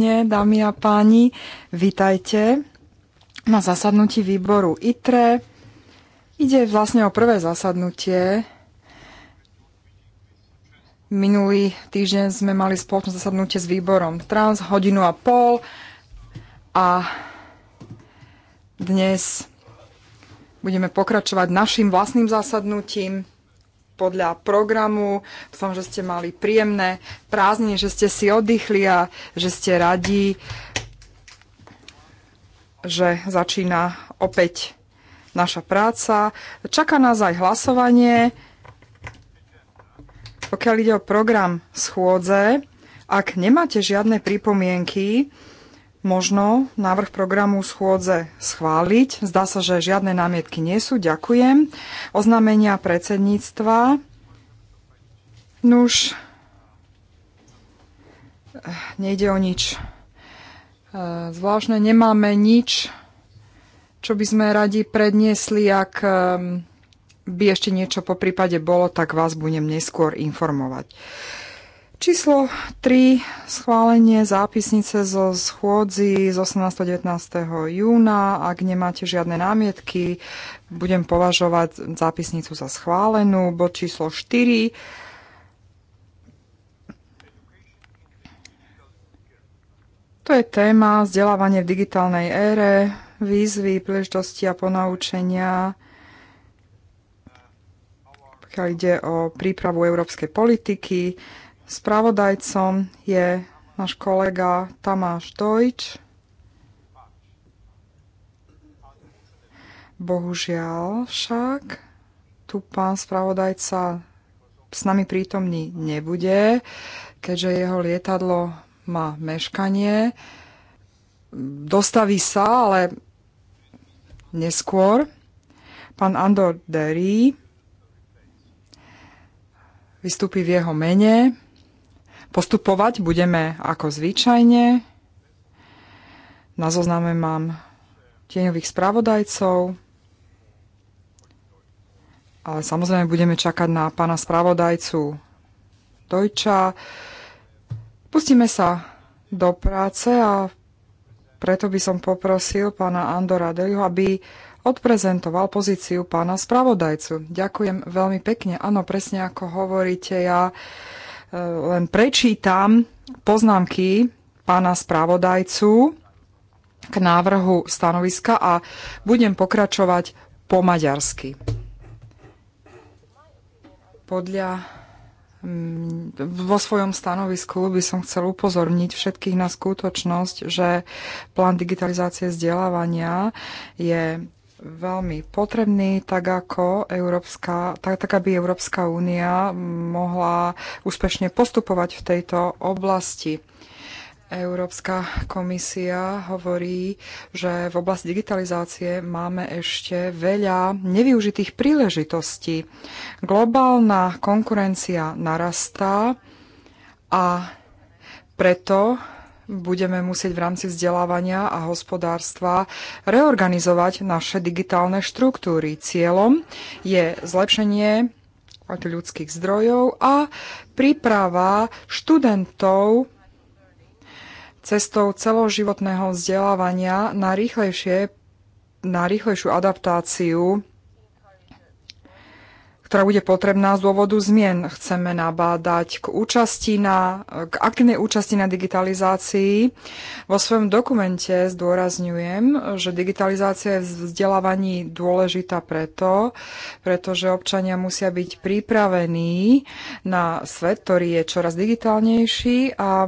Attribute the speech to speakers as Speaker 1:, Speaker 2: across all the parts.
Speaker 1: Dámy a páni, vítajte na zasadnutí výboru ITRE. Ide vlastne o prvé zasadnutie. Minulý týždeň sme mali spoločné zasadnutie s výborom trans, hodinu a pol a dnes budeme pokračovať našim vlastným zasadnutím podľa programu. Dúfam, že ste mali príjemné prázdniny, že ste si oddychli a že ste radi, že začína opäť naša práca. Čaká nás aj hlasovanie. Pokiaľ ide o program schôdze, ak nemáte žiadne pripomienky, možno návrh programu schôdze schváliť. Zdá sa, že žiadne námietky nie sú. Ďakujem. Oznámenia predsedníctva. Nuž, eh, nejde o nič. Eh, zvláštne nemáme nič, čo by sme radi predniesli, ak eh, by ešte niečo po prípade bolo, tak vás budem neskôr informovať. Číslo 3. Schválenie zápisnice zo schôdzi z 18. 19. júna. Ak nemáte žiadne námietky, budem považovať zápisnicu za schválenú. Bod číslo 4. To je téma vzdelávanie v digitálnej ére, výzvy, príležitosti a ponaučenia pokiaľ ide o prípravu európskej politiky. Spravodajcom je náš kolega Tamáš Dojč. Bohužiaľ však tu pán spravodajca s nami prítomný nebude, keďže jeho lietadlo má meškanie. Dostaví sa, ale neskôr. Pán Andor Derry vystúpi v jeho mene. Postupovať budeme ako zvyčajne. Na zozname mám tieňových správodajcov, ale samozrejme budeme čakať na pána správodajcu Dojča. Pustíme sa do práce a preto by som poprosil pána Andora Deliho, aby odprezentoval pozíciu pána spravodajcu. Ďakujem veľmi pekne. Áno, presne ako hovoríte, ja Eh, len prečítam poznámky pána správodajcu k návrhu stanoviska a budem pokračovať po maďarsky. Podľa mm, vo svojom stanovisku by som chcel upozorniť všetkých na skutočnosť, že plán digitalizácie vzdelávania je veľmi potrebný, tak ako Európska, tak, tak aby Európska únia mohla úspešne postupovať v tejto oblasti. Európska komisia hovorí, že v oblasti digitalizácie máme ešte veľa nevyužitých príležitostí. Globálna konkurencia narastá a preto budeme musieť v rámci vzdelávania a hospodárstva reorganizovať naše digitálne štruktúry. Cieľom je zlepšenie ľudských zdrojov a príprava študentov cestou celoživotného vzdelávania na, rýchlejšie, na rýchlejšiu adaptáciu ktorá bude potrebná z dôvodu zmien. Chceme nabádať k účasti na, k aktívnej účasti na digitalizácii. Vo svojom dokumente zdôrazňujem, že digitalizácia je v vzdelávaní dôležitá preto, pretože občania musia byť pripravení na svet, ktorý je čoraz digitálnejší a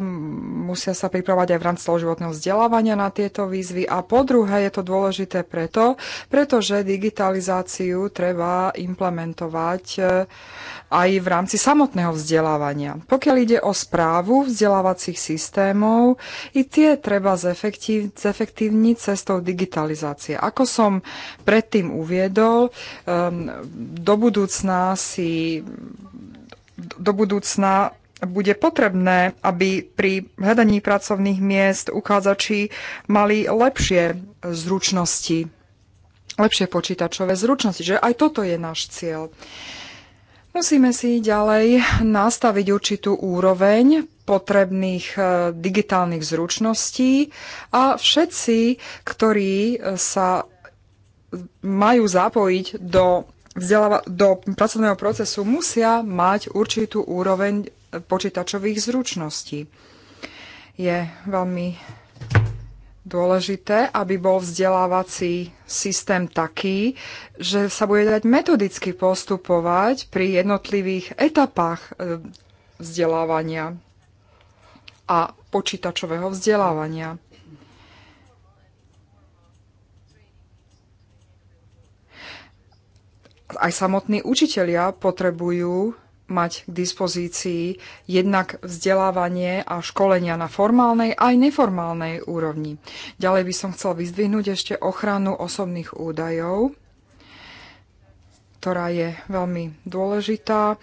Speaker 1: musia sa pripravať aj v rámci celoživotného vzdelávania na tieto výzvy. A po druhé je to dôležité preto, pretože digitalizáciu treba implementovať vzdelávať e, aj v rámci samotného vzdelávania. Pokiaľ ide o správu vzdelávacích systémov, i tie treba zefektív, zefektívniť cestou digitalizácie. Ako som predtým uviedol, do budúcna si do budúcna bude potrebné, aby pri hľadaní pracovných miest uchádzači mali lepšie zručnosti lepšie počítačové zručnosti, že aj toto je náš cieľ. Musíme si ďalej nastaviť určitú úroveň potrebných e, digitálnych zručností a všetci, ktorí e, sa majú zapojiť do, vzdelava- do pracovného procesu, musia mať určitú úroveň počítačových zručností. Je veľmi dôležité, aby bol vzdelávací systém taký, že sa bude dať metodicky postupovať pri jednotlivých etapách e, vzdelávania a počítačového vzdelávania. Aj samotní učitelia potrebujú mať k dispozícii jednak vzdelávanie a školenia na formálnej aj neformálnej úrovni. Ďalej by som chcel vyzdvihnúť ešte ochranu osobných údajov, ktorá je veľmi dôležitá.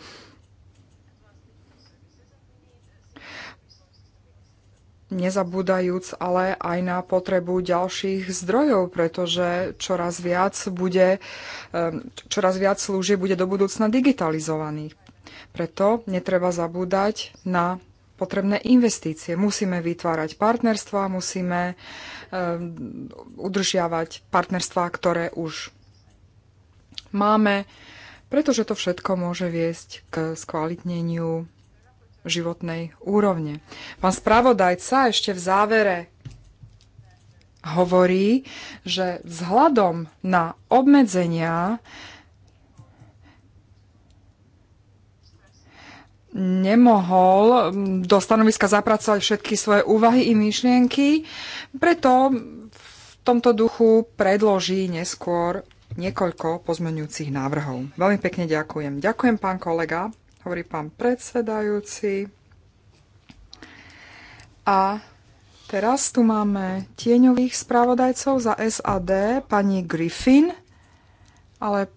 Speaker 1: nezabúdajúc ale aj na potrebu ďalších zdrojov, pretože čoraz viac, bude, ehm, čoraz viac služieb bude do budúcna digitalizovaných. Preto netreba zabúdať na potrebné investície. Musíme vytvárať partnerstva, musíme e, udržiavať partnerstva, ktoré už máme, pretože to všetko môže viesť k skvalitneniu životnej úrovne. Pán spravodajca ešte v závere hovorí, že vzhľadom na obmedzenia nemohol do stanoviska zapracovať všetky svoje úvahy i myšlienky, preto v tomto duchu predloží neskôr niekoľko pozmeňujúcich návrhov. Veľmi pekne ďakujem. Ďakujem, pán kolega, hovorí pán predsedajúci. A teraz tu máme tieňových správodajcov za SAD, pani Griffin, ale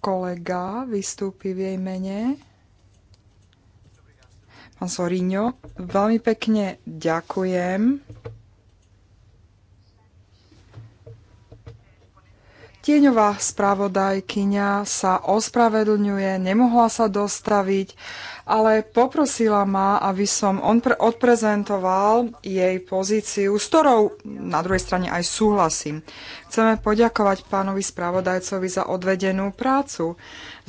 Speaker 1: kolega vystúpi v jej mene. Pán Sorinho, veľmi pekne ďakujem. Tieňová spravodajkyňa sa ospravedlňuje, nemohla sa dostaviť, ale poprosila ma, aby som odprezentoval jej pozíciu, s ktorou na druhej strane aj súhlasím. Chceme poďakovať pánovi spravodajcovi za odvedenú prácu.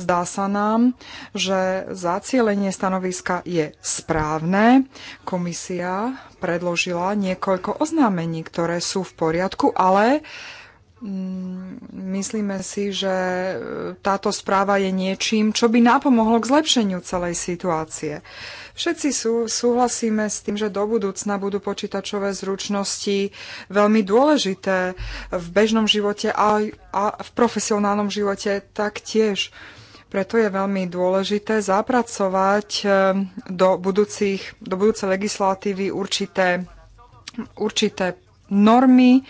Speaker 1: Zdá sa nám, že zacielenie stanoviska je správne. Komisia predložila niekoľko oznámení, ktoré sú v poriadku, ale mm, Myslíme si, že e, táto správa je niečím, čo by napomohlo k zlepšeniu celej situácie. Všetci sú, súhlasíme s tým, že do budúcna budú počítačové zručnosti veľmi dôležité v bežnom živote a, a v profesionálnom živote taktiež. tiež Preto je veľmi dôležité zapracovať eh, do, budúcich, do budúcej legislatívy určité, určité normy.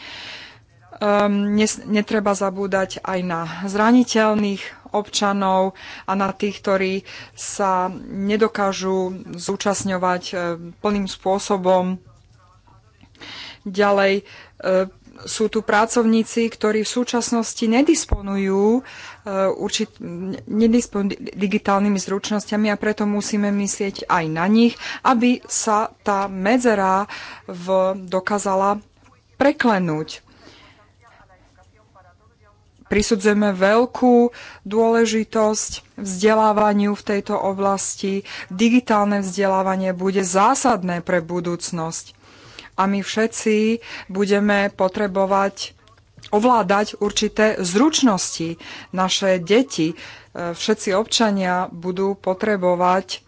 Speaker 1: Um, netreba zabúdať aj na zraniteľných občanov a na tých, ktorí sa nedokážu zúčastňovať eh, plným spôsobom. Ďalej, eh, sú tu pracovníci, ktorí v súčasnosti nedisponujú e, určit, nedisponujú digitálnymi zručnosťami a preto musíme myslieť aj na nich, aby sa tá medzera v, dokázala preklenúť. Prisudzujeme veľkú dôležitosť vzdelávaniu v tejto oblasti. Digitálne vzdelávanie bude zásadné pre budúcnosť a my všetci budeme potrebovať ovládať určité zručnosti. Naše deti, e, všetci občania budú potrebovať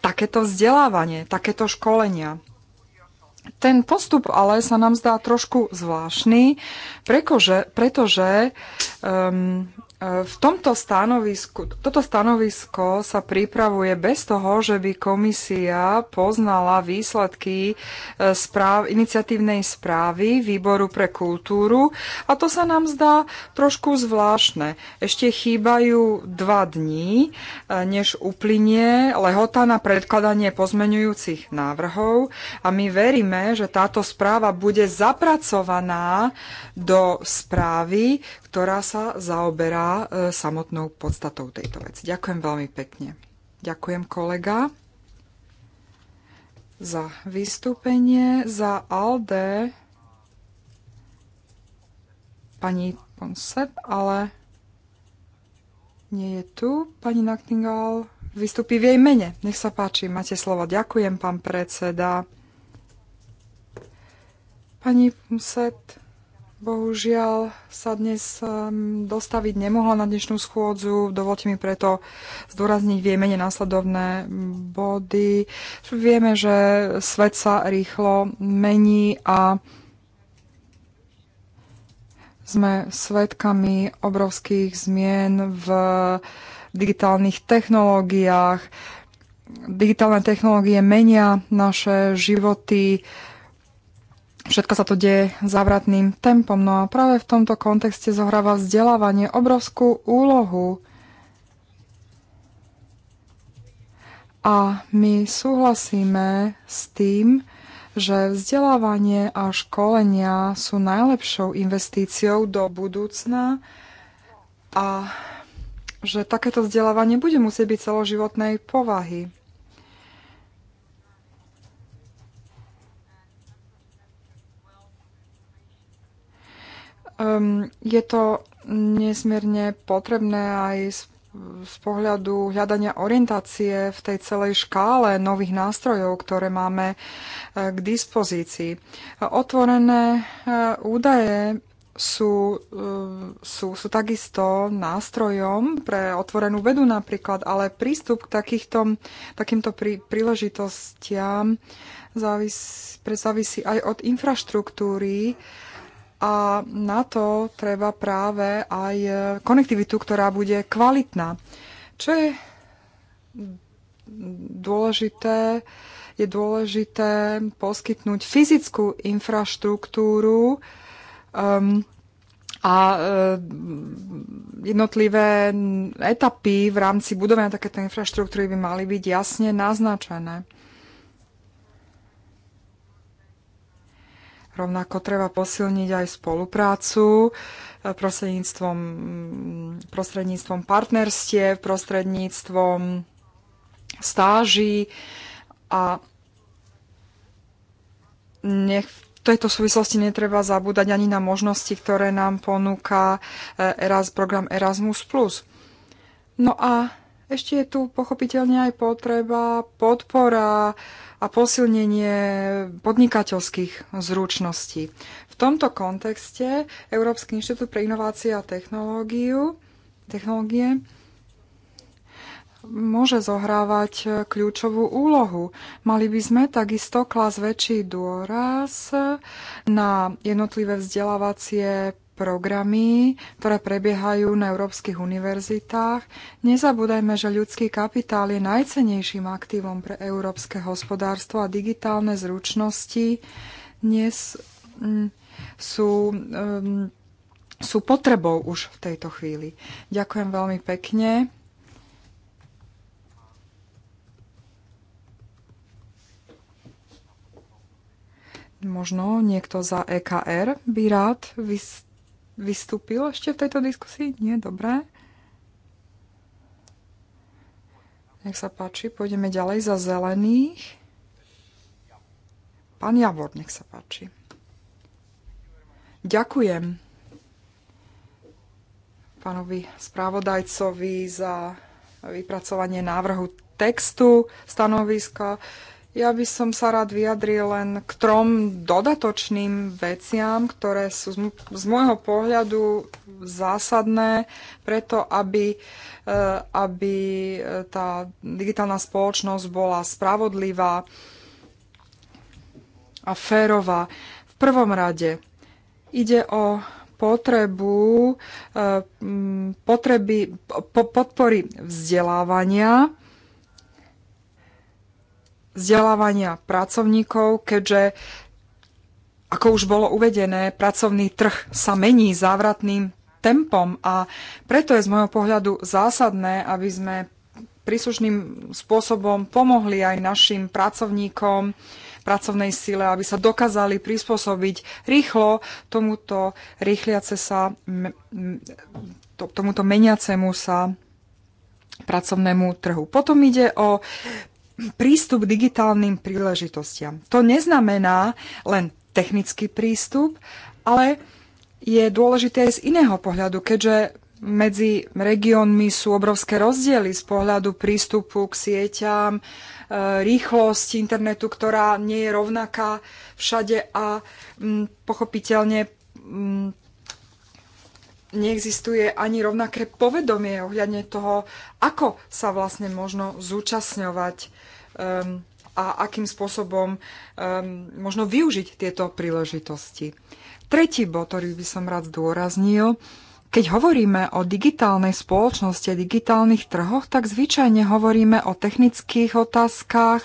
Speaker 1: takéto vzdelávanie, takéto školenia. Ten postup ale sa nám zdá trošku zvláštny, pretože, pretože um, E, v tomto stanovisku, toto stanovisko sa pripravuje bez toho, že by komisia poznala výsledky e, správ, iniciatívnej správy Výboru pre kultúru a to sa nám zdá trošku zvláštne. Ešte chýbajú dva dní, e, než uplynie lehota na predkladanie pozmenujúcich návrhov a my veríme, že táto správa bude zapracovaná do správy, ktorá sa zaoberá e, samotnou podstatou tejto veci. Ďakujem veľmi pekne. Ďakujem kolega za vystúpenie, za Alde pani Ponset, ale nie je tu. Pani Naktingal vystúpi v jej mene. Nech sa páči, máte slovo. Ďakujem, pán predseda. Pani Ponset, bohužiaľ sa dnes ehm, dostaviť nemohla na dnešnú schôdzu. Dovolte mi preto zdôrazniť v jej mene následovné mm, body. Vieme, že svet sa rýchlo mení a sme svetkami obrovských zmien v digitálnych technológiách. Digitálne technológie menia naše životy, všetko sa to deje závratným tempom. No a práve v tomto kontexte zohráva vzdelávanie obrovskú úlohu. A my súhlasíme s tým, že vzdelávanie a školenia sú najlepšou investíciou do budúcna a že takéto vzdelávanie bude musieť byť celoživotnej povahy. Um, je to nesmierne potrebné aj z, z pohľadu hľadania orientácie v tej celej škále nových nástrojov, ktoré máme eh, k dispozícii. Otvorené eh, údaje sú, eh, sú, sú takisto nástrojom pre otvorenú vedu napríklad, ale prístup k takýchto, takýmto prí, príležitostiam závis, závisí aj od infraštruktúry, a na to treba práve aj e, konektivitu, ktorá bude kvalitná. Čo je dôležité, je dôležité poskytnúť fyzickú infraštruktúru, um, a e, jednotlivé etapy v rámci budovania takéto infraštruktúry by mali byť jasne naznačené. Rovnako treba posilniť aj spoluprácu eh, prostredníctvom, mm, prostredníctvom partnerstiev, prostredníctvom stáží a nech v tejto súvislosti netreba zabúdať ani na možnosti, ktoré nám ponúka eh, Eras, program Erasmus+. No a ešte je tu pochopiteľne aj potreba, podpora, a posilnenie podnikateľských zručností. V tomto kontexte Európsky inštitút pre inovácie a technológiu, technológie môže zohrávať kľúčovú úlohu. Mali by sme takisto klas väčší dôraz na jednotlivé vzdelávacie programy, ktoré prebiehajú na európskych univerzitách. Nezabúdajme, že ľudský kapitál je najcenejším aktívom pre európske hospodárstvo a digitálne zručnosti dnes mm, sú, um, sú potrebou už v tejto chvíli. Ďakujem veľmi pekne. Možno niekto za EKR by rád vystúpil vystúpil ešte v tejto diskusii? Nie, dobré. Nech sa páči, pôjdeme ďalej za zelených. Pán Javor, nech sa páči. Ďakujem pánovi správodajcovi za vypracovanie návrhu textu stanoviska. Ja by som sa rád vyjadril len k trom dodatočným veciam, ktoré sú z, môjho pohľadu zásadné preto, aby, eh, aby eh, tá digitálna spoločnosť bola spravodlivá a férová. V prvom rade ide o potrebu eh, potreby, po, podpory vzdelávania vzdelávania pracovníkov, keďže ako už bolo uvedené, pracovný trh sa mení závratným tempom a preto je z môjho pohľadu zásadné, aby sme príslušným spôsobom pomohli aj našim pracovníkom, pracovnej sile, aby sa dokázali prispôsobiť rýchlo tomuto rýchliace sa, tomuto meniacemu sa pracovnému trhu. Potom ide o prístup digitálnym príležitostiam. To neznamená len technický prístup, ale je dôležité aj z iného pohľadu, keďže medzi regiónmi sú obrovské rozdiely z pohľadu prístupu k sieťam, e, rýchlosť internetu, ktorá nie je rovnaká všade a mm, pochopiteľne mm, neexistuje ani rovnaké povedomie ohľadne toho, ako sa vlastne možno zúčastňovať um, a akým spôsobom um, možno využiť tieto príležitosti. Tretí bod, ktorý by som rád zdôraznil, Keď hovoríme o digitálnej spoločnosti a digitálnych trhoch, tak zvyčajne hovoríme o technických otázkach,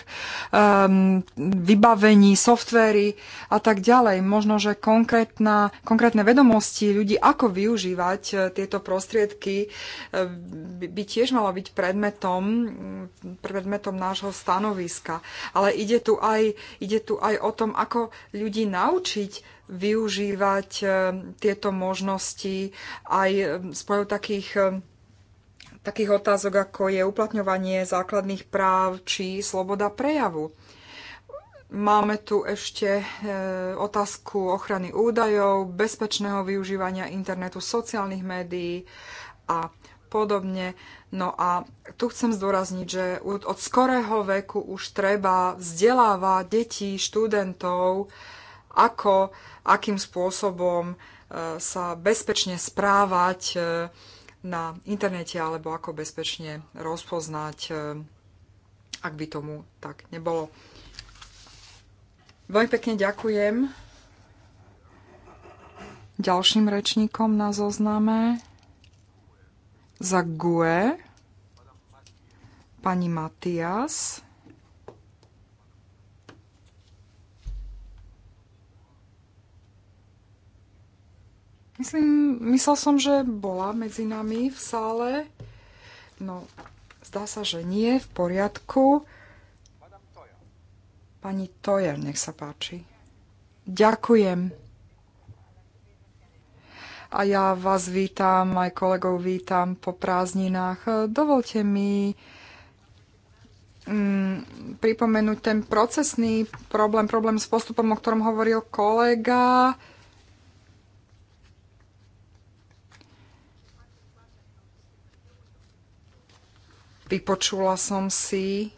Speaker 1: um, vybavení, softvery a tak ďalej. Možno, že konkrétna, konkrétne vedomosti ľudí, ako využívať e, tieto prostriedky, e, by tiež malo byť predmetom, predmetom nášho stanoviska. Ale ide tu aj, ide tu aj o tom, ako ľudí naučiť využívať eh, tieto možnosti aj eh, z takých eh, takých otázok, ako je uplatňovanie základných práv či sloboda prejavu. Máme tu ešte otázku ochrany údajov, bezpečného využívania internetu, sociálnych médií a podobne. No a tu chcem zdôrazniť, že od, od skorého veku už treba vzdelávať detí, študentov, ako akým spôsobom e, sa bezpečne správať e, na internete alebo ako bezpečne rozpoznať, e, ak by tomu tak nebolo. Veľmi pekne ďakujem ďalším rečníkom na zozname za GUE pani Matias. Myslím, myslel som, že bola medzi nami v sále. No, zdá sa, že nie, v poriadku. Pani Tojer, nech sa páči. Ďakujem. A ja vás vítam, aj kolegov vítam po prázdninách. Dovolte mi mm, pripomenúť ten procesný problém, problém s postupom, o ktorom hovoril kolega. Vypočula som si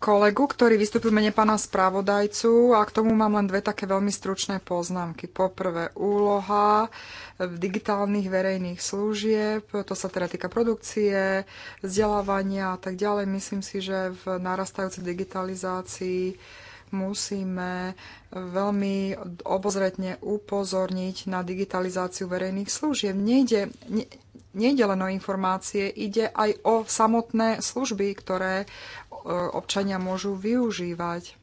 Speaker 1: kolegu, ktorý vystúpil mene pána správodajcu a k tomu mám len dve také veľmi stručné poznámky. Poprvé, úloha v digitálnych verejných služieb, to sa teda týka produkcie, vzdelávania a tak ďalej. Myslím si, že v narastajúcej digitalizácii musíme veľmi obozretne upozorniť na digitalizáciu verejných služieb. Nejde, ne, nejde len o informácie, ide aj o samotné služby, ktoré e, občania môžu využívať.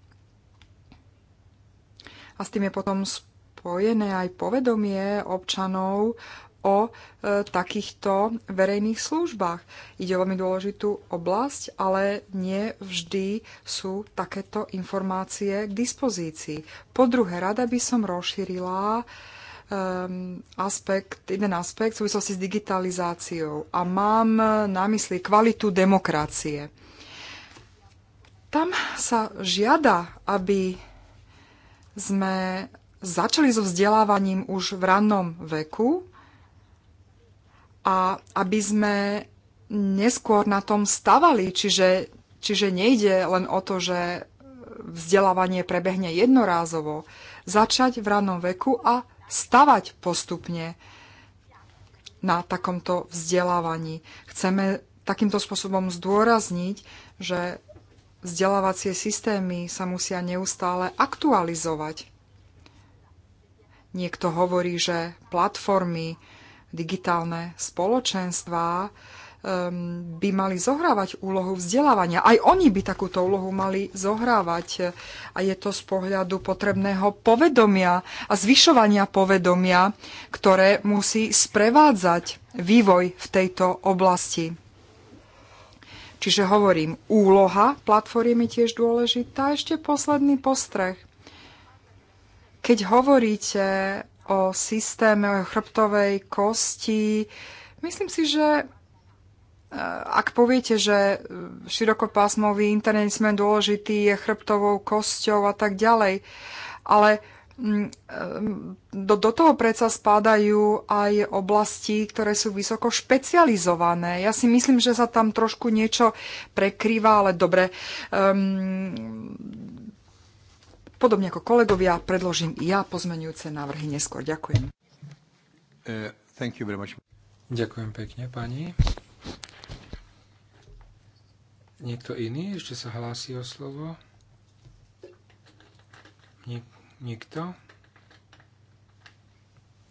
Speaker 1: A s tým je potom spojené aj povedomie občanov o e, takýchto verejných službách. Ide o veľmi dôležitú oblasť, ale nie vždy sú takéto informácie k dispozícii. Po druhé, rada by som rozšírila aspekt, jeden aspekt v súvislosti s digitalizáciou a mám na mysli kvalitu demokracie. Tam sa žiada, aby sme začali so vzdelávaním už v rannom veku, a aby sme neskôr na tom stavali, čiže, čiže nejde len o to, že vzdelávanie prebehne jednorázovo, začať v rannom veku a stavať postupne na takomto vzdelávaní. Chceme takýmto spôsobom zdôrazniť, že vzdelávacie systémy sa musia neustále aktualizovať. Niekto hovorí, že platformy, digitálne spoločenstvá by mali zohrávať úlohu vzdelávania. Aj oni by takúto úlohu mali zohrávať. A je to z pohľadu potrebného povedomia a zvyšovania povedomia, ktoré musí sprevádzať vývoj v tejto oblasti. Čiže hovorím, úloha platformy je tiež dôležitá. Ešte posledný postreh. Keď hovoríte o systéme chrbtovej kosti. Myslím si, že e, ak poviete, že širokopásmový internet sme dôležitý, je chrbtovou kosťou a tak ďalej, ale mm, e, do, do toho predsa spadajú aj oblasti, ktoré sú vysoko špecializované. Ja si myslím, že sa tam trošku niečo prekrýva, ale dobre. Um, podobne ako kolegovia, predložím i ja pozmenujúce návrhy neskôr. Ďakujem.
Speaker 2: Uh, thank you very much. Ďakujem pekne, pani. Niekto iný ešte sa hlási o slovo? Nik- nikto?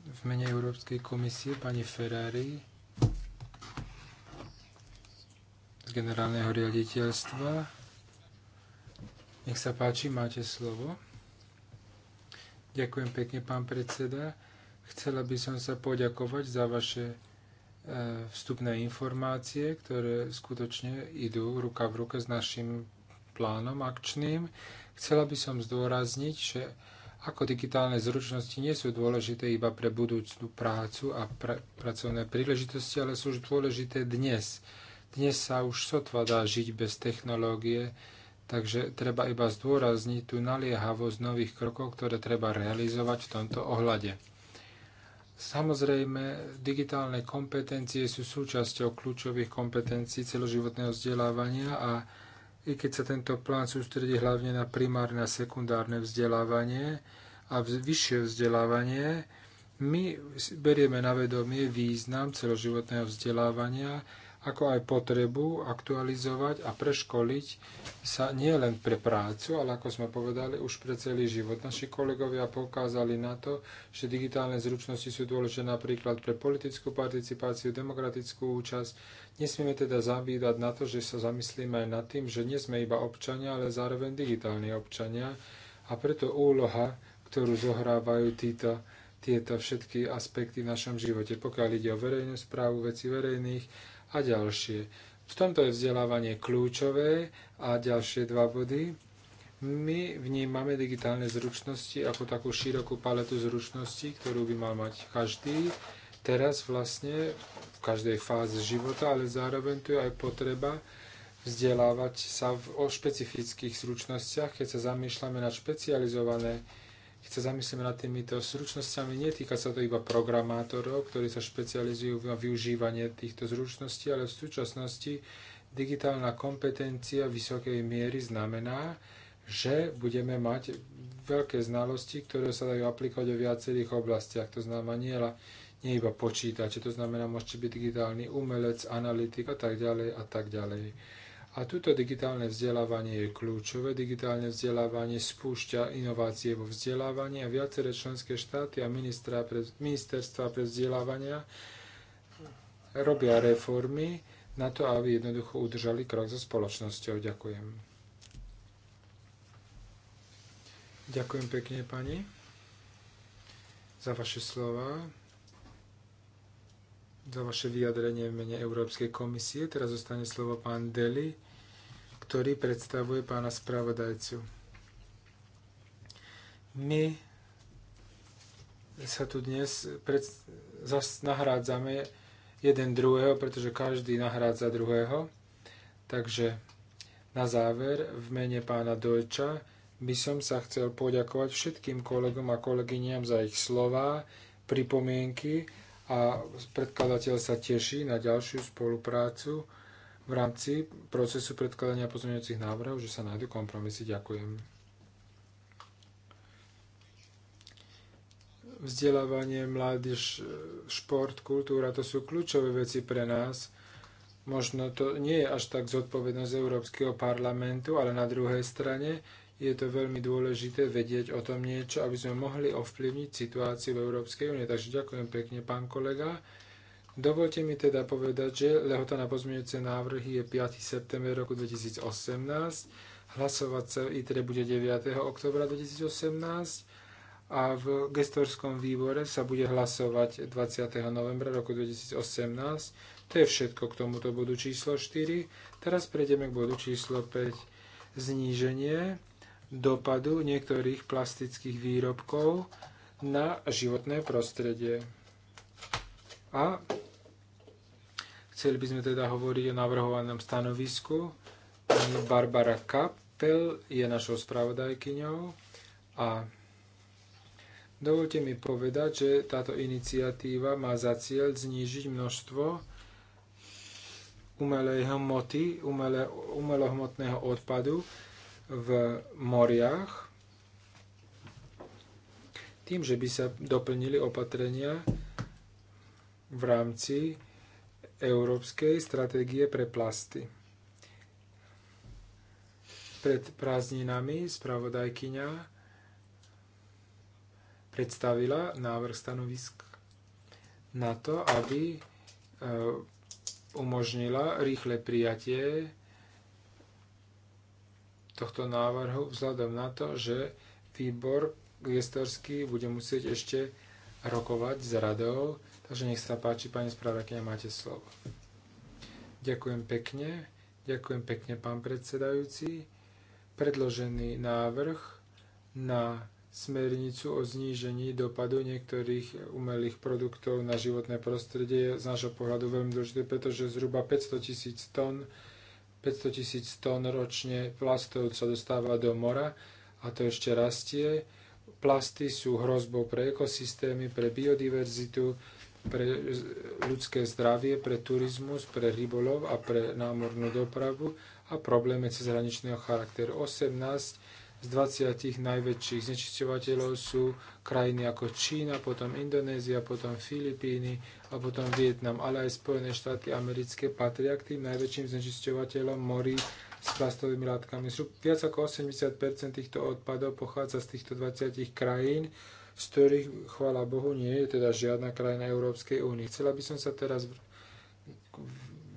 Speaker 2: V mene Európskej komisie pani Ferrari z generálneho riaditeľstva Nech sa páči, máte slovo. Ďakujem pekne, pán predseda. Chcela by som sa poďakovať za vaše e, vstupné informácie, ktoré skutočne idú ruka v ruke s našim plánom akčným. Chcela by som zdôrazniť, že ako digitálne zručnosti nie sú dôležité iba pre budúcnú prácu a pre pracovné príležitosti, ale sú už dôležité dnes. Dnes sa už sotva dá žiť bez technológie, Takže treba iba zdôrazniť tú naliehavosť nových krokov, ktoré treba realizovať v tomto ohľade. Samozrejme, digitálne kompetencie sú súčasťou kľúčových kompetencií celoživotného vzdelávania a i keď sa tento plán sústredí hlavne na primárne a sekundárne vzdelávanie a vyššie vzdelávanie, my berieme na vedomie význam celoživotného vzdelávania, ako aj potrebu aktualizovať a preškoliť sa nielen pre prácu, ale ako sme povedali, už pre celý život. Naši kolegovia poukázali na to, že digitálne zručnosti sú dôležité napríklad pre politickú participáciu, demokratickú účasť. Nesmieme teda zabídať na to, že sa zamyslíme aj nad tým, že nie sme iba občania, ale zároveň digitálni občania. A preto úloha, ktorú zohrávajú títo tieto všetky aspekty v našom živote. Pokiaľ ide o verejnú správu, veci verejných, a ďalšie. V tomto je vzdelávanie kľúčové a ďalšie dva body. My vnímame digitálne zručnosti ako takú širokú paletu zručností, ktorú by mal mať každý teraz vlastne v každej fáze života, ale zároveň tu je aj potreba vzdelávať sa v, o špecifických zručnostiach, keď sa zamýšľame na špecializované keď sa zamyslíme nad týmito zručnosťami, netýka sa to iba programátorov, ktorí sa špecializujú na využívanie týchto zručností, ale v súčasnosti digitálna kompetencia vysokej miery znamená, že budeme mať veľké znalosti, ktoré sa dajú aplikovať vo viacerých oblastiach. To znamená nie, nie iba počítače, to znamená môžete byť digitálny umelec, analytik a tak ďalej a tak ďalej. A tuto digitálne vzdelávanie je kľúčové. Digitálne vzdelávanie spúšťa inovácie vo vzdelávaní a viaceré členské štáty a pre, ministerstva pre vzdelávania robia reformy na to, aby jednoducho udržali krok so spoločnosťou. Ďakujem. Ďakujem pekne, pani, za vaše slova, za vaše vyjadrenie v mene Európskej komisie. Teraz zostane slovo pán Deli ktorý predstavuje pána spravodajcu. My sa tu dnes pred, zas nahrádzame jeden druhého, pretože každý nahrádza druhého. Takže na záver, v mene pána Dojča, by som sa chcel poďakovať všetkým kolegom a kolegyniam za ich slova, pripomienky a predkladateľ sa teší na ďalšiu spoluprácu v rámci procesu predkladania pozmeňujúcich návrhov, že sa nájdu kompromisy. Ďakujem. Vzdelávanie, mládež, šport, kultúra, to sú kľúčové veci pre nás. Možno to nie je až tak zodpovednosť Európskeho parlamentu, ale na druhej strane je to veľmi dôležité vedieť o tom niečo, aby sme mohli ovplyvniť situáciu v Európskej únie. Takže ďakujem pekne, pán kolega. Dovolte mi teda povedať, že lehota na pozmeňujúce návrhy je 5. september roku 2018, hlasovať sa i teda bude 9. oktobra 2018 a v gestorskom výbore sa bude hlasovať 20. novembra roku 2018. To je všetko k tomuto bodu číslo 4. Teraz prejdeme k bodu číslo 5. Zníženie dopadu niektorých plastických výrobkov na životné prostredie. A Chceli by sme teda hovoriť o navrhovanom stanovisku. Pani Barbara Kapel je našou spravodajkyňou a dovolte mi povedať, že táto iniciatíva má za cieľ znížiť množstvo umelej hmoty, umelé, umelohmotného odpadu v moriach, tým, že by sa doplnili opatrenia v rámci európskej stratégie pre plasty. Pred prázdninami spravodajkyňa predstavila návrh stanovisk na to, aby e, umožnila rýchle prijatie tohto návrhu vzhľadom na to, že výbor gestorský bude musieť ešte rokovať s radou Takže nech sa páči, pani spravodajkyňa, máte slovo. Ďakujem pekne. Ďakujem pekne, pán predsedajúci. Predložený návrh na smernicu o znížení dopadu niektorých umelých produktov na životné prostredie je z nášho pohľadu veľmi dôležité, pretože zhruba 500 tisíc tón 500 tisíc tón ročne plastov sa dostáva do mora a to ešte rastie. Plasty sú hrozbou pre ekosystémy, pre biodiverzitu pre ľudské zdravie, pre turizmus, pre rybolov a pre námornú dopravu a problémy cezhraničného charakteru. 18 z 20 najväčších znečisťovateľov sú krajiny ako Čína, potom Indonézia, potom Filipíny a potom Vietnam, ale aj Spojené štáty americké patria k tým najväčším znečisťovateľom morí s plastovými látkami. Sú Viac ako 80 týchto odpadov pochádza z týchto 20 krajín z ktorých, chvála Bohu, nie je teda žiadna krajina Európskej únie. Chcela by som sa teraz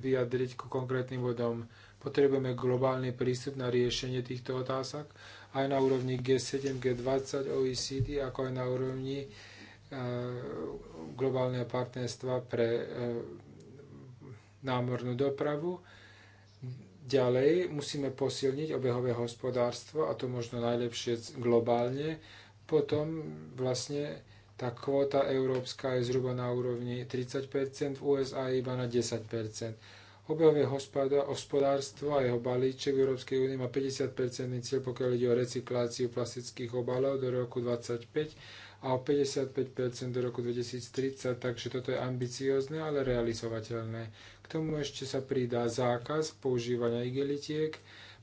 Speaker 2: vyjadriť ku konkrétnym bodom. Potrebujeme globálny prístup na riešenie týchto otázok aj na úrovni G7, G20, OECD, ako aj na úrovni e, globálneho partnerstva pre e, námornú dopravu. Ďalej musíme posilniť obehové hospodárstvo a to možno najlepšie globálne potom vlastne tá kvóta európska je zhruba na úrovni 30%, v USA iba na 10%. Obehové hospodárstvo a jeho balíček v Európskej únii má 50% cieľ, pokiaľ ide o recykláciu plastických obalov do roku 2025 a o 55% do roku 2030, takže toto je ambiciozne, ale realizovateľné. K tomu ešte sa pridá zákaz používania igelitiek,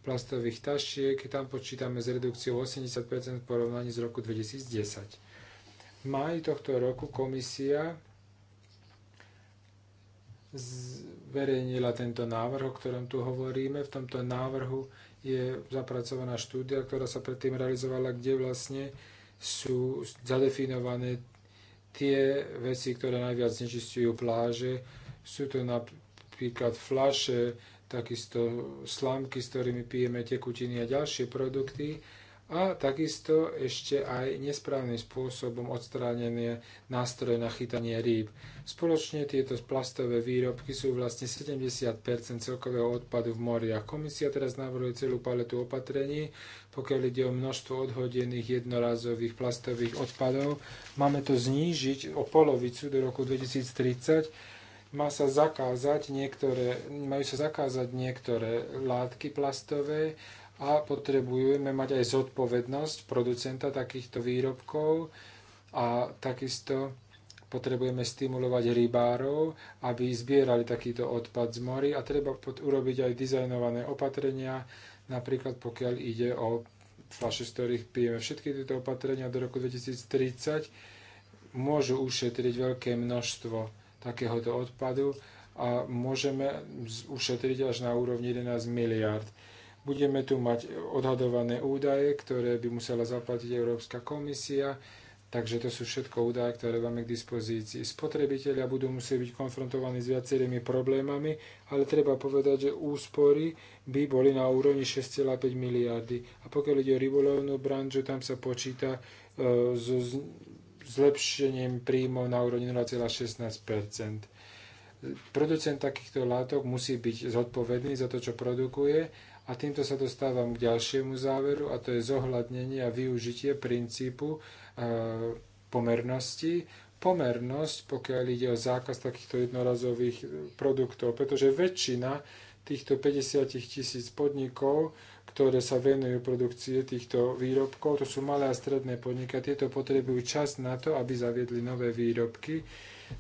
Speaker 2: plastových tašiek, tam počítame s redukciou 80% v porovnaní z roku 2010. V máji tohto roku komisia zverejnila tento návrh, o ktorom tu hovoríme. V tomto návrhu je zapracovaná štúdia, ktorá sa predtým realizovala, kde vlastne sú zadefinované tie veci, ktoré najviac znečistujú pláže. Sú to napríklad flaše, takisto slamky, s ktorými pijeme tekutiny a ďalšie produkty a takisto ešte aj nesprávnym spôsobom odstránené nástroje na chytanie rýb. Spoločne tieto plastové výrobky sú vlastne 70 celkového odpadu v mori, a Komisia teraz navrhuje celú paletu opatrení, pokiaľ ide o množstvo odhodených jednorazových plastových odpadov. Máme to znížiť o polovicu do roku 2030 má sa zakázať niektoré, majú sa zakázať niektoré látky plastové a potrebujeme mať aj zodpovednosť producenta takýchto výrobkov a takisto potrebujeme stimulovať rybárov, aby zbierali takýto odpad z mori a treba urobiť aj dizajnované opatrenia, napríklad pokiaľ ide o fľaše, z ktorých pijeme. Všetky tieto opatrenia do roku 2030 môžu ušetriť veľké množstvo takéhoto odpadu a môžeme ušetriť až na úrovni 11 miliard. Budeme tu mať odhadované údaje, ktoré by musela zaplatiť Európska komisia, takže to sú všetko údaje, ktoré máme k dispozícii. Spotrebitelia budú musieť byť konfrontovaní s viacerými problémami, ale treba povedať, že úspory by boli na úrovni 6,5 miliardy. A pokiaľ ide o rybolovnú branžu, tam sa počíta e, z zlepšením príjmov na úrovni 0,16 Producent takýchto látok musí byť zodpovedný za to, čo produkuje a týmto sa dostávam k ďalšiemu záveru a to je zohľadnenie a využitie princípu e, pomernosti, pomernosť, pokiaľ ide o zákaz takýchto jednorazových produktov, pretože väčšina týchto 50 tisíc podnikov ktoré sa venujú produkcie týchto výrobkov. To sú malé a stredné podniky tieto potrebujú čas na to, aby zaviedli nové výrobky.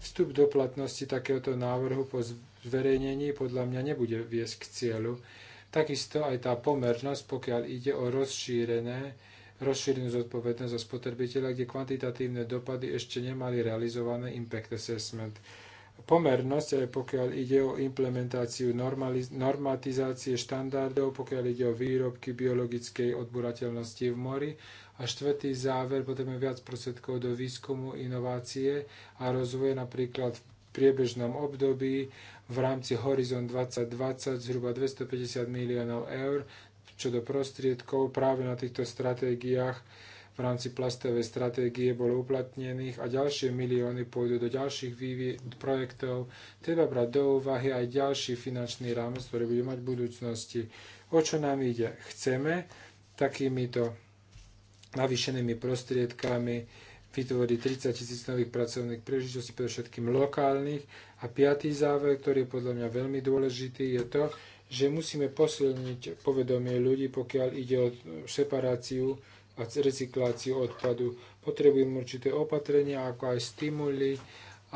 Speaker 2: Vstup do platnosti takéhoto návrhu po zverejnení podľa mňa nebude viesť k cieľu. Takisto aj tá pomernosť, pokiaľ ide o rozšírené, rozšírenú zodpovednosť za spotrebiteľa, kde kvantitatívne dopady ešte nemali realizované impact assessment pomer aj pokiaľ ide o implementáciu normatizácie štandardov, pokiaľ ide o výrobky biologickej odburateľnosti v mori. A štvrtý záver, potrebujeme viac prostriedkov do výskumu, inovácie a rozvoje napríklad v priebežnom období v rámci Horizon 2020 zhruba 250 miliónov eur, čo do prostriedkov práve na týchto stratégiách v rámci plastovej stratégie bolo uplatnených a ďalšie milióny pôjdu do ďalších projektov. Treba brať do úvahy aj ďalší finančný rámec, ktorý bude mať v budúcnosti. O čo nám ide? Chceme takýmito navýšenými prostriedkami vytvoriť 30 tisíc nových pracovných príležitostí, predovšetkým lokálnych. A piatý záver, ktorý je podľa mňa veľmi dôležitý, je to, že musíme posilniť povedomie ľudí, pokiaľ ide o separáciu a recikláciu odpadu. Potrebujeme určité opatrenia, ako aj stimuly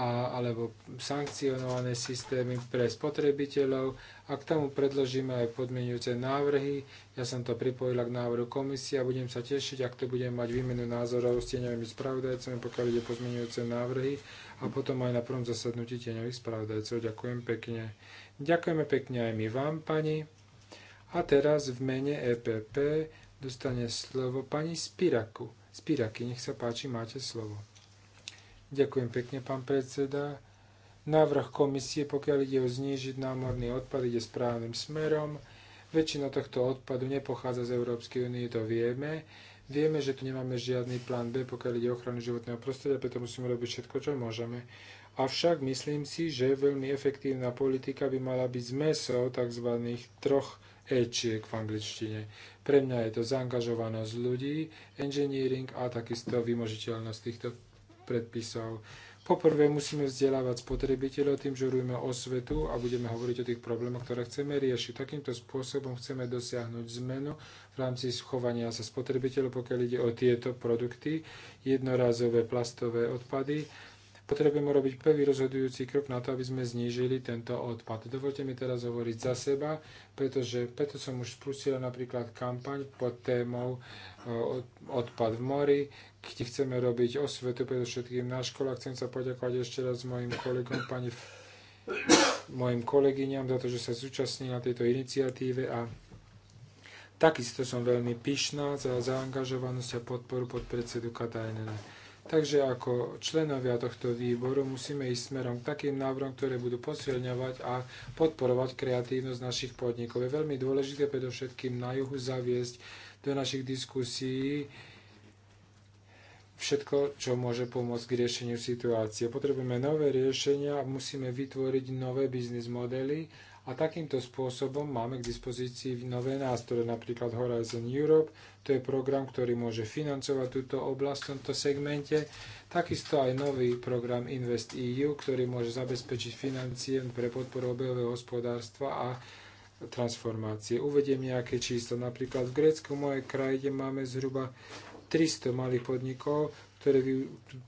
Speaker 2: a, alebo sankcionované systémy pre spotrebiteľov. A k tomu predložíme aj podmienujúce návrhy. Ja som to pripojila k návrhu komisie a budem sa tešiť, ak to budem mať výmenu názorov s tieňovými spravodajcami, pokiaľ ide pozmenujúce návrhy a potom aj na prvom zasadnutí tieňových spravodajcov. Ďakujem pekne. Ďakujeme pekne aj my vám, pani. A teraz v mene EPP dostane slovo pani Spiraku. Spiraky, nech sa páči, máte slovo. Ďakujem pekne, pán predseda. Návrh komisie, pokiaľ ide o znížiť námorný odpad, ide správnym smerom. Väčšina tohto odpadu nepochádza z Európskej únie, to vieme. Vieme, že tu nemáme žiadny plán B, pokiaľ ide o ochranu životného prostredia, preto musíme robiť všetko, čo môžeme. Avšak myslím si, že veľmi efektívna politika by mala byť zmesou tzv. troch ečiek v angličtine. Pre mňa je to zaangažovanosť ľudí, engineering a takisto vymožiteľnosť týchto predpisov. Poprvé musíme vzdelávať spotrebiteľov tým, že robíme osvetu a budeme hovoriť o tých problémoch, ktoré chceme riešiť. Takýmto spôsobom chceme dosiahnuť zmenu v rámci schovania sa spotrebiteľov, pokiaľ ide o tieto produkty, jednorázové plastové odpady Potrebujeme robiť prvý rozhodujúci krok na to, aby sme znížili tento odpad. Dovolte mi teraz hovoriť za seba, pretože preto som už spustila napríklad kampaň pod témou e, odpad v mori, kde chceme robiť osvetu všetkým na školách. Chcem sa poďakovať ešte raz mojim kolegom, pani mojim kolegyňam za to, že sa zúčastní na tejto iniciatíve a takisto som veľmi pyšná za zaangažovanosť a podporu predsedu Katajnene. Takže ako členovia tohto výboru musíme ísť smerom k takým návrhom, ktoré budú posilňovať a podporovať kreatívnosť našich podnikov. Je veľmi dôležité predovšetkým na juhu zaviesť do našich diskusí všetko, čo môže pomôcť k riešeniu situácie. Potrebujeme nové riešenia a musíme vytvoriť nové biznis modely, a takýmto spôsobom máme k dispozícii nové nástroje, napríklad Horizon Europe, to je program, ktorý môže financovať túto oblasť v tomto segmente, takisto aj nový program Invest EU, ktorý môže zabezpečiť financie pre podporu obehového hospodárstva a transformácie. Uvediem nejaké číslo. Napríklad v Grécku, mojej krajine, máme zhruba 300 malých podnikov, ktoré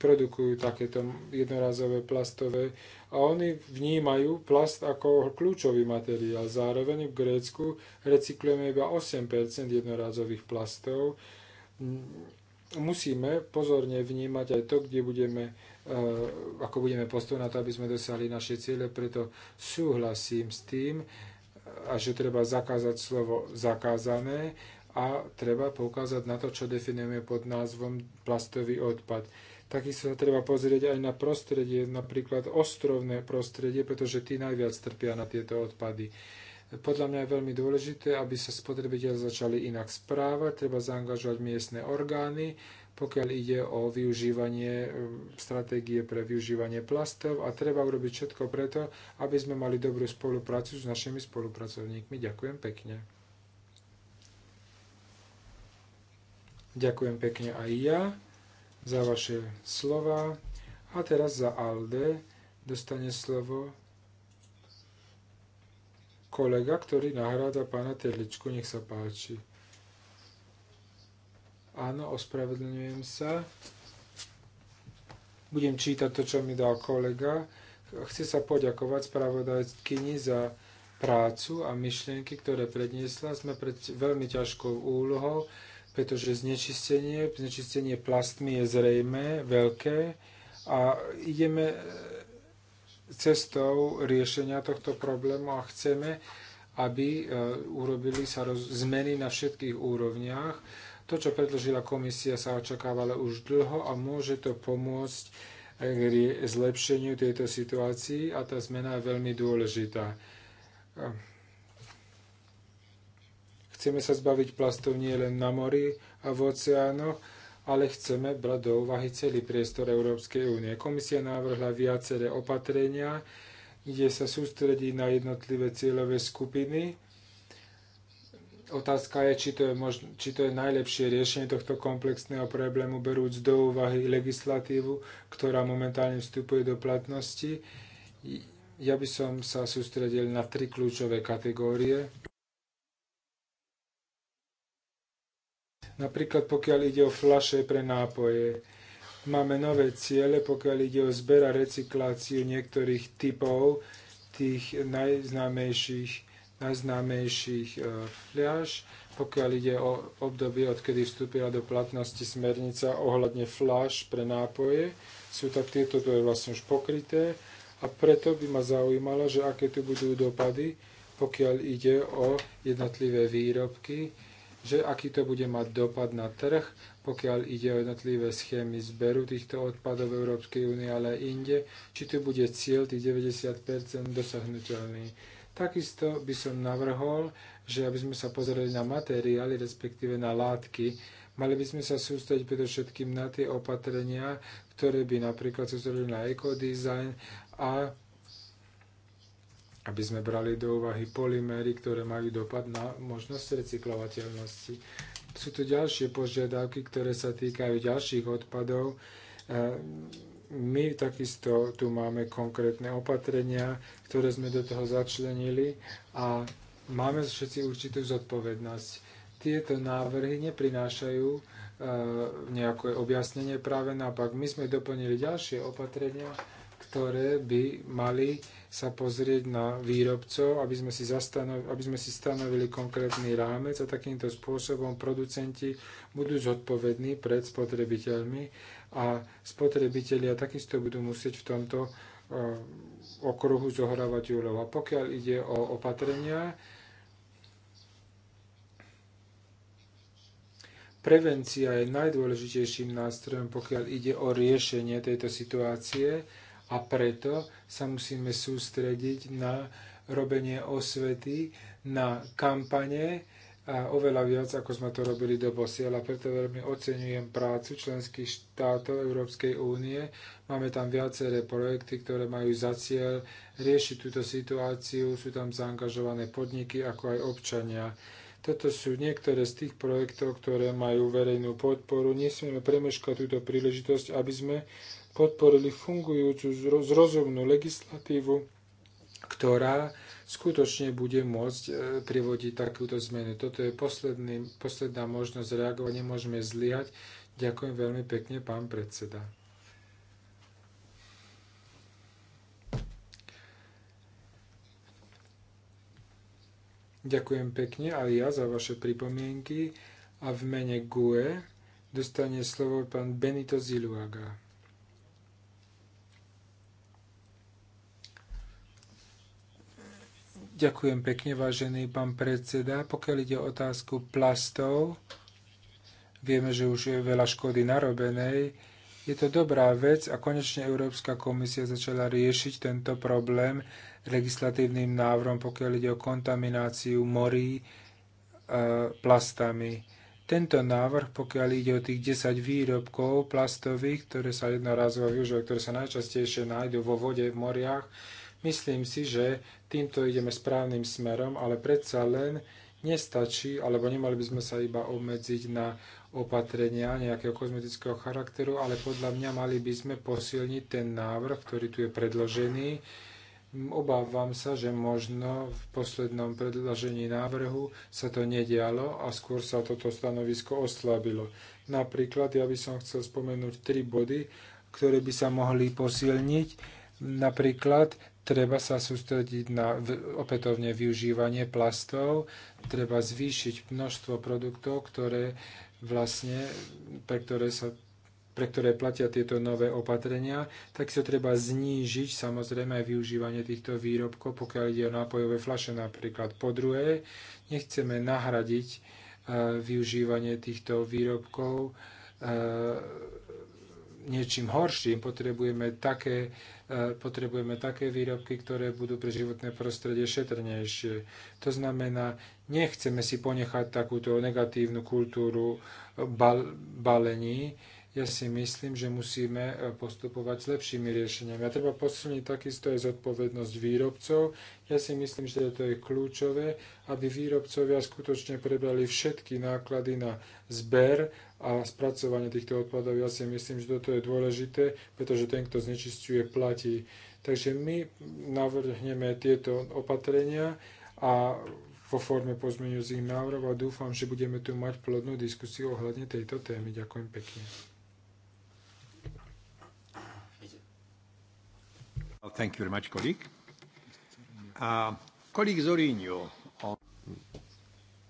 Speaker 2: produkujú takéto jednorazové plastové a oni vnímajú plast ako kľúčový materiál. Zároveň v Grécku recyklujeme iba 8 jednorázových plastov. Mm, musíme pozorne vnímať aj to, kde budeme, eh, ako budeme postupovať na to, aby sme dosiahli naše ciele, preto súhlasím s tým, a že treba zakázať slovo zakázané a treba poukázať na to, čo definujeme pod názvom plastový odpad Takisto sa treba pozrieť aj na prostredie, napríklad ostrovné prostredie, pretože tí najviac trpia na tieto odpady. Podľa mňa je veľmi dôležité, aby sa spotrebiteľ začali inak správať, treba zaangažovať miestne orgány, pokiaľ ide o využívanie e, stratégie pre využívanie plastov a treba urobiť všetko preto, aby sme mali dobrú spoluprácu s našimi spolupracovníkmi. Ďakujem pekne. Ďakujem pekne aj ja za vaše slova. A teraz za Alde dostane slovo kolega, ktorý nahráda pána Terličku. Nech sa páči. Áno, ospravedlňujem sa. Budem čítať to, čo mi dal kolega. Chce sa poďakovať spravodajkyni za prácu a myšlienky, ktoré predniesla. Sme pred veľmi ťažkou úlohou pretože znečistenie, znečistenie plastmi je zrejme veľké a ideme e, cestou riešenia tohto problému a chceme, aby e, urobili sa zmeny na všetkých úrovniach. To, čo predložila komisia, sa očakávalo už dlho a môže to pomôcť k e, zlepšeniu tejto situácii a tá zmena je veľmi dôležitá Chceme sa zbaviť plastov nie na mori a v oceánoch, ale chceme brať do úvahy celý priestor Európskej únie. Komisia navrhla viaceré opatrenia, kde sa sústredí na jednotlivé cieľové skupiny. Otázka je, či to je, možno, či to je najlepšie riešenie tohto komplexného problému, berúc do úvahy legislatívu, ktorá momentálne vstupuje do platnosti. Ja by som sa sústredil na tri kľúčové kategórie. Napríklad pokiaľ ide o flaše pre nápoje. Máme nové ciele, pokiaľ ide o zber a recykláciu niektorých typov tých najznámejších, najznámejších e, fľaš, pokiaľ ide o obdobie, odkedy vstúpila do platnosti smernica ohľadne fľaš pre nápoje. Sú tak tieto, dve vlastne už pokryté. A preto by ma zaujímalo, že aké tu budú dopady, pokiaľ ide o jednotlivé výrobky, že aký to bude mať dopad na trh, pokiaľ ide o jednotlivé schémy zberu týchto odpadov v Európskej únie, ale aj inde, či tu bude cieľ tých 90% dosahnutelný. Takisto by som navrhol, že aby sme sa pozerali na materiály, respektíve na látky, mali by sme sa sústrediť predovšetkým na tie opatrenia, ktoré by napríklad sústredili na ekodizajn a aby sme brali do úvahy polymery, ktoré majú dopad na možnosť recyklovateľnosti. Sú tu ďalšie požiadavky, ktoré sa týkajú ďalších odpadov. E, my takisto tu máme konkrétne opatrenia, ktoré sme do toho začlenili a máme všetci určitú zodpovednosť. Tieto návrhy neprinášajú e, nejaké objasnenie práve naopak. My sme doplnili ďalšie opatrenia, ktoré by mali sa pozrieť na výrobcov, aby sme si, zastanov, aby sme si stanovili konkrétny rámec a takýmto spôsobom producenti budú zodpovední pred spotrebiteľmi a spotrebitelia takisto budú musieť v tomto e, okruhu zohrávať úlohu. A pokiaľ ide o opatrenia, prevencia je najdôležitejším nástrojom, pokiaľ ide o riešenie tejto situácie a preto sa musíme sústrediť na robenie osvety, na kampane, a oveľa viac, ako sme to robili do posiaľ. preto veľmi oceňujem prácu členských štátov Európskej únie. Máme tam viaceré projekty, ktoré majú za cieľ riešiť túto situáciu. Sú tam zaangažované podniky, ako aj občania. Toto sú niektoré z tých projektov, ktoré majú verejnú podporu. Nesmieme premeškať túto príležitosť, aby sme podporili fungujúcu zrozumnú legislatívu, ktorá skutočne bude môcť e, privodiť takúto zmenu. Toto je posledný, posledná možnosť reagovať, nemôžeme zliať. Ďakujem veľmi pekne, pán predseda. Ďakujem pekne aj ja za vaše pripomienky a v mene GUE dostane slovo pán Benito Ziluaga. Ďakujem pekne, vážený pán predseda. Pokiaľ ide o otázku plastov, vieme, že už je veľa škody narobenej. Je to dobrá vec a konečne Európska komisia začala riešiť tento problém legislatívnym návrom, pokiaľ ide o kontamináciu morí e, plastami. Tento návrh, pokiaľ ide o tých 10 výrobkov plastových, ktoré sa jednorazovo využívajú, ktoré sa najčastejšie nájdú vo vode v moriach, myslím si, že týmto ideme správnym smerom, ale predsa len nestačí, alebo nemali by sme sa iba obmedziť na opatrenia nejakého kozmetického charakteru, ale podľa mňa mali by sme posilniť ten návrh, ktorý tu je predložený. Obávam sa, že možno v poslednom predložení návrhu sa to nedialo a skôr sa toto stanovisko oslabilo. Napríklad ja by som chcel spomenúť tri body, ktoré by sa mohli posilniť. Napríklad Treba sa sústrediť na opätovne využívanie plastov, treba zvýšiť množstvo produktov, ktoré vlastne, pre ktoré sa pre ktoré platia tieto nové opatrenia, tak sa treba znížiť samozrejme aj využívanie týchto výrobkov, pokiaľ ide o nápojové flaše napríklad. Po druhé, nechceme nahradiť uh, využívanie týchto výrobkov uh, niečím horším. Potrebujeme také, e, potrebujeme také výrobky, ktoré budú pre životné prostredie šetrnejšie. To znamená, nechceme si ponechať takúto negatívnu kultúru e, bal- balení. Ja si myslím, že musíme e, postupovať s lepšími riešeniami. A treba posilniť takisto aj zodpovednosť výrobcov. Ja si myslím, že to je kľúčové, aby výrobcovia skutočne prebrali všetky náklady na zber a spracovanie týchto odpadov, ja si myslím, že toto je dôležité, pretože ten, kto znečistuje, platí. Takže my navrhneme tieto opatrenia a po forme pozmeňujúcich návrhov a dúfam, že budeme tu mať plodnú diskusiu ohľadne tejto témy. Ďakujem pekne. Thank you very much, colleague.
Speaker 1: Uh, colleague Zorinio.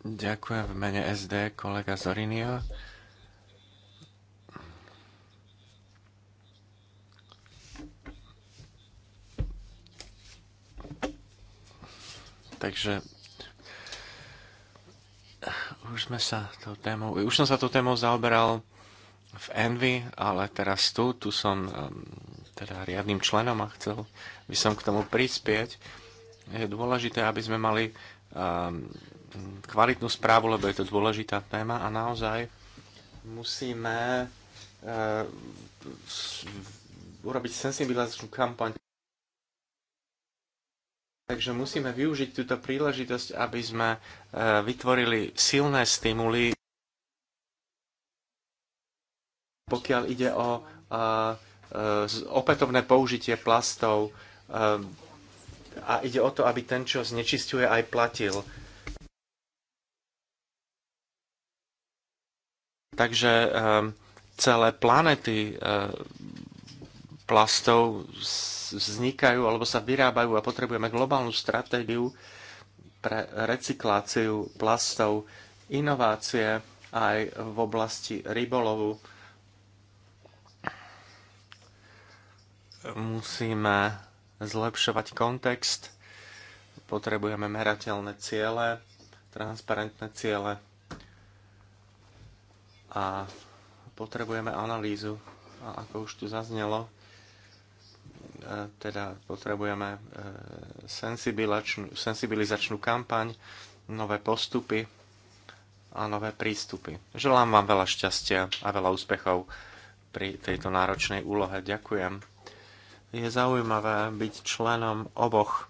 Speaker 3: Ďakujem v mene SD, kolega Zorinio. Takže už sme sa tou témou, už som sa tou témou zaoberal v Envy, ale teraz tu, tu som um, teda riadným členom a chcel by som k tomu prispieť. Je dôležité, aby sme mali um, kvalitnú správu, lebo je to dôležitá téma a naozaj musíme uh, urobiť sensibilizačnú kampaň Takže musíme využiť túto príležitosť, aby sme e, vytvorili silné stimuly, pokiaľ ide o e, e, opätovné použitie plastov a ide o to, aby ten, čo znečistuje, aj platil. Takže celé planety plastov vznikajú alebo sa vyrábajú a potrebujeme globálnu stratégiu pre recikláciu plastov, inovácie aj v oblasti rybolovu. Musíme zlepšovať kontext, potrebujeme merateľné ciele, transparentné ciele a potrebujeme analýzu. A ako už tu zaznelo, E, teda potrebujeme e, sensibilizačnú kampaň, nové postupy a nové prístupy. Želám vám veľa šťastia a veľa úspechov pri tejto náročnej úlohe. Ďakujem. Je zaujímavé byť členom oboch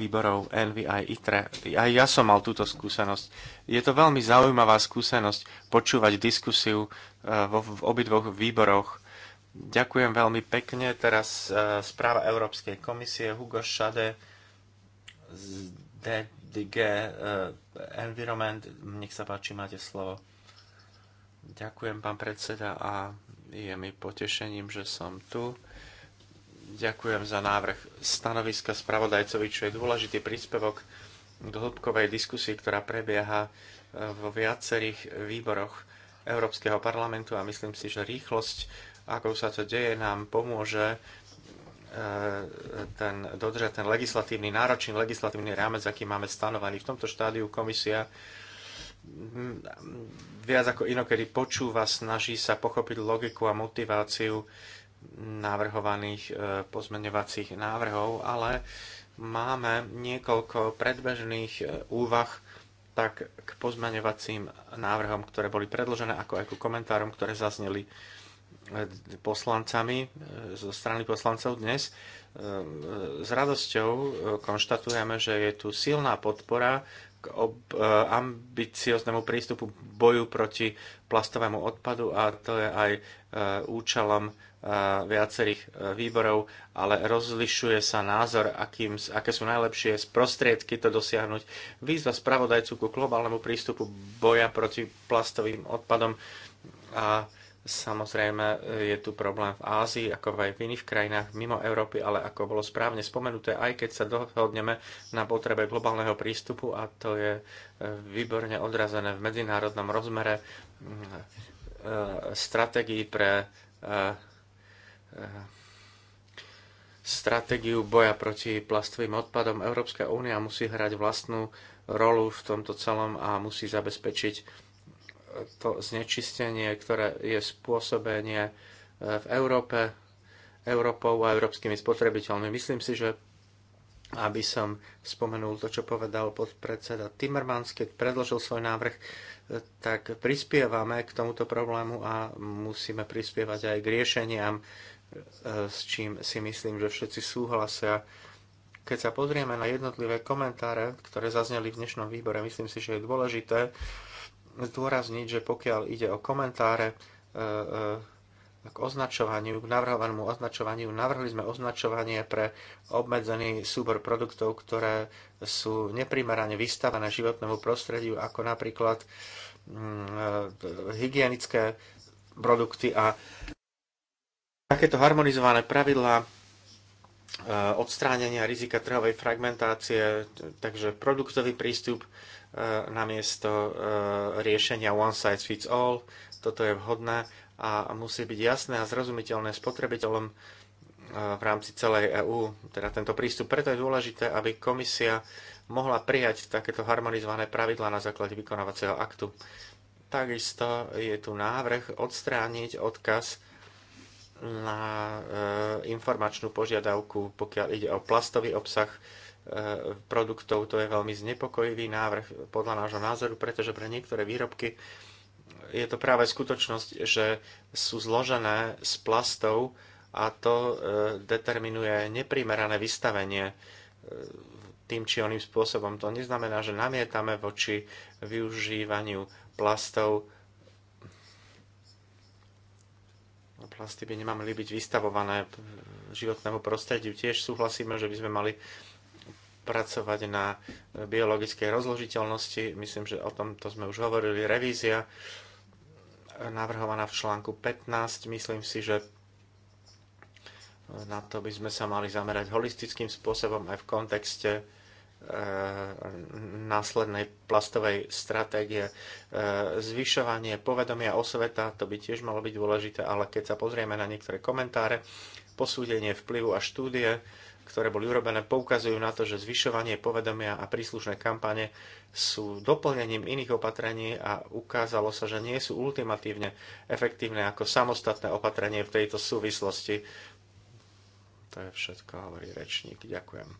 Speaker 3: výborov Envy aj ITRE. Aj ja som mal túto skúsenosť. Je to veľmi zaujímavá skúsenosť počúvať diskusiu e, v obidvoch výboroch Ďakujem veľmi pekne. Teraz e, správa Európskej komisie Hugo Šade z DDG e, Environment. Nech sa páči, máte slovo. Ďakujem, pán predseda, a je mi potešením, že som tu. Ďakujem za návrh stanoviska spravodajcovi, čo je dôležitý príspevok k hĺbkovej diskusii, ktorá prebieha e, vo viacerých výboroch Európskeho parlamentu a myslím si, že rýchlosť ako sa to deje, nám pomôže e, ten, dodržať ten legislatívny, náročný legislatívny rámec, aký máme stanovaný V tomto štádiu komisia viac ako inokedy počúva, snaží sa pochopiť logiku a motiváciu navrhovaných e, pozmeňovacích návrhov, ale máme niekoľko predbežných e, úvah tak k pozmeňovacím návrhom, ktoré boli predložené, ako aj ku komentárom, ktoré zazneli Eh, poslancami, eh, zo strany poslancov dnes. Eh, s radosťou konštatujeme, že je tu silná podpora k ambicioznému prístupu boju proti plastovému odpadu a to je aj účelom viacerých výborov, ale rozlišuje sa názor, akým, aké sú najlepšie prostriedky to dosiahnuť. Výzva spravodajcu ku globálnemu prístupu boja proti plastovým odpadom a Samozrejme e, je tu problém v Ázii, ako aj v iných krajinách mimo Európy, ale ako bolo správne spomenuté, aj keď sa dohodneme na potrebe globálneho prístupu a to je e, výborne odrazené v medzinárodnom rozmere e, stratégii pre stratégiu boja proti plastovým odpadom. Európska únia musí hrať vlastnú rolu v tomto celom a musí zabezpečiť to znečistenie, ktoré je spôsobenie e, v Európe, Európou a európskymi spotrebiteľmi. Myslím si, že aby som spomenul to, čo povedal podpredseda Timmermans, keď predložil svoj návrh, e, tak prispievame k tomuto problému a musíme prispievať aj k riešeniam, e, s čím si myslím, že všetci súhlasia. Keď sa pozrieme na jednotlivé komentáre, ktoré zazneli v dnešnom výbore, myslím si, že je dôležité zdôrazniť, že pokiaľ ide o komentáre e, e, k označovaniu, k navrhovanému označovaniu, navrhli sme označovanie pre obmedzený súbor produktov, ktoré sú neprimerane vystavené životnému prostrediu, ako napríklad mm, e, hygienické produkty a takéto harmonizované pravidlá odstránenia rizika trhovej fragmentácie, takže produktový prístup Eh, namiesto eh, riešenia one size fits all. Toto je vhodné a musí byť jasné a zrozumiteľné spotrebiteľom eh, v rámci celej EÚ, teda tento prístup. Preto je dôležité, aby komisia mohla prijať takéto harmonizované pravidlá na základe vykonávacieho aktu. Takisto je tu návrh odstrániť odkaz na informačnú požiadavku, pokiaľ ide o plastový obsah E, produktov. To je veľmi znepokojivý návrh podľa nášho názoru, pretože pre niektoré výrobky je to práve skutočnosť, že sú zložené z plastov a to e, determinuje neprimerané vystavenie e, tým či oným spôsobom. To neznamená, že namietame voči využívaniu plastov. Plasty by nemali byť vystavované životnému prostrediu. Tiež súhlasíme, že by sme mali pracovať na e, biologickej rozložiteľnosti. Myslím, že o tomto sme už hovorili. Revízia e, navrhovaná v článku 15. Myslím si, že e, na to by sme sa mali zamerať holistickým spôsobom aj v kontexte e, následnej plastovej stratégie. E, zvyšovanie povedomia o sveta, to by tiež malo byť dôležité, ale keď sa pozrieme na niektoré komentáre, posúdenie vplyvu a štúdie, ktoré boli urobené, poukazujú na to, že zvyšovanie povedomia a príslušné kampane sú doplnením iných opatrení a ukázalo sa, že nie sú ultimatívne efektívne ako samostatné opatrenie v tejto súvislosti. To je všetko, hovorí rečník. Ďakujem.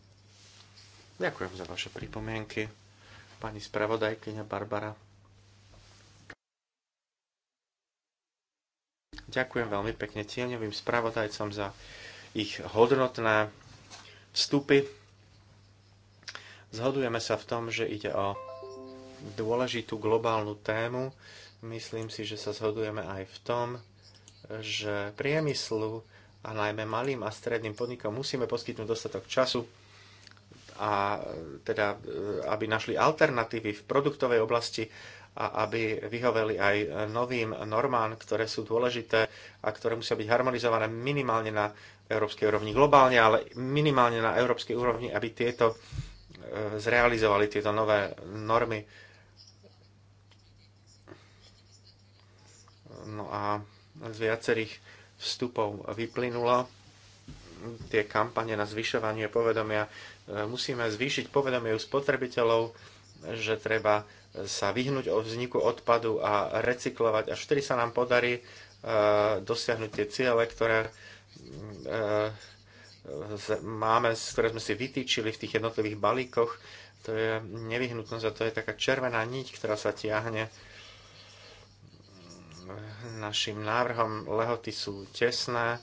Speaker 3: Ďakujem za vaše pripomienky. Pani spravodajkyňa Barbara. Ďakujem veľmi pekne tieňovým spravodajcom za ich hodnotné vstupy. Zhodujeme sa v tom, že ide o dôležitú globálnu tému. Myslím si, že sa zhodujeme aj v tom, že priemyslu a najmä malým a stredným podnikom musíme poskytnúť dostatok času, a teda, aby našli alternatívy v produktovej oblasti a aby vyhoveli aj novým normám, ktoré sú dôležité a ktoré musia byť harmonizované minimálne na európskej úrovni globálne, ale minimálne na európskej úrovni, aby tieto e, zrealizovali tieto nové normy. No a z viacerých vstupov vyplynulo tie kampane na zvyšovanie povedomia. E, musíme zvýšiť povedomie u spotrebiteľov, že treba sa vyhnúť o vzniku odpadu a recyklovať. Až vtedy sa nám podarí e, dosiahnuť tie ciele, ktoré Eh, eh, máme, ktoré sme si vytýčili v tých jednotlivých balíkoch, to je nevyhnutnosť a to je taká červená niť, ktorá sa tiahne našim návrhom. Lehoty sú tesné.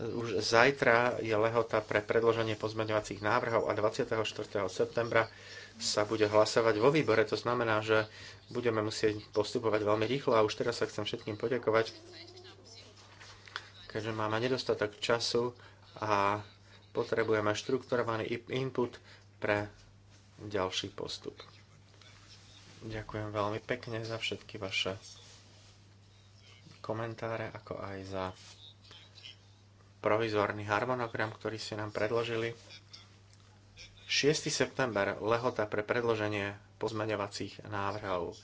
Speaker 3: Už zajtra je lehota pre predloženie pozmeňovacích návrhov a 24. septembra sa bude hlasovať vo výbore. To znamená, že budeme musieť postupovať veľmi rýchlo a už teraz sa chcem všetkým poďakovať keďže máme nedostatok času a potrebujeme štrukturovaný input pre ďalší postup. Ďakujem veľmi pekne za všetky vaše komentáre, ako aj za provizorný harmonogram, ktorý ste nám predložili. 6. september, lehota pre predloženie pozmeňovacích návrhov.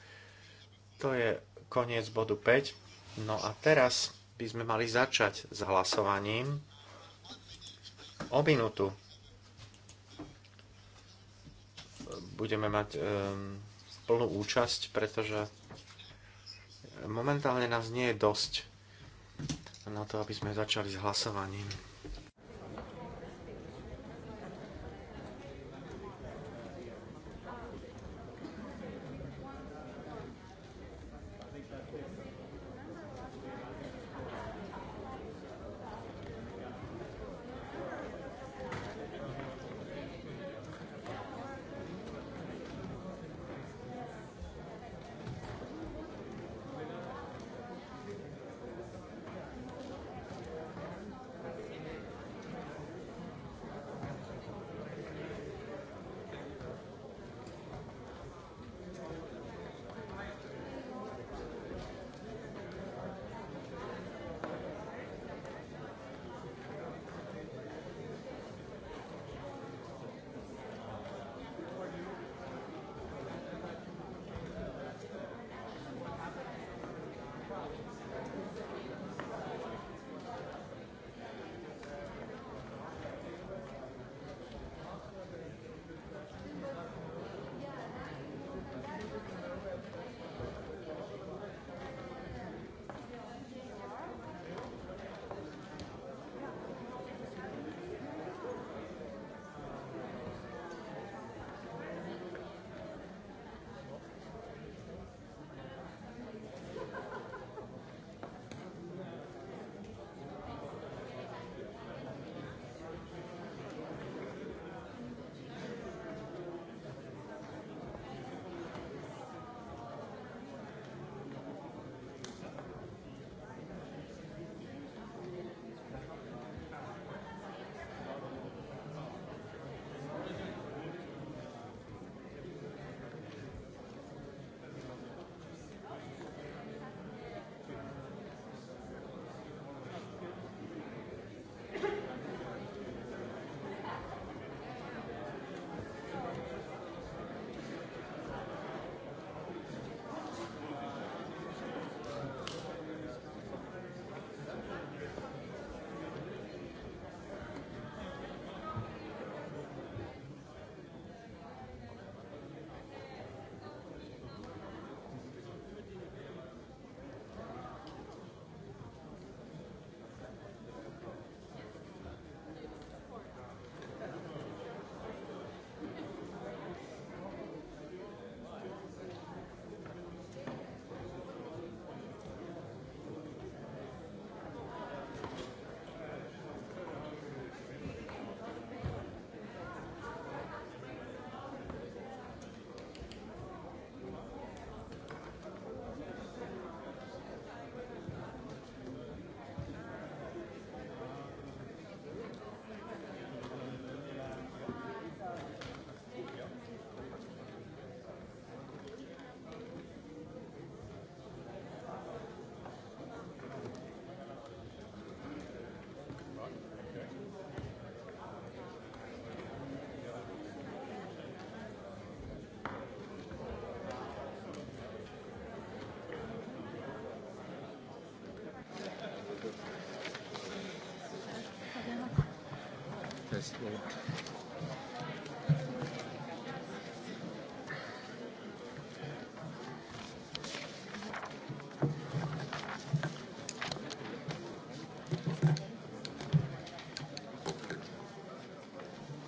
Speaker 3: To je koniec bodu 5. No a teraz by sme mali začať s hlasovaním o minútu. Budeme mať um, plnú účasť, pretože momentálne nás nie je dosť na to, aby sme začali s hlasovaním.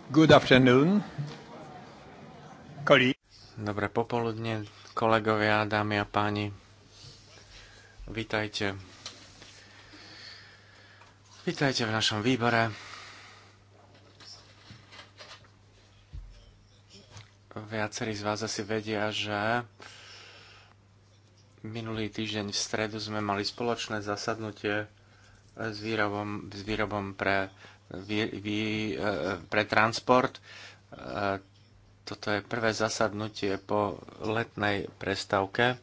Speaker 2: Good afternoon.
Speaker 3: Colleague. Dobré popoludne, kolegovia, dámy a páni. Vítajte. Vítajte v našom výbore. Viacerí z vás asi vedia, že minulý týždeň v stredu sme mali spoločné zasadnutie s výrobom, s výrobom pre, vý, vý, eh, pre transport. Eh, toto je prvé zasadnutie po letnej prestávke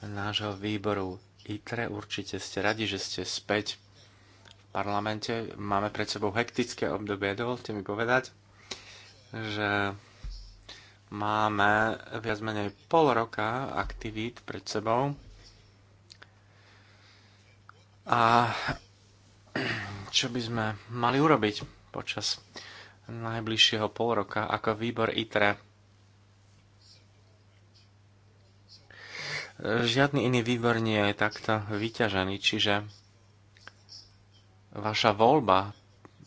Speaker 3: nášho výboru ITRE. Určite ste radi, že ste späť v parlamente. Máme pred sebou hektické obdobie. Dovolte mi povedať, že Máme viac menej pol roka aktivít pred sebou. A čo by sme mali urobiť počas najbližšieho pol roka ako výbor ITRE? Žiadny iný výbor nie je takto vyťažený, čiže vaša voľba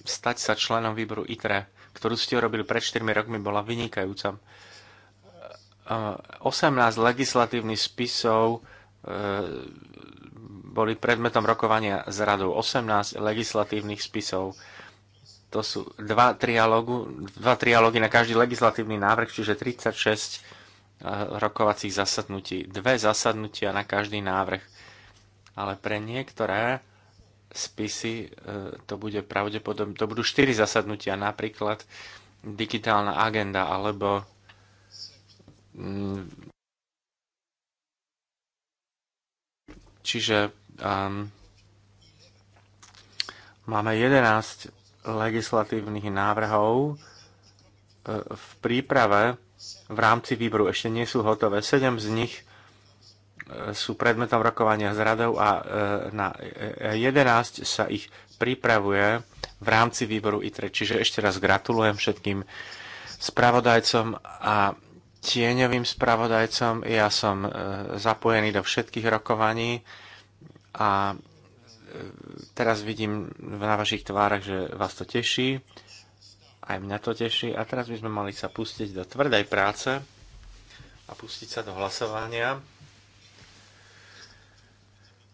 Speaker 3: stať sa členom výboru ITRE, ktorú ste urobili pred 4 rokmi, bola vynikajúca. 18 legislatívnych spisov e, boli predmetom rokovania s radou. 18 legislatívnych spisov. To sú dva, trialógu, dva trialógy na každý legislatívny návrh, čiže 36 e, rokovacích zasadnutí. Dve zasadnutia na každý návrh. Ale pre niektoré spisy e, to bude pravdepodobne, to budú 4 zasadnutia, napríklad digitálna agenda alebo Mm. Čiže um, máme 11 legislatívnych návrhov uh, v príprave v rámci výboru. Ešte nie sú hotové. 7 z nich uh, sú predmetom rokovania s radou a uh, na 11 e, sa ich pripravuje v rámci výboru ITRE. Čiže ešte raz gratulujem všetkým spravodajcom a tieňovým spravodajcom. Ja som e, zapojený do všetkých rokovaní a e, teraz vidím na vašich tvárach, že vás to teší. Aj mňa to teší. A teraz by sme mali sa pustiť do tvrdej práce a pustiť sa do hlasovania.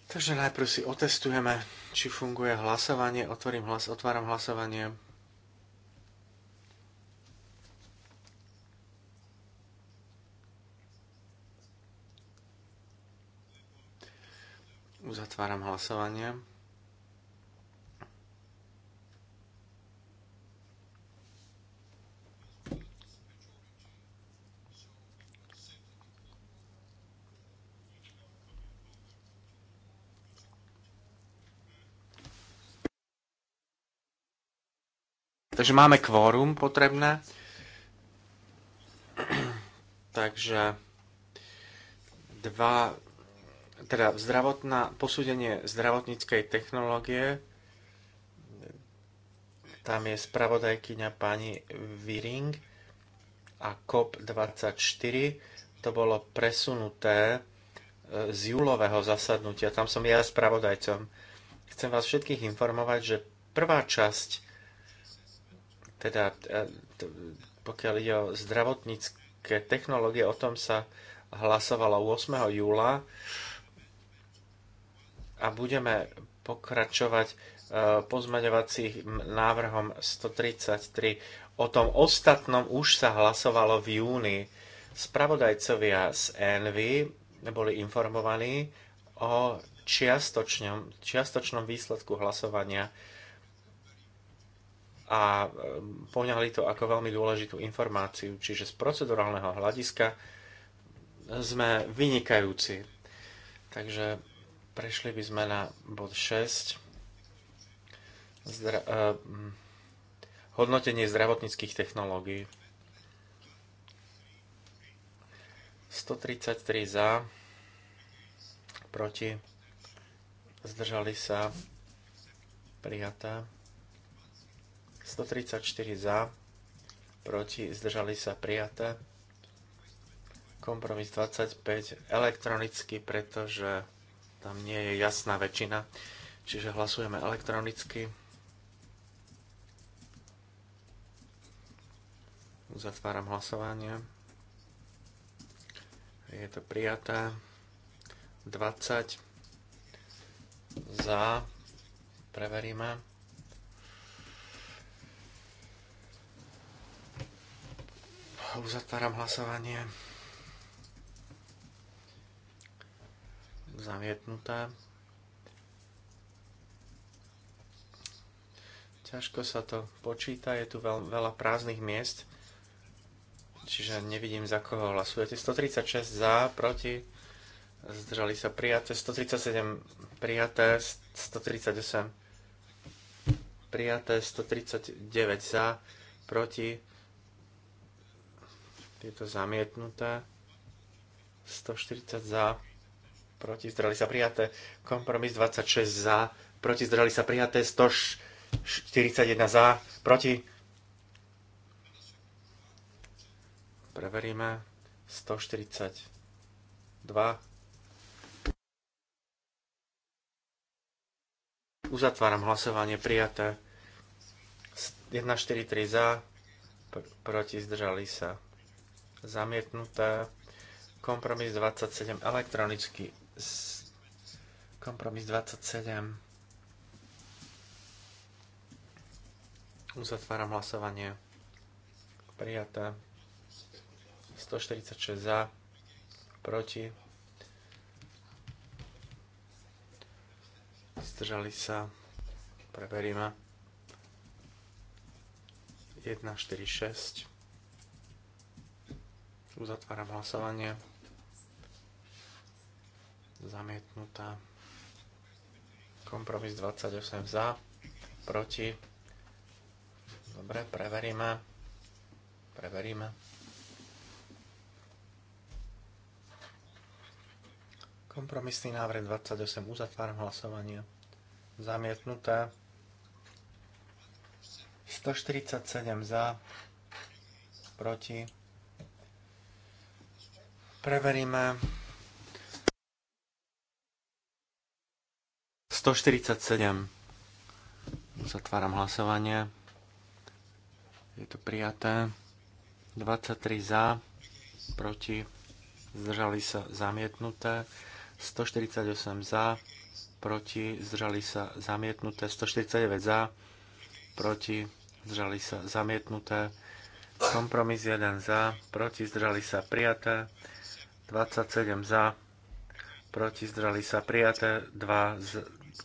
Speaker 3: Takže najprv si otestujeme, či funguje hlasovanie. Otvorím hlas, otváram hlasovanie. Uzatváram hlasovanie. Takže máme kvórum potrebné. Takže dva teda zdravotná, posúdenie zdravotníckej technológie, tam je spravodajkyňa pani Viring a COP24, to bolo presunuté e, z júlového zasadnutia, tam som ja spravodajcom. Chcem vás všetkých informovať, že prvá časť, teda e, pokiaľ ide o zdravotnícke technológie, o tom sa hlasovalo 8. júla a budeme pokračovať e, pozmaňovacím návrhom 133. O tom ostatnom už sa hlasovalo v júni. Spravodajcovia z N.V. boli informovaní o čiastočnom, čiastočnom výsledku hlasovania a e, poňali to ako veľmi dôležitú informáciu. Čiže z procedurálneho hľadiska sme vynikajúci. Takže Prešli by sme na bod 6. Zdra- uh, hodnotenie zdravotníckých technológií. 133 za, proti, zdržali sa, prijatá. 134 za, proti, zdržali sa, prijatá. Kompromis 25 elektronicky, pretože Tam nie je jasná väčšina, čiže hlasujeme elektronicky. Zatváram hlasovanie. Je to prijaté. 20 za. Preveríme. Uzatváram hlasovanie. zamietnuté. Ťažko sa to počíta, je tu veľ, veľa prázdnych miest, čiže nevidím za koho hlasujete. 136 za, proti, zdržali sa prijaté, 137 prijaté, 138 prijaté, 139 za, proti, je to zamietnuté, 140 za, proti, zdrali sa prijaté. Kompromis 26 za, proti, zdrali sa prijaté. 141 za, proti. Preveríme. 142. Uzatváram hlasovanie prijaté. 1,43 za, proti zdržali sa. Zamietnuté. Kompromis 27 elektronicky kompromis 27. Uzatváram hlasovanie. Prijaté. 146 za, proti. Zdržali sa. Preberíme. 1, 4, 6. Uzatváram hlasovanie zamietnutá. Kompromis 28 za, proti. Dobre, preveríme. Preveríme. Kompromisný návrh 28. Uzatváram hlasovanie. Zamietnuté. 147 za, proti. Preveríme. 147. Zatváram hlasovanie. Je to prijaté. 23 za, proti, zdržali sa zamietnuté. 148 za, proti, zdržali sa zamietnuté. 149 za, proti, zdržali sa zamietnuté. Kompromis 1 za, proti, zdržali sa prijaté. 27 za, proti, zdržali sa prijaté. 2 z,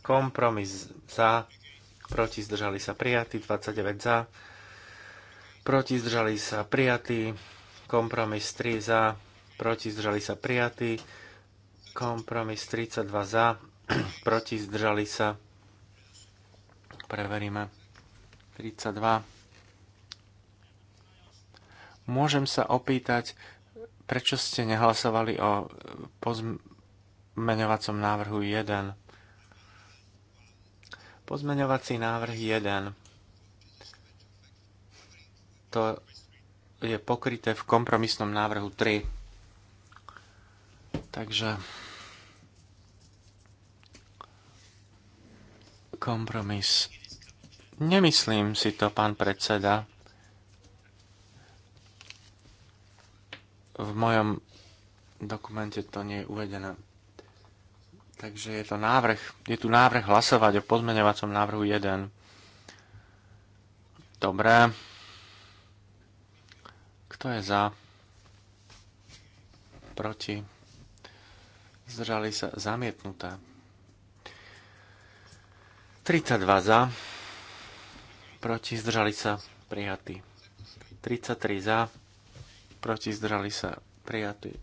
Speaker 3: Kompromis za, proti zdržali sa prijatí, 29 za, proti zdržali sa prijatí, kompromis 3 za, proti zdržali sa prijatí, kompromis 32 za, proti zdržali sa, preveríme, 32. Môžem sa opýtať, prečo ste nehlasovali o pozmeňovacom návrhu 1? Pozmeňovací návrh 1. To je pokryté v kompromisnom návrhu 3. Takže kompromis. Nemyslím si to, pán predseda. V mojom dokumente to nie je uvedené. Takže je to návrh, je tu návrh hlasovať o pozmeňovacom návrhu 1. Dobre. Kto je za? Proti? Zdržali sa zamietnuté. 32 za. Proti zdržali sa prijatí. 33 za. Proti zdržali sa prijatí.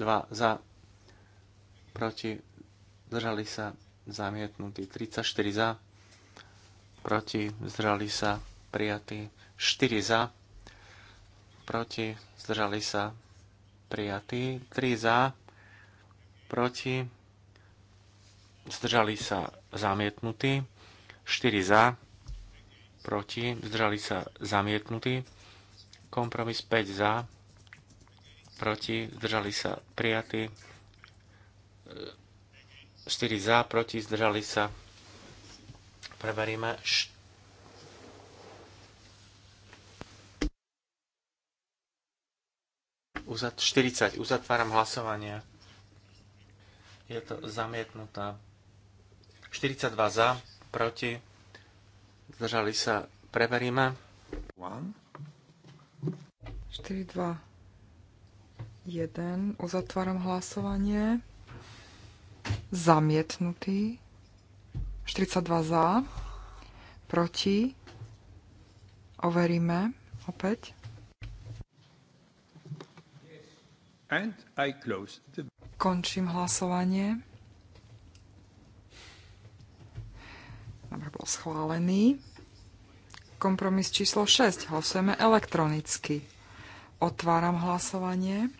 Speaker 3: 2 za. Proti zdržali sa, zamietnutí 34 za, proti, zdržali sa, prijatí 4 za, proti, zdržali sa, prijatí 3 za, proti, zdržali sa, zamietnutí 4 za, proti, zdržali sa, zamietnutí kompromis 5 za, proti, zdržali sa, prijatí 4 za, proti, zdržali sa. Preveríme. Uzat 40. Uzatváram hlasovanie. Je to zamietnutá. 42 za, proti, zdržali sa. Preveríme. 4,
Speaker 1: 2, 1. Uzatváram hlasovanie zamietnutý. 42 za, proti, overíme opäť.
Speaker 2: And I close the...
Speaker 1: Končím hlasovanie. Návrh bol schválený. Kompromis číslo 6. Hlasujeme elektronicky. Otváram hlasovanie.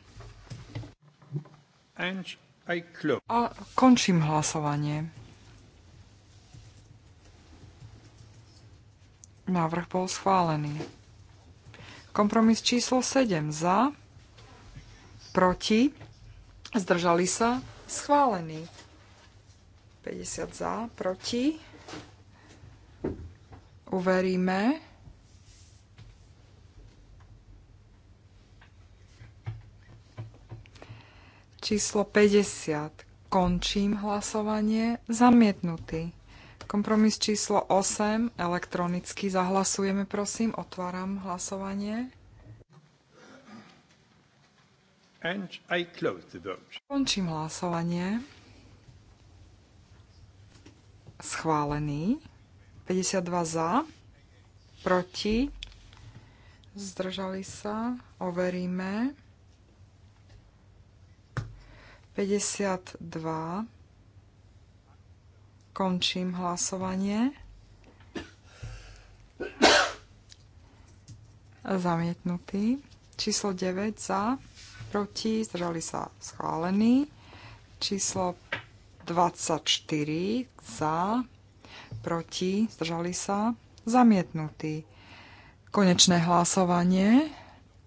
Speaker 2: And a
Speaker 1: končím hlasovanie. Návrh bol schválený. Kompromis číslo 7 za, proti, zdržali sa, schválený. 50 za, proti. Uveríme. Číslo 50. Končím hlasovanie. Zamietnutý. Kompromis číslo 8. Elektronicky zahlasujeme, prosím. Otváram hlasovanie.
Speaker 2: And I close the vote.
Speaker 1: Končím hlasovanie. Schválený. 52 za. Proti. Zdržali sa. Overíme. 52. Končím hlasovanie. Zamietnutý. Číslo 9 za, proti, zdržali sa schválení. Číslo 24 za, proti, zdržali sa, zamietnutý. Konečné hlasovanie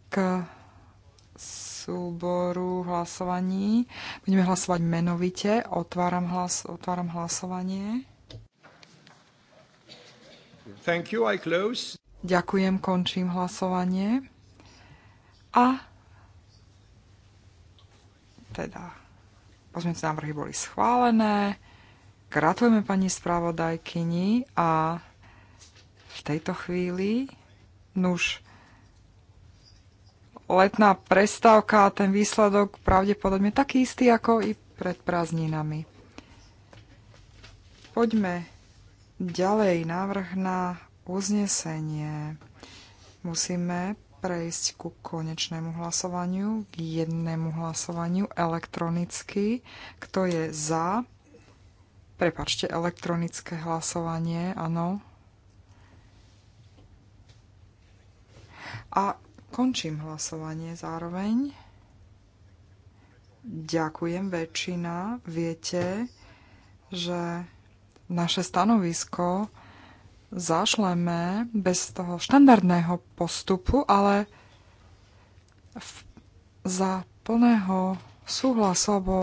Speaker 1: k súboru hlasovaní. Budeme hlasovať menovite. Otváram, hlas, otváram hlasovanie.
Speaker 2: Thank you, I close.
Speaker 1: Ďakujem, končím hlasovanie. A teda pozmeňte, návrhy boli schválené. Gratulujeme pani spravodajkyni a v tejto chvíli, nuž, letná prestávka a ten výsledok pravdepodobne taký istý ako i pred prázdninami. Poďme ďalej. Návrh na uznesenie. Musíme prejsť ku konečnému hlasovaniu, k jednému hlasovaniu elektronicky. Kto je za? Prepačte, elektronické hlasovanie, áno. A Končím hlasovanie zároveň. Ďakujem, väčšina. Viete, že naše stanovisko zašleme bez toho štandardného postupu, ale v, za plného súhlasu, lebo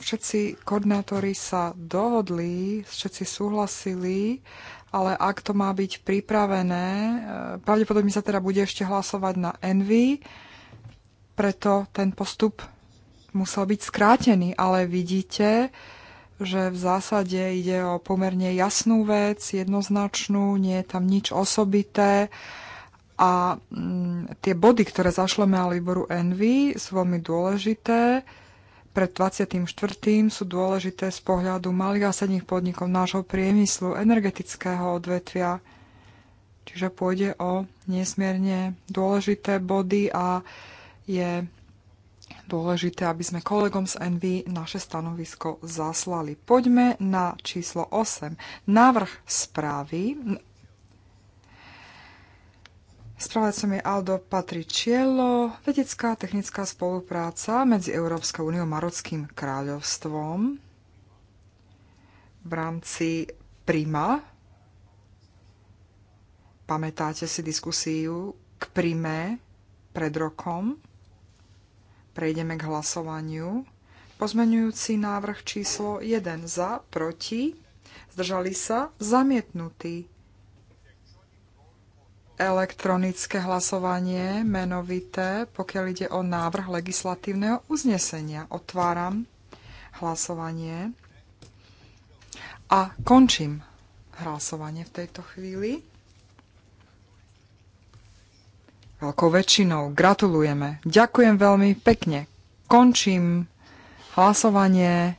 Speaker 1: všetci koordinátori sa dohodli, všetci súhlasili ale ak to má byť pripravené, eh, pravdepodobne sa teda bude ešte hlasovať na Envy, preto ten postup musel byť skrátený, ale vidíte, že v zásade ide o pomerne jasnú vec, jednoznačnú, nie je tam nič osobité a mm, tie body, ktoré zašleme na výboru Envy, sú veľmi dôležité pred 24. sú dôležité z pohľadu malých a sedných podnikov nášho priemyslu, energetického odvetvia. Čiže pôjde o nesmierne dôležité body a je dôležité, aby sme kolegom z NV naše stanovisko zaslali. Poďme na číslo 8. Návrh správy, Spravodajcom mi Aldo Patriciello, vedecká technická spolupráca medzi Európskou úniou a Marockým kráľovstvom v rámci Prima. Pamätáte si diskusiu k Prime pred rokom? Prejdeme k hlasovaniu. Pozmenujúci návrh číslo 1 za, proti, zdržali sa, zamietnutý elektronické hlasovanie menovité, pokiaľ ide o návrh legislatívneho uznesenia. Otváram hlasovanie a končím hlasovanie v tejto chvíli. Veľkou väčšinou gratulujeme. Ďakujem veľmi pekne. Končím hlasovanie.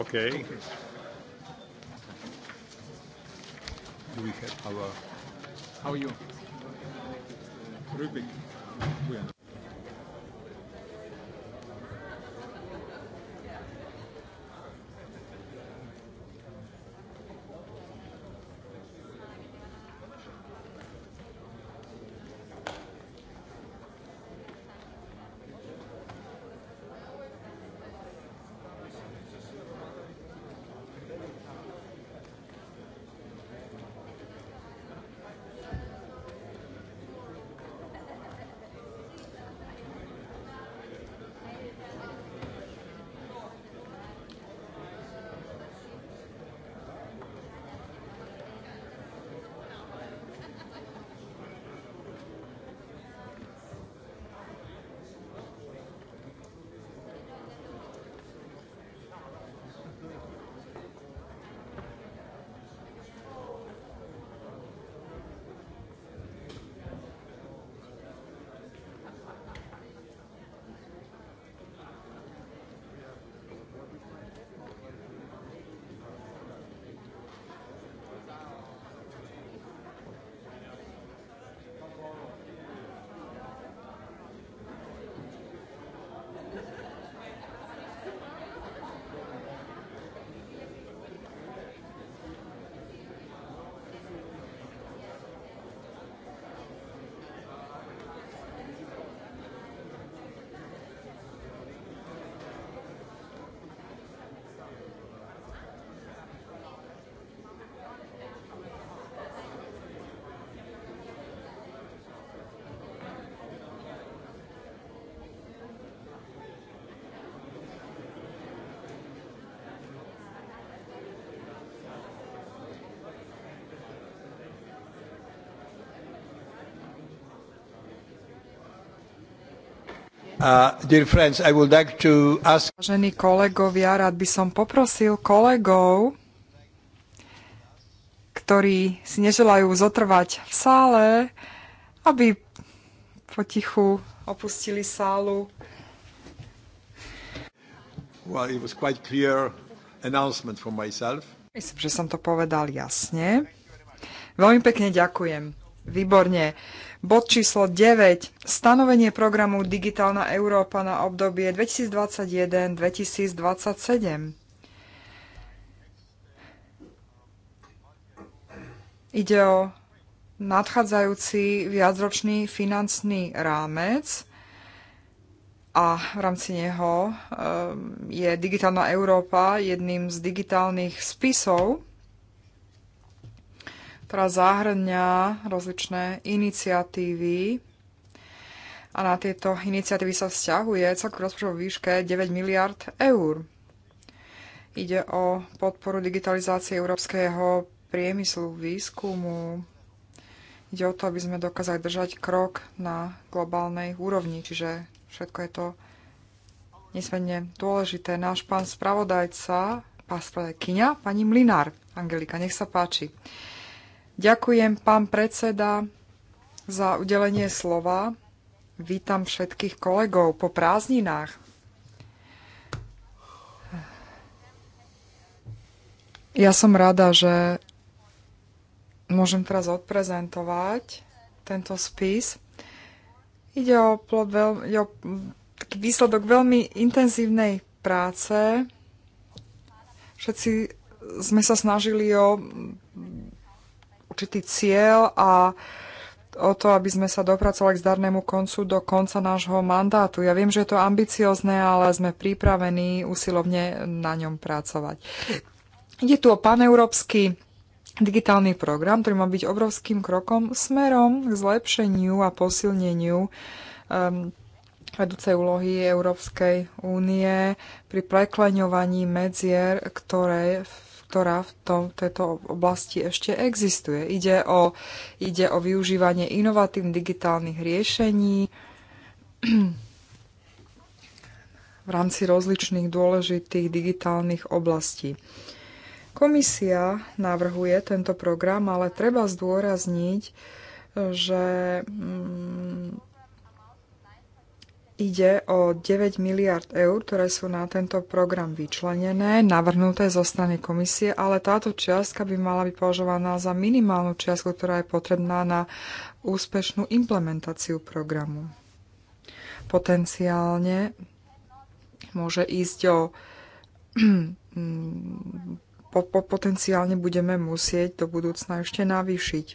Speaker 2: Okay. Do we have our... How are you? Rubik.
Speaker 1: Uh, Vážení kolegovia, rád by som poprosil kolegov, ktorí si neželajú zotrvať v sále, aby potichu opustili sálu.
Speaker 2: Well, it was quite clear
Speaker 1: announcement for myself. Myslím, že som to povedal jasne. Veľmi pekne ďakujem. Výborne. Bod číslo 9. Stanovenie programu Digitálna Európa na obdobie 2021-2027. Ide o nadchádzajúci viacročný finančný rámec a v rámci neho ehm, je Digitálna Európa jedným z digitálnych spisov, ktorá zahrňa rozličné iniciatívy a na tieto iniciatívy sa vzťahuje celkový rozpočet vo výške 9 miliard eur. Ide o podporu digitalizácie európskeho priemyslu, výskumu. Ide o to, aby sme dokázali držať krok na globálnej úrovni, čiže všetko je to nesmierne dôležité. Náš pán spravodajca, pán spravodajkyňa, pani Mlinár, Angelika, nech sa páči. Ďakujem, pán predseda, za udelenie slova. Vítam všetkých kolegov po prázdninách. Ja som rada, že môžem teraz odprezentovať tento spis. Ide o, plod, veľ, ide o taký výsledok veľmi intenzívnej práce. Všetci sme sa snažili o určitý cieľ a o to, aby sme sa dopracovali k zdarnému koncu do konca nášho mandátu. Ja viem, že je to ambiciozne, ale sme pripravení usilovne na ňom pracovať. Je tu o paneurópsky digitálny program, ktorý má byť obrovským krokom smerom k zlepšeniu a posilneniu um, vedúcej úlohy Európskej únie pri prekleňovaní medzier, ktoré ktorá v tom, tejto oblasti ešte existuje. Ide o, ide o využívanie inovatívnych digitálnych riešení v rámci rozličných dôležitých digitálnych oblastí. Komisia navrhuje tento program, ale treba zdôrazniť, že mm, ide o 9 miliard eur, ktoré sú na tento program vyčlenené, navrhnuté zo strany komisie, ale táto čiastka by mala byť považovaná za minimálnu čiastku, ktorá je potrebná na úspešnú implementáciu programu. Potenciálne môže ísť o po, po, potenciálne budeme musieť do budúcna ešte navýšiť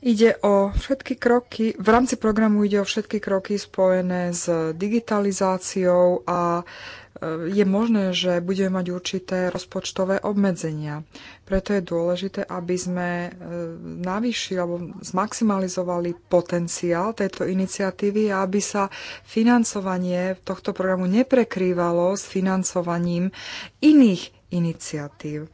Speaker 1: ide o všetky kroky, v rámci programu ide o všetky kroky spojené s digitalizáciou a e, je možné, že budeme mať určité rozpočtové obmedzenia. Preto je dôležité, aby sme e, navýšili alebo zmaximalizovali potenciál tejto iniciatívy a aby sa financovanie tohto programu neprekrývalo s financovaním iných iniciatív.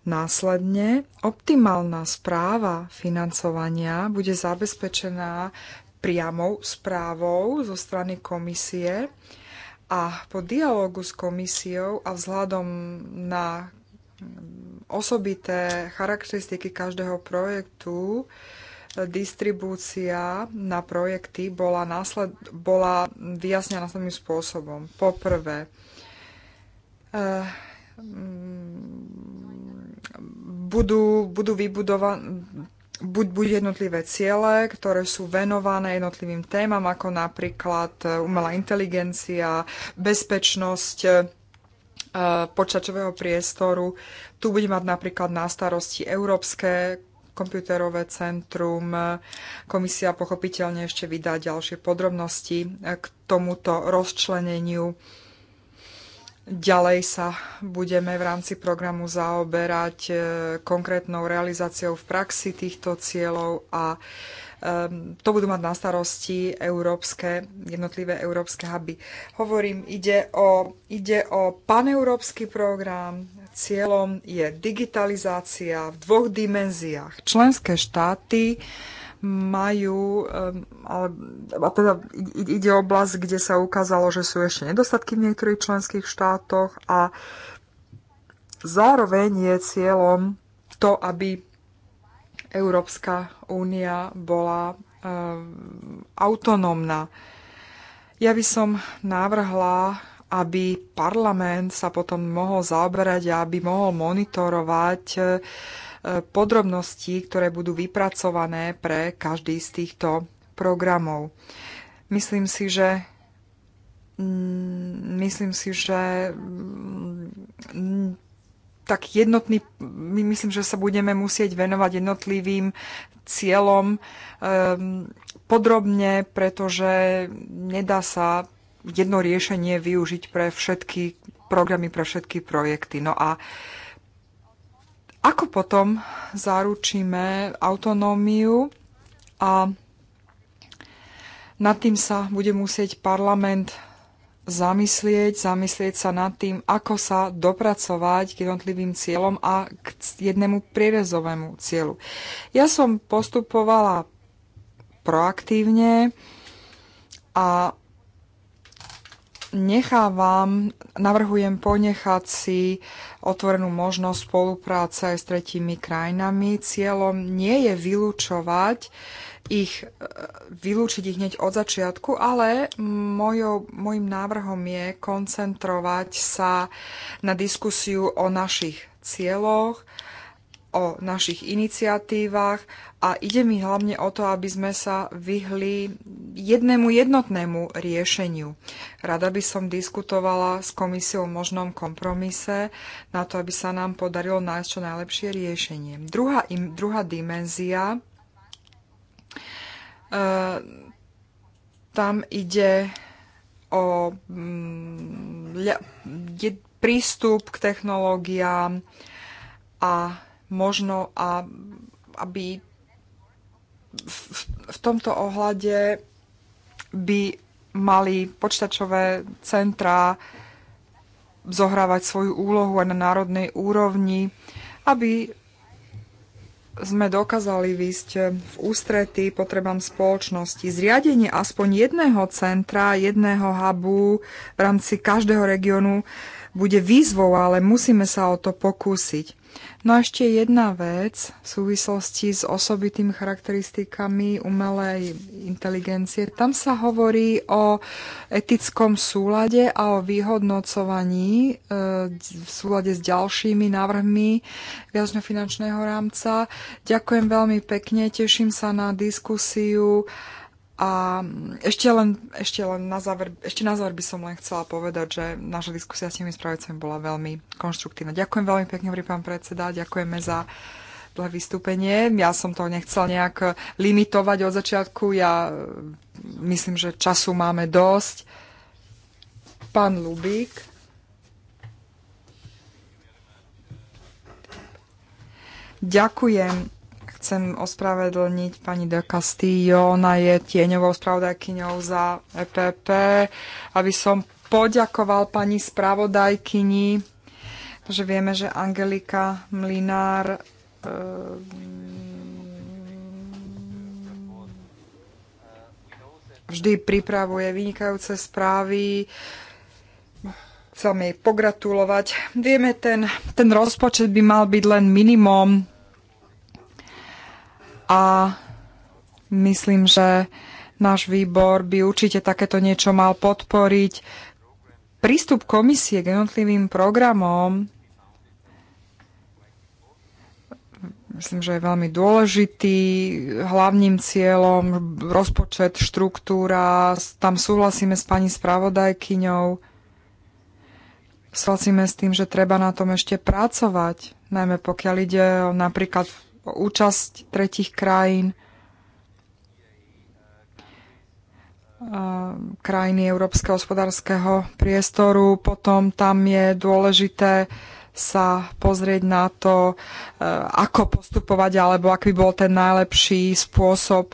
Speaker 1: Následne optimálna správa financovania bude zabezpečená priamou správou zo strany komisie a po dialogu s komisiou a vzhľadom na mm, osobité charakteristiky každého projektu distribúcia na projekty bola, násled, bola vyjasnená následným spôsobom. Poprvé, e, budú, budú vybudované buď, buď jednotlivé ciele, ktoré sú venované jednotlivým témam, ako napríklad e, umelá inteligencia, bezpečnosť e, počačového priestoru. Tu bude mať napríklad na starosti Európske komputerové centrum. Komisia pochopiteľne ešte vydá ďalšie podrobnosti e, k tomuto rozčleneniu Ďalej sa budeme v rámci programu zaoberať e, konkrétnou realizáciou v praxi týchto cieľov a e, to budú mať na starosti európske, jednotlivé európske huby. Hovorím, ide o, ide o paneurópsky program, cieľom je digitalizácia v dvoch dimenziách. Členské štáty majú, eh, a teda ide oblasť, kde sa ukázalo, že sú ešte nedostatky v niektorých členských štátoch a zároveň je cieľom to, aby Európska únia bola eh, autonómna. Ja by som navrhla, aby parlament sa potom mohol zaoberať a aby mohol monitorovať uh, podrobností, ktoré budú vypracované pre každý z týchto programov. Myslím si, že mm, myslím si, že mm, tak jednotný, my myslím, že sa budeme musieť venovať jednotlivým cieľom um, podrobne, pretože nedá sa jedno riešenie využiť pre všetky programy, pre všetky projekty. No a uh, Ako potom zaručíme autonómiu a nad tým sa bude musieť parlament zamyslieť, zamyslieť sa nad tým, ako sa dopracovať k jednotlivým cieľom a k jednému prierezovému cieľu. Ja som postupovala proaktívne a nechávam, navrhujem ponechať si otvorenú možnosť spolupráce aj s tretími krajinami. Cieľom nie je vylúčovať ich, e, vylúčiť ich hneď od začiatku, ale mojou, môjim návrhom je koncentrovať sa na diskusiu o našich cieľoch, o našich iniciatívach a ide mi hlavne o to, aby sme sa vyhli jednému jednotnému riešeniu. Rada by som diskutovala s komisiou o možnom kompromise na to, aby sa nám podarilo nájsť čo najlepšie riešenie. Druhá, im, druhá dimenzia, e, tam ide o mm, le, je, prístup k technológiám a možno a aby v, v tomto ohľade by mali počtačové centrá zohrávať svoju úlohu aj na národnej úrovni, aby sme dokázali výsť v ústrety potrebám spoločnosti. Zriadenie aspoň jedného centra, jedného hubu v rámci každého regiónu bude výzvou, ale musíme sa o to pokúsiť. No a ešte jedna vec v súvislosti s osobitým charakteristikami umelej inteligencie. Tam sa hovorí o etickom súlade a o vyhodnocovaní e, v súlade s ďalšími návrhmi finančného rámca. Ďakujem veľmi pekne, teším sa na diskusiu a ešte len, ešte len na záver, ešte na záver by som len chcela povedať, že naša diskusia s nimi spravedcami bola veľmi konštruktívna. Ďakujem veľmi pekne, hovorí pán predseda, ďakujeme za dlhé vystúpenie. Ja som to nechcel nejak limitovať od začiatku. Ja e, myslím, že času máme dosť. Pán Lubík. Ďakujem chcem ospravedlniť pani de Castillo, ona je tieňovou spravodajkyňou za EPP, aby som poďakoval pani spravodajkyni, že vieme, že Angelika Mlinár e, vždy pripravuje vynikajúce správy. Chcem jej pogratulovať. Vieme, ten, ten rozpočet by mal byť len minimum a myslím, že náš výbor by určite takéto niečo mal podporiť. Prístup komisie k jednotlivým programom myslím, že je veľmi dôležitý. Hlavným cieľom rozpočet, štruktúra, tam súhlasíme s pani spravodajkyňou. Súhlasíme s tým, že treba na tom ešte pracovať, najmä pokiaľ ide o napríklad účasť tretich krajín, krajiny Európskeho hospodárskeho priestoru. Potom tam je dôležité sa pozrieť na to, e, ako postupovať alebo aký bol ten najlepší spôsob.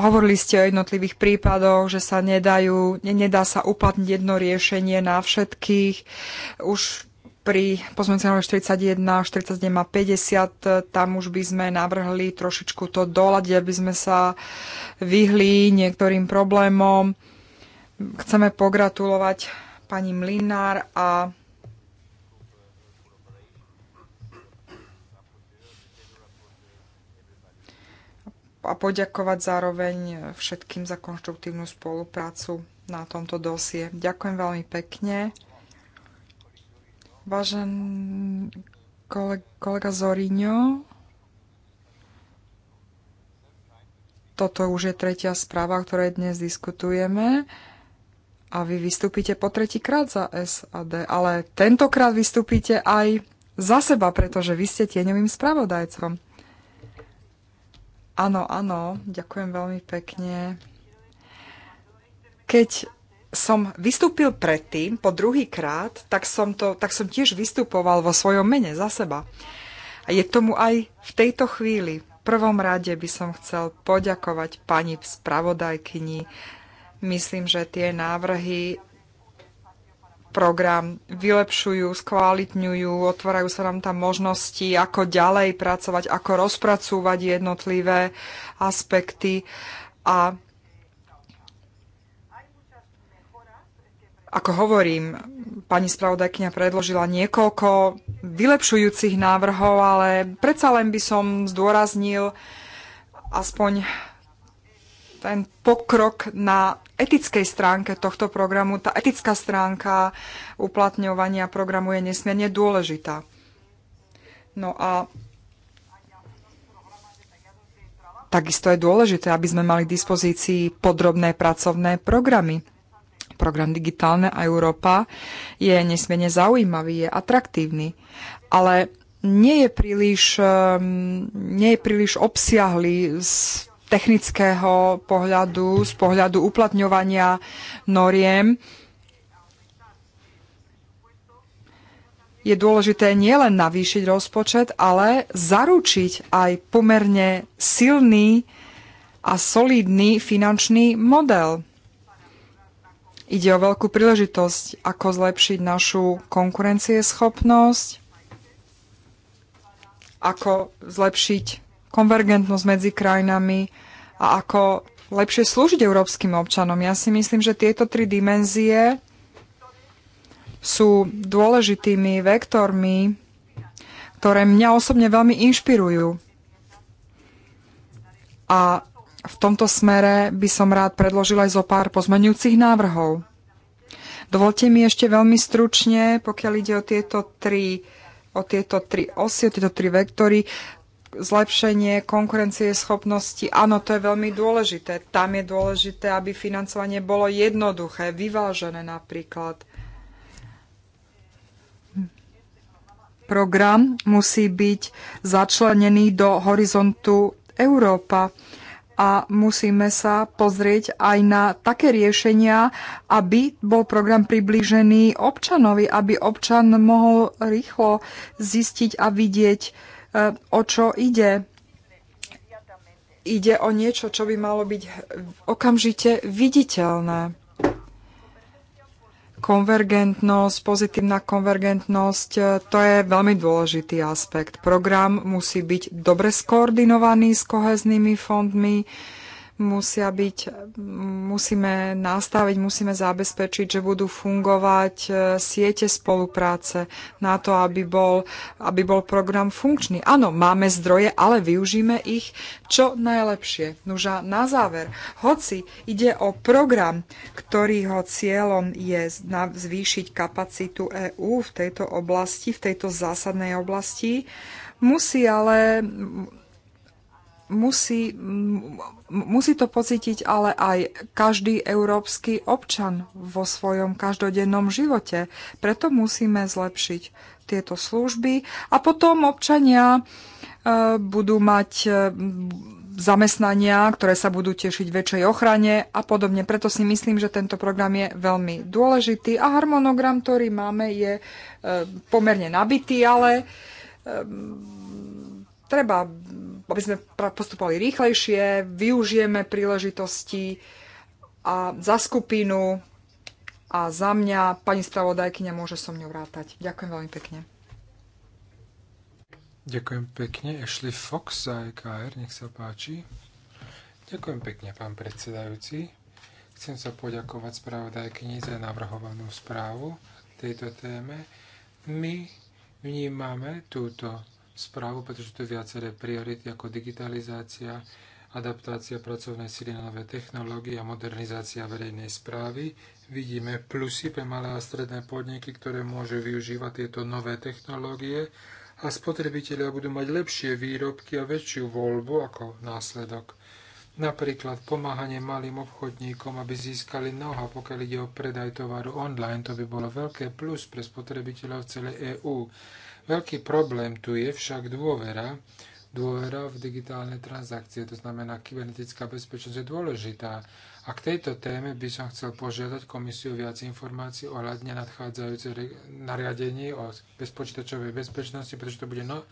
Speaker 1: Hovorili ste o jednotlivých prípadoch, že sa nedajú, nedá sa uplatniť jedno riešenie na všetkých. Už pri pozmeňujúcom 41, 47 a 50 tam už by sme navrhli trošičku to doľadiť, aby sme sa vyhli niektorým problémom. Chceme pogratulovať pani Mlinár a a poďakovať zároveň všetkým za konštruktívnu spoluprácu na tomto dosie. Ďakujem veľmi pekne. Vážen kolega Zorino, toto už je tretia správa, o ktorej dnes diskutujeme. A vy vystúpite po tretíkrát za SAD, ale tentokrát vystúpite aj za seba, pretože vy ste tieňovým spravodajcom. Áno, áno, ďakujem veľmi pekne. Keď som vystúpil predtým, po druhý krát, tak som, to, tak som tiež vystupoval vo svojom mene za seba. A je tomu aj v tejto chvíli. V prvom rade by som chcel poďakovať pani spravodajkyni. Myslím, že tie návrhy program vylepšujú, skvalitňujú, otvárajú sa nám tam možnosti, ako ďalej pracovať, ako rozpracúvať jednotlivé aspekty. A Ako hovorím, pani spravodajkyňa predložila niekoľko vylepšujúcich návrhov, ale predsa len by som zdôraznil aspoň ten pokrok na etickej stránke tohto programu. Tá etická stránka uplatňovania programu je nesmierne dôležitá. No a takisto je dôležité, aby sme mali k dispozícii podrobné pracovné programy program Digitálna Európa je nesmierne zaujímavý, je atraktívny, ale nie je príliš, ehm, nie je príliš obsiahlý z technického pohľadu, z pohľadu uplatňovania noriem. je dôležité nielen navýšiť rozpočet, ale zaručiť aj pomerne silný a solidný finančný model. Ide o veľkú príležitosť, ako zlepšiť našu konkurencieschopnosť, ako zlepšiť konvergentnosť medzi krajinami a ako lepšie slúžiť európskym občanom. Ja si myslím, že tieto tri dimenzie sú dôležitými vektormi, ktoré mňa osobne veľmi inšpirujú. A v tomto smere by som rád predložil aj zo pár pozmeňujúcich návrhov. Dovolte mi ešte veľmi stručne, pokiaľ ide o tieto tri, o tieto tri osy, o tieto tri vektory, zlepšenie konkurencie schopnosti. Áno, to je veľmi dôležité. Tam je dôležité, aby financovanie bolo jednoduché, vyvážené napríklad. Program musí byť začlenený do horizontu Európa a musíme sa pozrieť aj na také riešenia, aby bol program priblížený občanovi, aby občan mohol rýchlo zistiť a vidieť, e, o čo ide. Ide o niečo, čo by malo byť okamžite viditeľné konvergentnosť, pozitívna konvergentnosť, e, to je veľmi dôležitý aspekt. Program musí byť dobre skoordinovaný s koheznými fondmi, musia byť, musíme nastaviť, musíme zabezpečiť, že budú fungovať e, siete spolupráce na to, aby bol, aby bol program funkčný. Áno, máme zdroje, ale využíme ich čo najlepšie. Nuža, na záver, hoci ide o program, ktorýho cieľom je zvýšiť kapacitu EÚ v tejto oblasti, v tejto zásadnej oblasti, musí ale musí, musí to pocítiť ale aj každý európsky občan vo svojom každodennom živote. Preto musíme zlepšiť tieto služby a potom občania e, budú mať e, zamestnania, ktoré sa budú tešiť väčšej ochrane a podobne. Preto si myslím, že tento program je veľmi dôležitý a harmonogram, ktorý máme, je e, pomerne nabitý, ale treba aby sme postupovali rýchlejšie, využijeme príležitosti a za skupinu a za mňa pani spravodajkyňa môže so mňou vrátať. Ďakujem veľmi pekne.
Speaker 2: Ďakujem pekne. Ešli Fox za EKR, nech sa páči. Ďakujem pekne, pán predsedajúci. Chcem sa poďakovať spravodajkyni za navrhovanú správu tejto téme. My vnímame túto správu, pretože tu je viaceré priority ako digitalizácia, adaptácia pracovnej sily na nové technológie a modernizácia verejnej správy. Vidíme plusy pre malé a stredné podniky, ktoré môžu využívať tieto nové technológie a spotrebitelia budú mať lepšie výrobky a väčšiu voľbu ako následok. Napríklad pomáhanie malým obchodníkom, aby získali noha, pokiaľ ide o predaj tovaru online, to by bolo veľké plus pre spotrebiteľov v celej EÚ. Veľký problém tu je však dôvera, dôvera v digitálne transakcie, to znamená kybernetická bezpečnosť je dôležitá. A k tejto téme by som chcel požiadať komisiu viac informácií ohľadne nadchádzajúce nariadenie o bezpočítačovej bezpečnosti, pretože to bude no,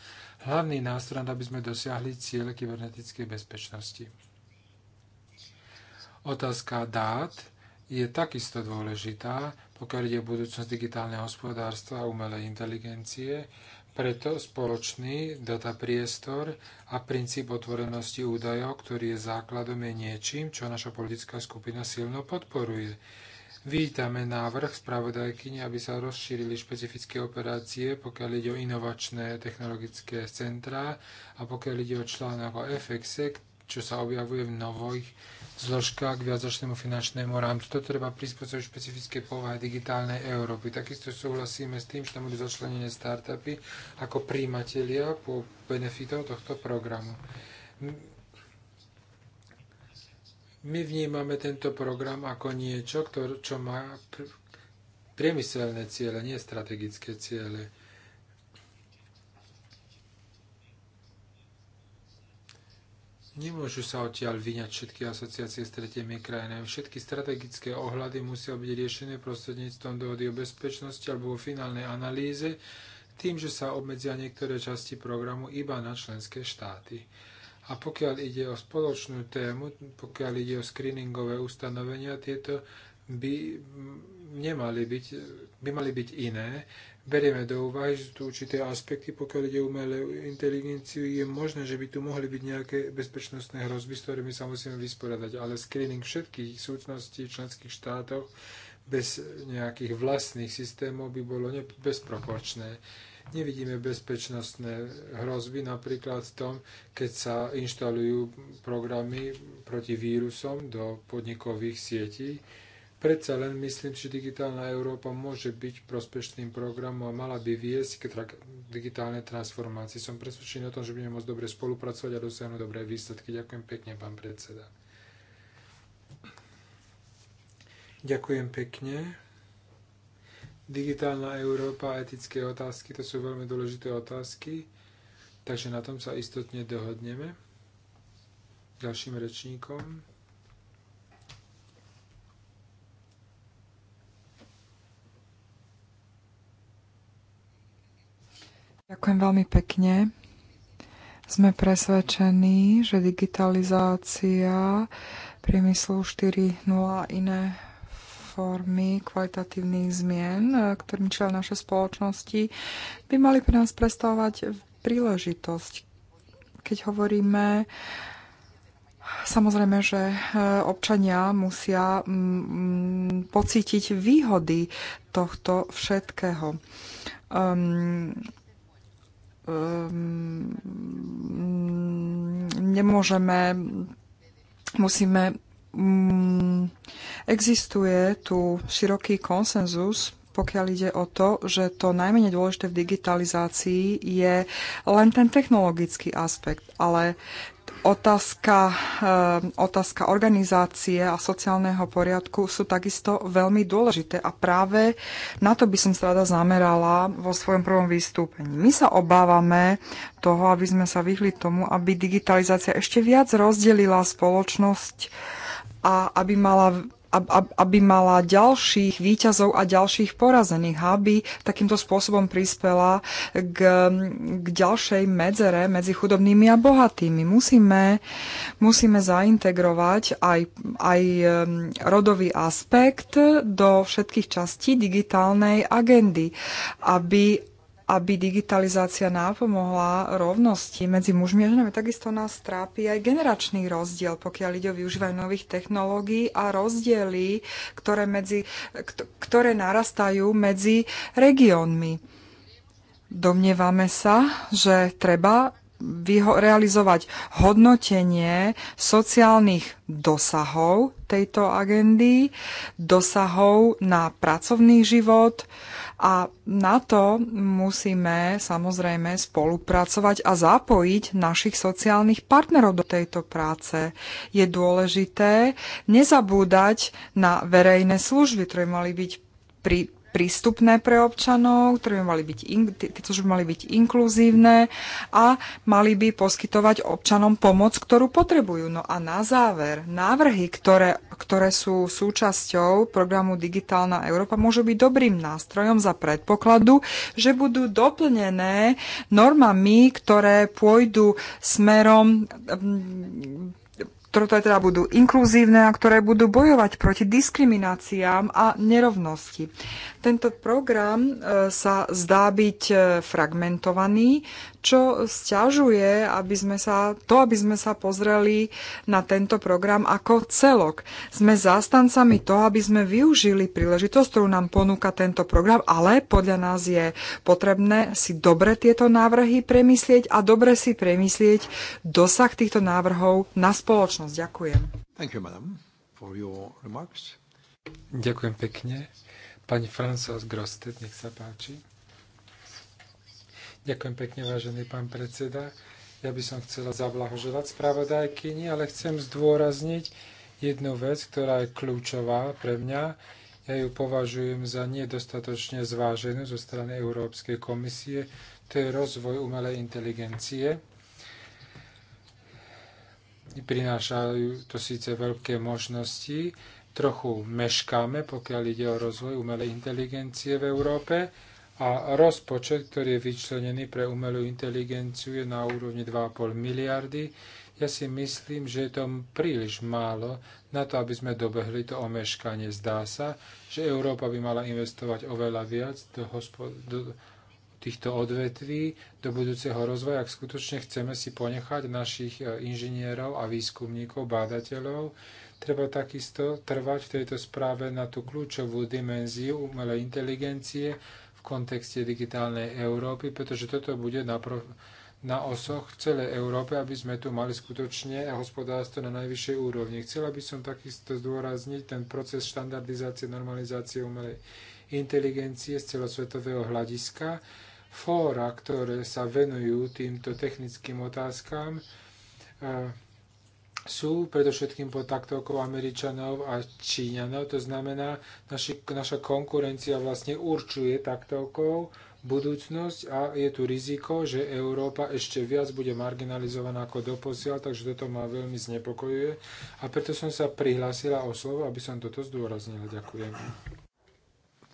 Speaker 2: hlavný nástroj, aby sme dosiahli ciele kybernetickej bezpečnosti. Otázka dát je takisto dôležitá, pokiaľ ide o budúcnosť digitálneho hospodárstva a umelej inteligencie, preto spoločný data priestor a princíp otvorenosti údajov, ktorý je základom, je niečím, čo naša politická skupina silno podporuje. Vítame návrh spravodajkyne, aby sa rozšírili špecifické operácie, pokiaľ ide o inovačné technologické centrá a pokiaľ ide o článok o FX, e, čo sa objavuje v nových zložka k viacročnému finančnému rámcu. To treba prispôsobiť špecifické povahy digitálnej Európy. Takisto súhlasíme s tým, že tam budú začlenené startupy ako príjimatelia po benefitov tohto programu. My vnímame tento program ako niečo, čo má priemyselné ciele, nie strategické ciele. Nemôžu sa odtiaľ vyňať všetky asociácie s tretiemi krajinami. Všetky strategické ohľady musia byť riešené prostredníctvom dohody o bezpečnosti alebo o finálnej analýze, tým, že sa obmedzia niektoré časti programu iba na členské štáty. A pokiaľ ide o spoločnú tému, pokiaľ ide o screeningové ustanovenia, tieto by nemali byť, by mali byť iné berieme do úvahy, že sú tu určité aspekty, pokiaľ ide o umelé inteligenciu, je možné, že by tu mohli byť nejaké bezpečnostné hrozby, s ktorými sa musíme vysporiadať, ale screening všetkých súčností v členských štátoch bez nejakých vlastných systémov by bolo bezproporčné. Nevidíme bezpečnostné hrozby napríklad v tom, keď sa inštalujú programy proti vírusom do podnikových sietí, Predsa len myslím, že digitálna Európa môže byť prospešným programom a mala by viesť k tra- digitálnej transformácii. Som presvedčený o tom, že budeme môcť dobre spolupracovať a dosiahnuť dobré výsledky. Ďakujem pekne, pán predseda. Ďakujem pekne. Digitálna Európa a etické otázky, to sú veľmi dôležité otázky, takže na tom sa istotne dohodneme. Ďalším rečníkom.
Speaker 1: Ďakujem veľmi pekne. Sme presvedčení, že digitalizácia priemyslu 4.0 a iné formy kvalitatívnych zmien, eh, ktorým čelia naše spoločnosti, by mali pre nás predstavovať príležitosť. Keď hovoríme Samozrejme, že eh, občania musia mm, mm, pocítiť výhody tohto všetkého. Um, nemôžeme, musíme, existuje tu široký konsenzus pokiaľ ide o to, že to najmenej dôležité v digitalizácii je len ten technologický aspekt. Ale Otázka, eh, otázka organizácie a sociálneho poriadku sú takisto veľmi dôležité a práve na to by som sa rada zamerala vo svojom prvom vystúpení. My sa obávame toho, aby sme sa vyhli tomu, aby digitalizácia ešte viac rozdelila spoločnosť a aby mala aby mala ďalších výťazov a ďalších porazených, aby takýmto spôsobom prispela k, k ďalšej medzere medzi chudobnými a bohatými. Musíme, musíme zaintegrovať aj, aj rodový aspekt do všetkých častí digitálnej agendy, aby, aby digitalizácia nápomohla rovnosti medzi mužmi a ženami. Takisto nás trápi aj generačný rozdiel, pokiaľ ide o využívanie nových technológií a rozdiely, ktoré, medzi, ktoré narastajú medzi regiónmi. Domnievame sa, že treba realizovať hodnotenie sociálnych dosahov tejto agendy, dosahov na pracovný život, a na to musíme samozrejme spolupracovať a zapojiť našich sociálnych partnerov do tejto práce. Je dôležité nezabúdať na verejné služby, ktoré mali byť pri, prístupné pre občanov, ktoré by mali byť, in, tieto by mali byť inkluzívne a mali by poskytovať občanom pomoc, ktorú potrebujú. No a na záver, návrhy, ktoré, ktoré sú súčasťou programu Digitálna Európa, môžu byť dobrým nástrojom za predpokladu, že budú doplnené normami, ktoré pôjdu smerom Hm, ktoré teda budú inkluzívne a ktoré budú bojovať proti diskrimináciám a nerovnosti. Tento program e, sa zdá byť e, fragmentovaný, čo sťažuje, aby sme sa, to, aby sme sa pozreli na tento program ako celok. Sme zástancami toho, aby sme využili príležitosť, ktorú nám ponúka tento program, ale podľa nás je potrebné si dobre tieto návrhy premyslieť a dobre si premyslieť dosah týchto návrhov na spoločnosť. Ďakujem.
Speaker 2: Thank you, madam, for your remarks. Ďakujem pekne Pani Francos Grosted, nech sa páči. Ďakujem pekne, vážený pán predseda. Ja by som chcela zablahoželať spravodajkyni, ale chcem zdôrazniť jednu vec, ktorá je kľúčová pre mňa. Ja ju považujem za nedostatočne zváženú zo strany Európskej komisie. To je rozvoj umelej inteligencie. Prinášajú to síce veľké možnosti, trochu meškáme, pokiaľ ide o rozvoj umelej inteligencie v Európe a rozpočet, ktorý je vyčlenený pre umelú inteligenciu, je na úrovni 2,5 miliardy. Ja si myslím, že je to príliš málo na to, aby sme dobehli to omeškanie. Zdá sa, že Európa by mala investovať oveľa viac do, hospod- do týchto odvetví, do budúceho rozvoja, ak skutočne chceme si ponechať našich eh, inžinierov a výskumníkov, bádateľov, Treba takisto trvať v tejto správe na tú kľúčovú dimenziu umelej inteligencie v kontexte digitálnej Európy, pretože toto bude na, pro, na osoch celej Európe, aby sme tu mali skutočne hospodárstvo na najvyššej úrovni. Chcela by som takisto zdôrazniť ten proces štandardizácie, normalizácie umelej inteligencie z celosvetového hľadiska. Fóra, ktoré sa venujú týmto technickým otázkam, e sú predovšetkým pod taktovkou Američanov a Číňanov. To znamená, naši, naša konkurencia vlastne určuje taktovkou budúcnosť a je tu riziko, že Európa ešte viac bude marginalizovaná ako doposiaľ, takže toto ma veľmi znepokojuje. A preto som sa prihlásila o slovo, aby som toto zdôraznila. Ďakujem.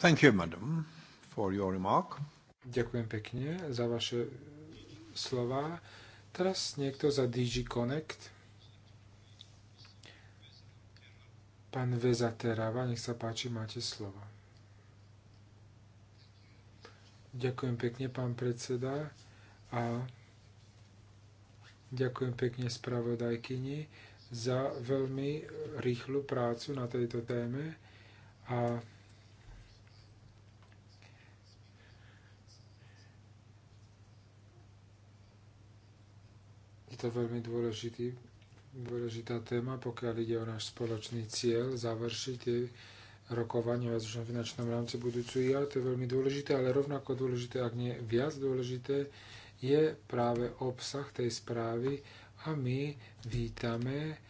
Speaker 2: Thank you, madam, for your remark. Ďakujem pekne za vaše slova. Teraz niekto za DG Connect. Pán Veza Teráva, nech sa páči, máte slovo. Ďakujem pekne, pán predseda, a ďakujem pekne spravodajkyni za veľmi rýchlu prácu na tejto téme a je to veľmi dôležitý dôležitá téma, pokiaľ ide o náš spoločný cieľ završiť tie rokovania o väzdušnom finančnom rámci budúcu IAL. To je veľmi dôležité, ale rovnako dôležité, ak nie viac dôležité, je práve obsah tej správy a my vítame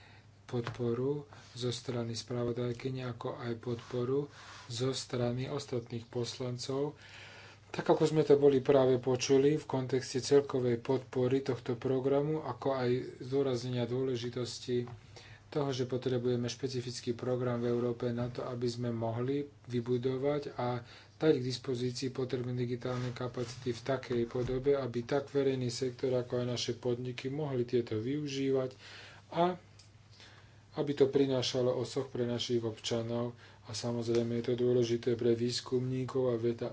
Speaker 2: podporu zo strany spravodajkyne, ako aj podporu zo strany ostatných poslancov, Tak ako sme to boli práve počuli v kontexte celkovej podpory tohto programu, ako aj zúraznenia dôležitosti toho, že potrebujeme špecifický program v Európe na to, aby sme mohli vybudovať a dať k dispozícii potrebné digitálne kapacity v takej podobe, aby tak verejný sektor, ako aj naše podniky mohli tieto využívať a aby to prinášalo osoch pre našich občanov. A samozrejme je to dôležité pre výskumníkov a veda,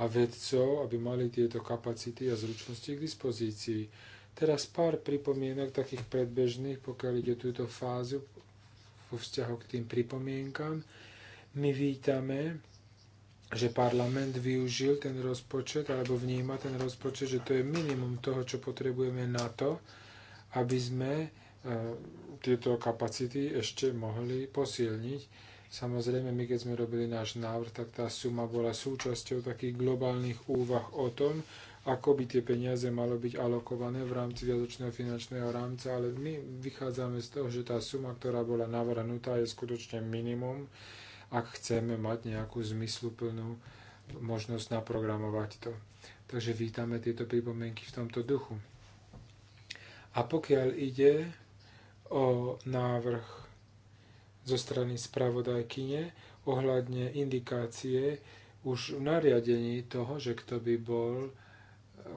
Speaker 2: a vedcov, aby mali tieto kapacity a zručnosti k dispozícii. Teraz pár pripomienok takých predbežných, pokiaľ ide túto fázu vo vzťahu k tým pripomienkam. My vítame, že parlament využil ten rozpočet alebo vníma ten rozpočet, že to je minimum toho, čo potrebujeme na to, aby sme eh, tieto kapacity ešte mohli posilniť Samozrejme, my keď sme robili náš návrh, tak tá suma bola súčasťou takých globálnych úvah o tom, ako by tie peniaze malo byť alokované v rámci viacočného finančného rámca, ale my vychádzame z toho, že tá suma, ktorá bola navrhnutá, je skutočne minimum, ak chceme mať nejakú zmysluplnú možnosť naprogramovať to. Takže vítame tieto pripomienky v tomto duchu. A pokiaľ ide o návrh zo strany spravodajkyne ohľadne indikácie už v nariadení toho, že kto by bol,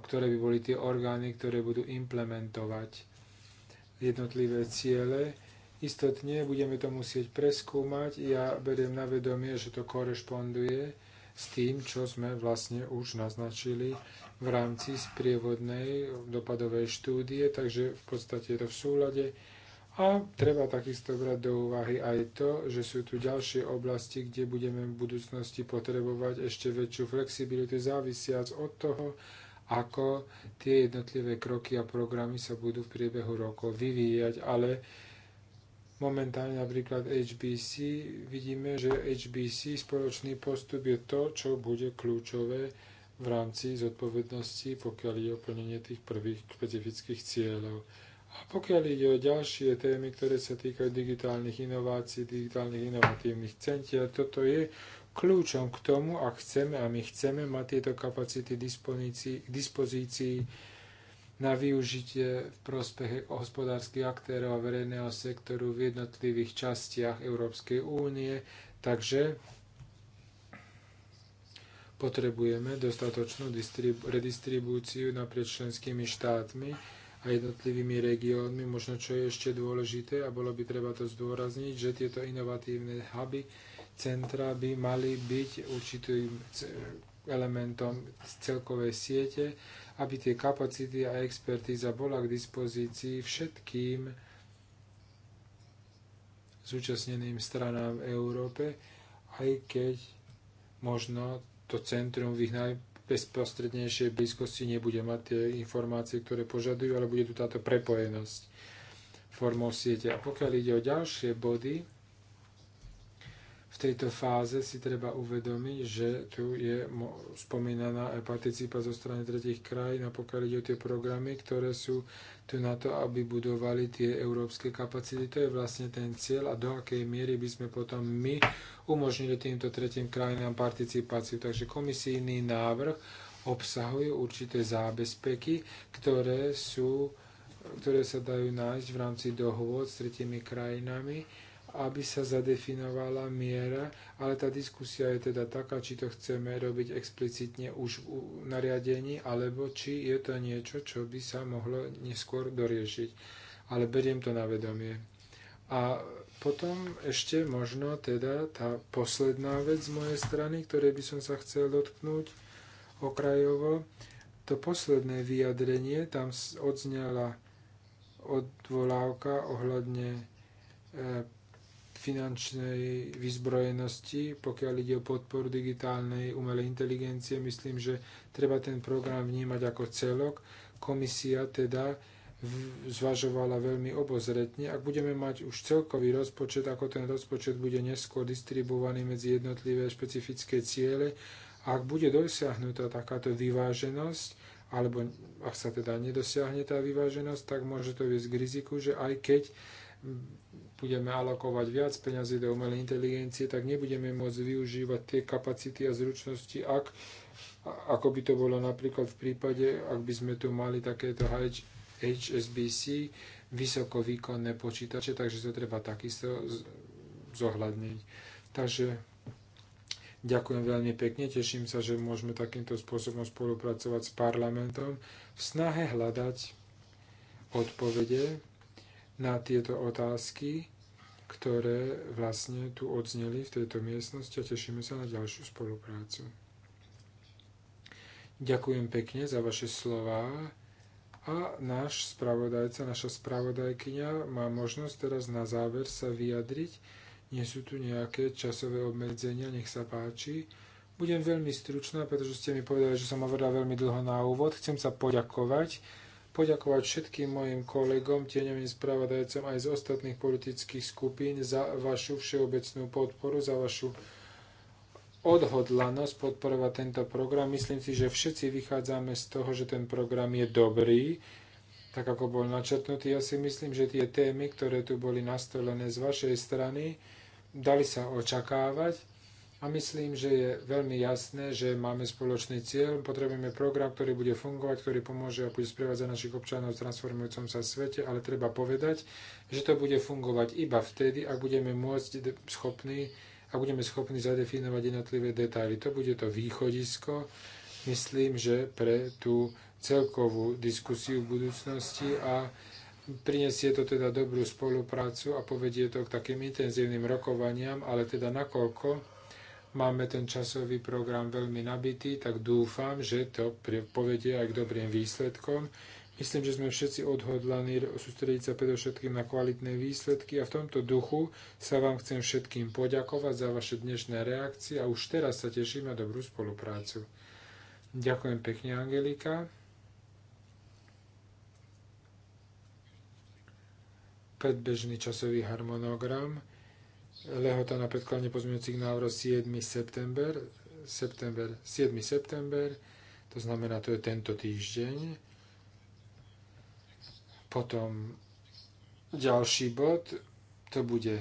Speaker 2: ktoré by boli tie orgány, ktoré budú implementovať jednotlivé ciele. Istotne budeme to musieť preskúmať. Ja beriem na vedomie, že to korešponduje s tým, čo sme vlastne už naznačili v rámci sprievodnej dopadovej štúdie, takže v podstate je to v súlade. A treba takisto brať do úvahy aj to, že sú tu ďalšie oblasti, kde budeme v budúcnosti potrebovať ešte väčšiu flexibilitu, závisiac od toho, ako tie jednotlivé kroky a programy sa budú v priebehu rokov vyvíjať, ale momentálne napríklad HBC vidíme, že HBC spoločný postup je to, čo bude kľúčové v rámci zodpovednosti, pokiaľ je oplnenie tých prvých špecifických cieľov. A pokiaľ ide o ďalšie témy, ktoré sa týkajú digitálnych inovácií, digitálnych inovatívnych centier, toto je kľúčom k tomu, ak chceme a my chceme mať tieto kapacity k dispozícii na využitie v prospech hospodárskych aktérov a verejného sektoru v jednotlivých častiach Európskej únie. Takže potrebujeme dostatočnú redistribúciu naprieč členskými štátmi a jednotlivými regiónmi. Možno čo je ešte dôležité a bolo by treba to zdôrazniť, že tieto inovatívne huby, centra by mali byť určitým elementom z celkovej siete, aby tie kapacity a expertíza bola k dispozícii všetkým zúčastneným stranám v Európe, aj keď možno to centrum v ich naj bezprostrednejšej blízkosti nebude mať tie informácie, ktoré požadujú, ale bude tu táto prepojenosť formou siete. A pokiaľ ide o ďalšie body, v tejto fáze si treba uvedomiť, že tu je spomínaná aj participa zo strany tretich krajín a pokiaľ ide o tie programy, ktoré sú tu na to, aby budovali tie európske kapacity. To je vlastne ten cieľ a do akej miery by sme potom my umožnili týmto tretím krajinám participáciu. Takže komisijný návrh obsahuje určité zábezpeky, ktoré, sú, ktoré sa dajú nájsť v rámci dohôd s tretimi krajinami aby sa zadefinovala miera, ale tá diskusia je teda taká, či to chceme robiť explicitne už v nariadení, alebo či je to niečo, čo by sa mohlo neskôr doriešiť. Ale beriem to na vedomie. A potom ešte možno teda tá posledná vec z mojej strany, ktorej by som sa chcel dotknúť okrajovo, to posledné vyjadrenie, tam odznela odvolávka ohľadne e, finančnej vyzbrojenosti, pokiaľ ide o podporu digitálnej umelej inteligencie. Myslím, že treba ten program vnímať ako celok. Komisia teda zvažovala veľmi obozretne. Ak budeme mať už celkový rozpočet, ako ten rozpočet bude neskôr distribuovaný medzi jednotlivé špecifické ciele, ak bude dosiahnutá takáto vyváženosť, alebo ak sa teda nedosiahne tá vyváženosť, tak môže to viesť k riziku, že aj keď budeme alokovať viac peňazí do umelej inteligencie, tak nebudeme môcť využívať tie kapacity a zručnosti, ak, ako by to bolo napríklad v prípade, ak by sme tu mali takéto HSBC, vysokovýkonné počítače, takže to treba takisto zohľadniť. Takže ďakujem veľmi pekne, teším sa, že môžeme takýmto spôsobom spolupracovať s parlamentom v snahe hľadať odpovede na tieto otázky, ktoré vlastne tu odzneli v tejto miestnosti a tešíme sa na ďalšiu spoluprácu. Ďakujem pekne za vaše slova a náš spravodajca, naša spravodajkyňa má možnosť teraz na záver sa vyjadriť. Nie sú tu nejaké časové obmedzenia, nech sa páči. Budem veľmi stručná, pretože ste mi povedali, že som hovorila veľmi dlho na úvod. Chcem sa poďakovať poďakovať všetkým mojim kolegom, tieňovým spravodajcom aj z ostatných politických skupín za vašu všeobecnú podporu, za vašu odhodlanosť podporovať tento program. Myslím si, že všetci vychádzame z toho, že ten program je dobrý, tak ako bol načrtnutý. Ja si myslím, že tie témy, ktoré tu boli nastolené z vašej strany, dali sa očakávať a myslím, že je veľmi jasné, že máme spoločný cieľ, potrebujeme program, ktorý bude fungovať, ktorý pomôže a bude sprevádzať našich občanov v transformujúcom sa svete, ale treba povedať, že to bude fungovať iba vtedy, ak budeme môcť schopní a budeme schopní zadefinovať jednotlivé detaily. To bude to východisko, myslím, že pre tú celkovú diskusiu v budúcnosti a prinesie to teda dobrú spoluprácu a povedie to k takým intenzívnym rokovaniam, ale teda nakoľko Máme ten časový program veľmi nabitý, tak dúfam, že to povedie aj k dobrým výsledkom. Myslím, že sme všetci odhodlaní sústrediť sa predovšetkým na kvalitné výsledky a v tomto duchu sa vám chcem všetkým poďakovať za vaše dnešné reakcie a už teraz sa teším na dobrú spoluprácu. Ďakujem pekne, Angelika. Predbežný časový harmonogram Lehota na predkladne pozmeňujúcich návrhov 7. september, september, 7. september, to znamená, to je tento týždeň. Potom ďalší bod, to bude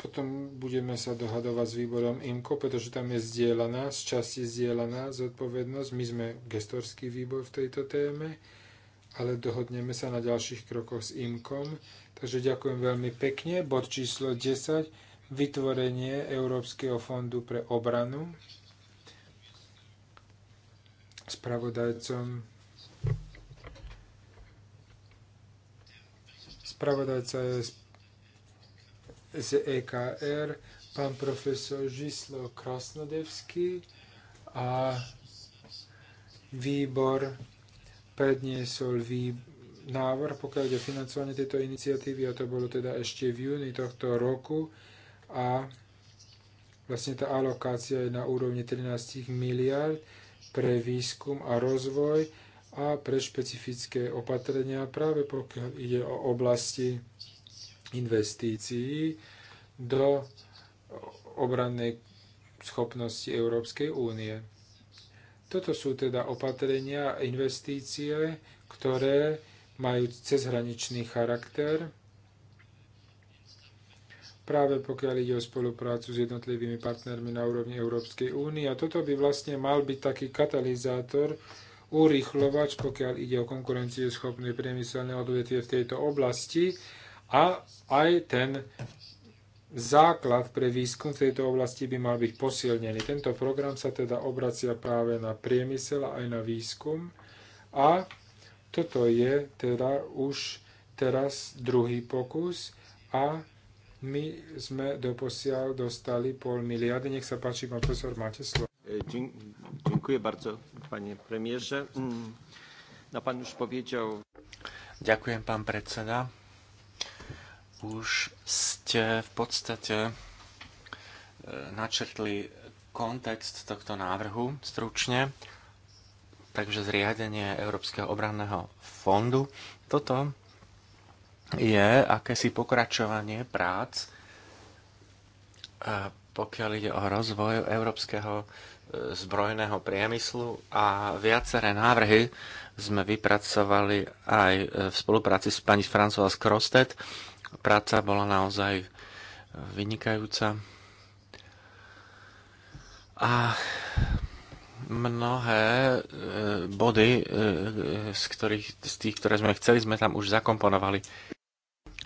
Speaker 2: potom budeme sa dohadovať s výborom IMCO, pretože tam je zdieľaná, z časti zdieľaná zodpovednosť. My sme gestorský výbor v tejto téme, ale dohodneme sa na ďalších krokoch s IMKOM. Takže ďakujem veľmi pekne. Bod číslo 10. Vytvorenie Európskeho fondu pre obranu. Spravodajcom Spravodajca je z EKR, pán profesor Žislo Krasnodevský a výbor predniesol výbor návrh, pokiaľ ide financovanie tejto iniciatívy, a to bolo teda ešte v júni tohto roku a vlastne tá alokácia je na úrovni 13 miliard pre výskum a rozvoj a pre špecifické opatrenia práve pokiaľ ide o oblasti investícií do obrannej schopnosti Európskej únie. Toto sú teda opatrenia a investície, ktoré majú cezhraničný charakter, práve pokiaľ ide o spoluprácu s jednotlivými partnermi na úrovni Európskej únie. A toto by vlastne mal byť taký katalizátor, urychlovač, pokiaľ ide o konkurencieschopné priemyselné odvetvie v tejto oblasti a aj ten základ pre výskum v tejto oblasti by mal byť posilnený. Tento program sa teda obracia práve na priemysel a aj na výskum a Toto je teda už teraz druhý pokus a my sme doposiaľ dostali pol miliardy. Nech sa páči, pán profesor, máte slovo. Ďakujem
Speaker 3: e, bardzo, panie premierze. Mm, no pán už povedal... Ďakujem, pán predseda. Už ste v podstate e, načrtli kontext tohto návrhu stručne. Takže zriadenie Európskeho obranného fondu. Toto je akési pokračovanie prác, e, pokiaľ ide o rozvoj európskeho e, zbrojného priemyslu a viaceré návrhy sme vypracovali aj e, v spolupráci s pani Francois Krostet. Práca bola naozaj vynikajúca. A mnohé e, body, e, e, z, ktorých, z tých, ktoré sme chceli, sme tam už zakomponovali.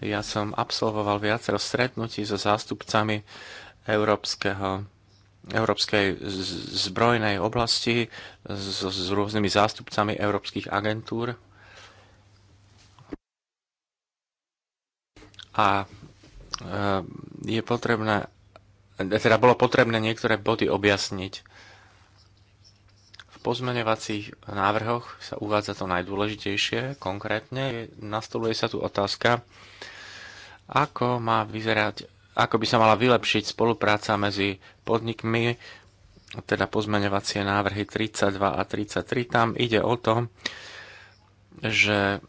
Speaker 3: Ja som absolvoval viacero stretnutí so zástupcami európskeho, európskej zbrojnej oblasti, s, s rôznymi zástupcami európskych agentúr. A je potrebné, teda bolo potrebné niektoré body objasniť pozmeňovacích návrhoch sa uvádza to najdôležitejšie. Konkrétne nastoluje sa tu otázka, ako má vyzerať, ako by sa mala vylepšiť spolupráca medzi podnikmi, teda pozmeňovacie návrhy 32 a 33. Tam ide o to, že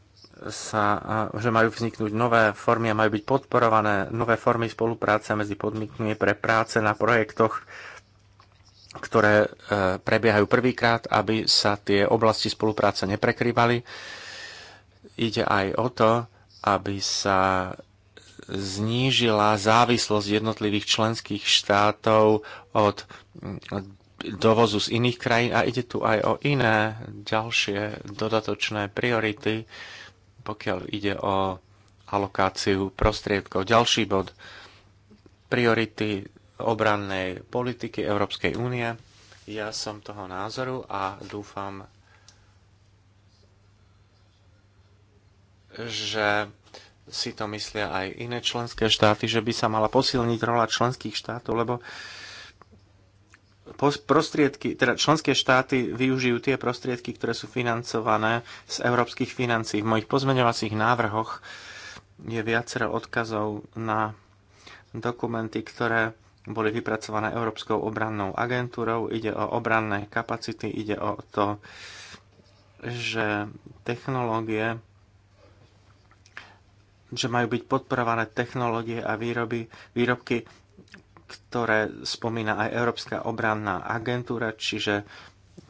Speaker 3: sa, že majú vzniknúť nové formy a majú byť podporované nové formy spolupráce medzi podnikmi pre práce na projektoch ktoré e, prebiehajú prvýkrát, aby sa tie oblasti spolupráce neprekrývali. Ide aj o to, aby sa znížila závislosť jednotlivých členských štátov od mm, dovozu z iných krajín a ide tu aj o iné ďalšie dodatočné priority, pokiaľ ide o alokáciu prostriedkov. Ďalší bod priority obrannej politiky Európskej únie. Ja som toho názoru a dúfam, že si to myslia aj iné členské štáty, že by sa mala posilniť rola členských štátov, lebo prostriedky, teda členské štáty využijú tie prostriedky, ktoré sú financované z európskych financí. V mojich pozmeňovacích návrhoch je viacero odkazov na dokumenty, ktoré boli vypracované Európskou obrannou agentúrou. Ide o obranné kapacity, ide o to, že technológie, že majú byť podporované technológie a výroby, výrobky, ktoré spomína aj Európska obranná agentúra, čiže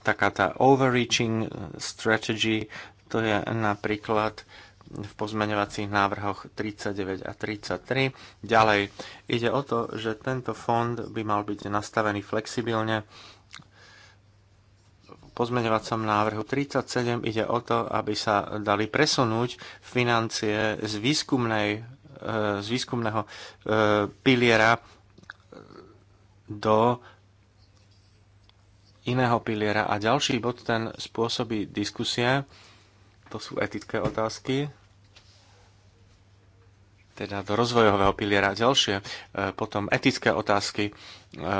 Speaker 3: taká tá overreaching strategy, to je napríklad v pozmeňovacích návrhoch 39 a 33. Ďalej ide o to, že tento fond by mal byť nastavený flexibilne. V pozmeňovacom návrhu 37 ide o to, aby sa dali presunúť financie z, výskumnej, e, z výskumného e, piliera do iného piliera. A ďalší bod ten spôsobí diskusie to sú etické otázky, teda do rozvojového piliera ďalšie, e, potom etické otázky, e,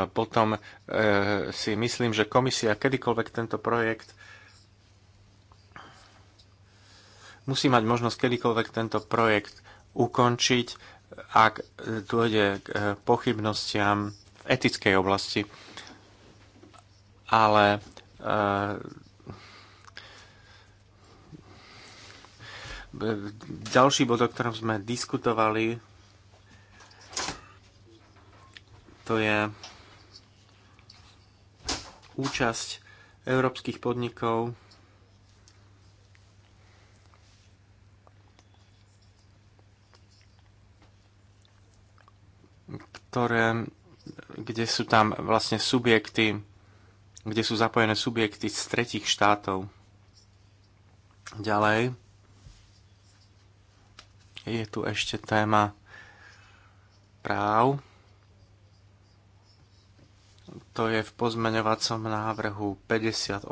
Speaker 3: potom e, si myslím, že komisia kedykoľvek tento projekt musí mať možnosť kedykoľvek tento projekt ukončiť, ak dôjde k pochybnostiam v etickej oblasti. Ale Ďalší bod, o ktorom sme diskutovali, to je účasť európskych podnikov ktoré, kde sú tam vlastne subjekty, kde sú zapojené subjekty z tretich štátov. Ďalej, Je tu ešte téma práv. To je v pozmeňovacom návrhu 58.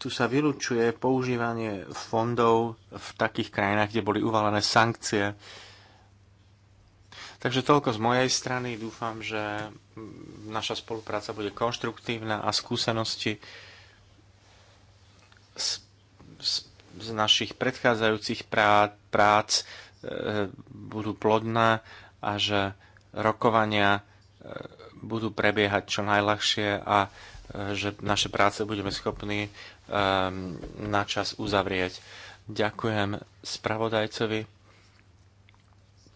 Speaker 3: Tu sa vylučuje používanie fondov v takých krajinách, kde boli uvalené sankcie. Takže toľko z mojej strany. Dúfam, že naša spolupráca bude konštruktívna a skúsenosti z, z, z našich predchádzajúcich prá, prác e, budú plodné a že rokovania e, budú prebiehať čo najľahšie a e, že naše práce budeme schopní e, na čas uzavrieť. Ďakujem spravodajcovi.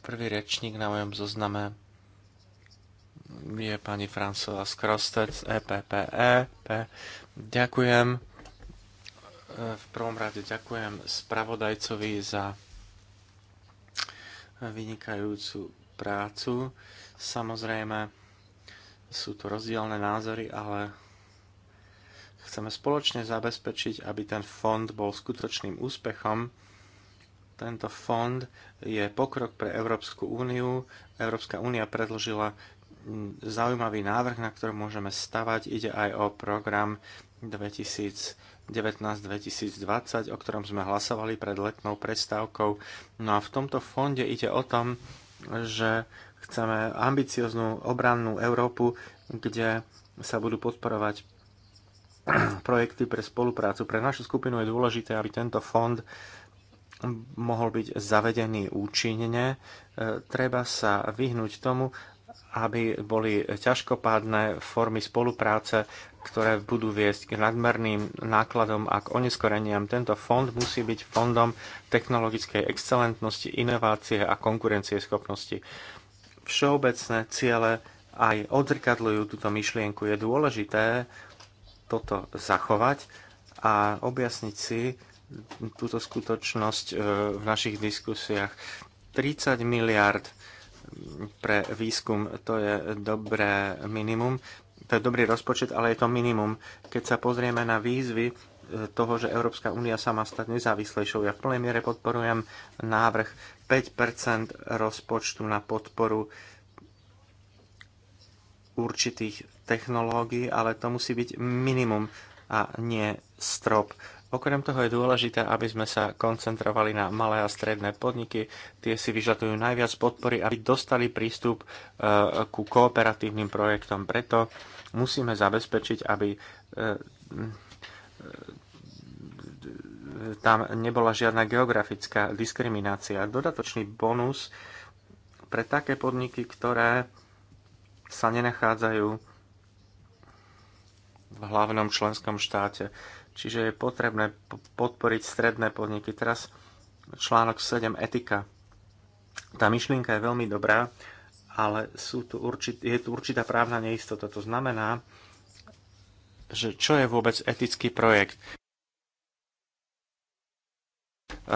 Speaker 3: Prvý rečník na mojom zozname je pani Francova Skrostec, EPPE. E Ďakujem. V prvom rade ďakujem spravodajcovi za vynikajúcu prácu. Samozrejme, sú to rozdielne názory, ale chceme spoločne zabezpečiť, aby ten fond bol skutočným úspechom. Tento fond je pokrok pre Európsku úniu. Európska únia predložila zaujímavý návrh, na ktorom môžeme stavať. Ide aj o program 2000 2020, o ktorom sme hlasovali pred letnou predstavkou. No a v tomto fonde ide o tom, že chceme ambicioznú obrannú Európu, kde sa budú podporovať projekty pre spoluprácu. Pre našu skupinu je dôležité, aby tento fond mohol byť zavedený účinne. E, treba sa vyhnúť tomu, aby boli ťažkopádne formy spolupráce ktoré budú viesť k nadmerným nákladom a k oneskoreniam. Tento fond musí byť fondom technologickej excelentnosti, inovácie a konkurencieschopnosti. Všeobecné ciele aj odzrkadľujú túto myšlienku. Je dôležité toto zachovať a objasniť si túto skutočnosť e, v našich diskusiách. 30 miliard pre výskum, to je dobré minimum to je dobrý rozpočet, ale je to minimum. Keď sa pozrieme na výzvy e, toho, že Európska únia sa má stať nezávislejšou, ja v plnej miere podporujem návrh 5 rozpočtu na podporu určitých technológií, ale to musí byť minimum a nie strop. Okrem toho je dôležité, aby sme sa koncentrovali na malé a stredné podniky. Tie si vyžadujú najviac podpory, aby dostali prístup e, ku kooperatívnym projektom. Preto musíme zabezpečiť, aby e, e, tam nebola žiadna geografická diskriminácia. Dodatočný bonus pre také podniky, ktoré sa nenachádzajú v hlavnom členskom štáte. Čiže je potrebné podporiť stredné podniky. Teraz článok 7 etika. Tá myšlienka je veľmi dobrá, ale sú tu určit, je tu určitá právna neistota. To znamená, že čo je vôbec etický projekt eh,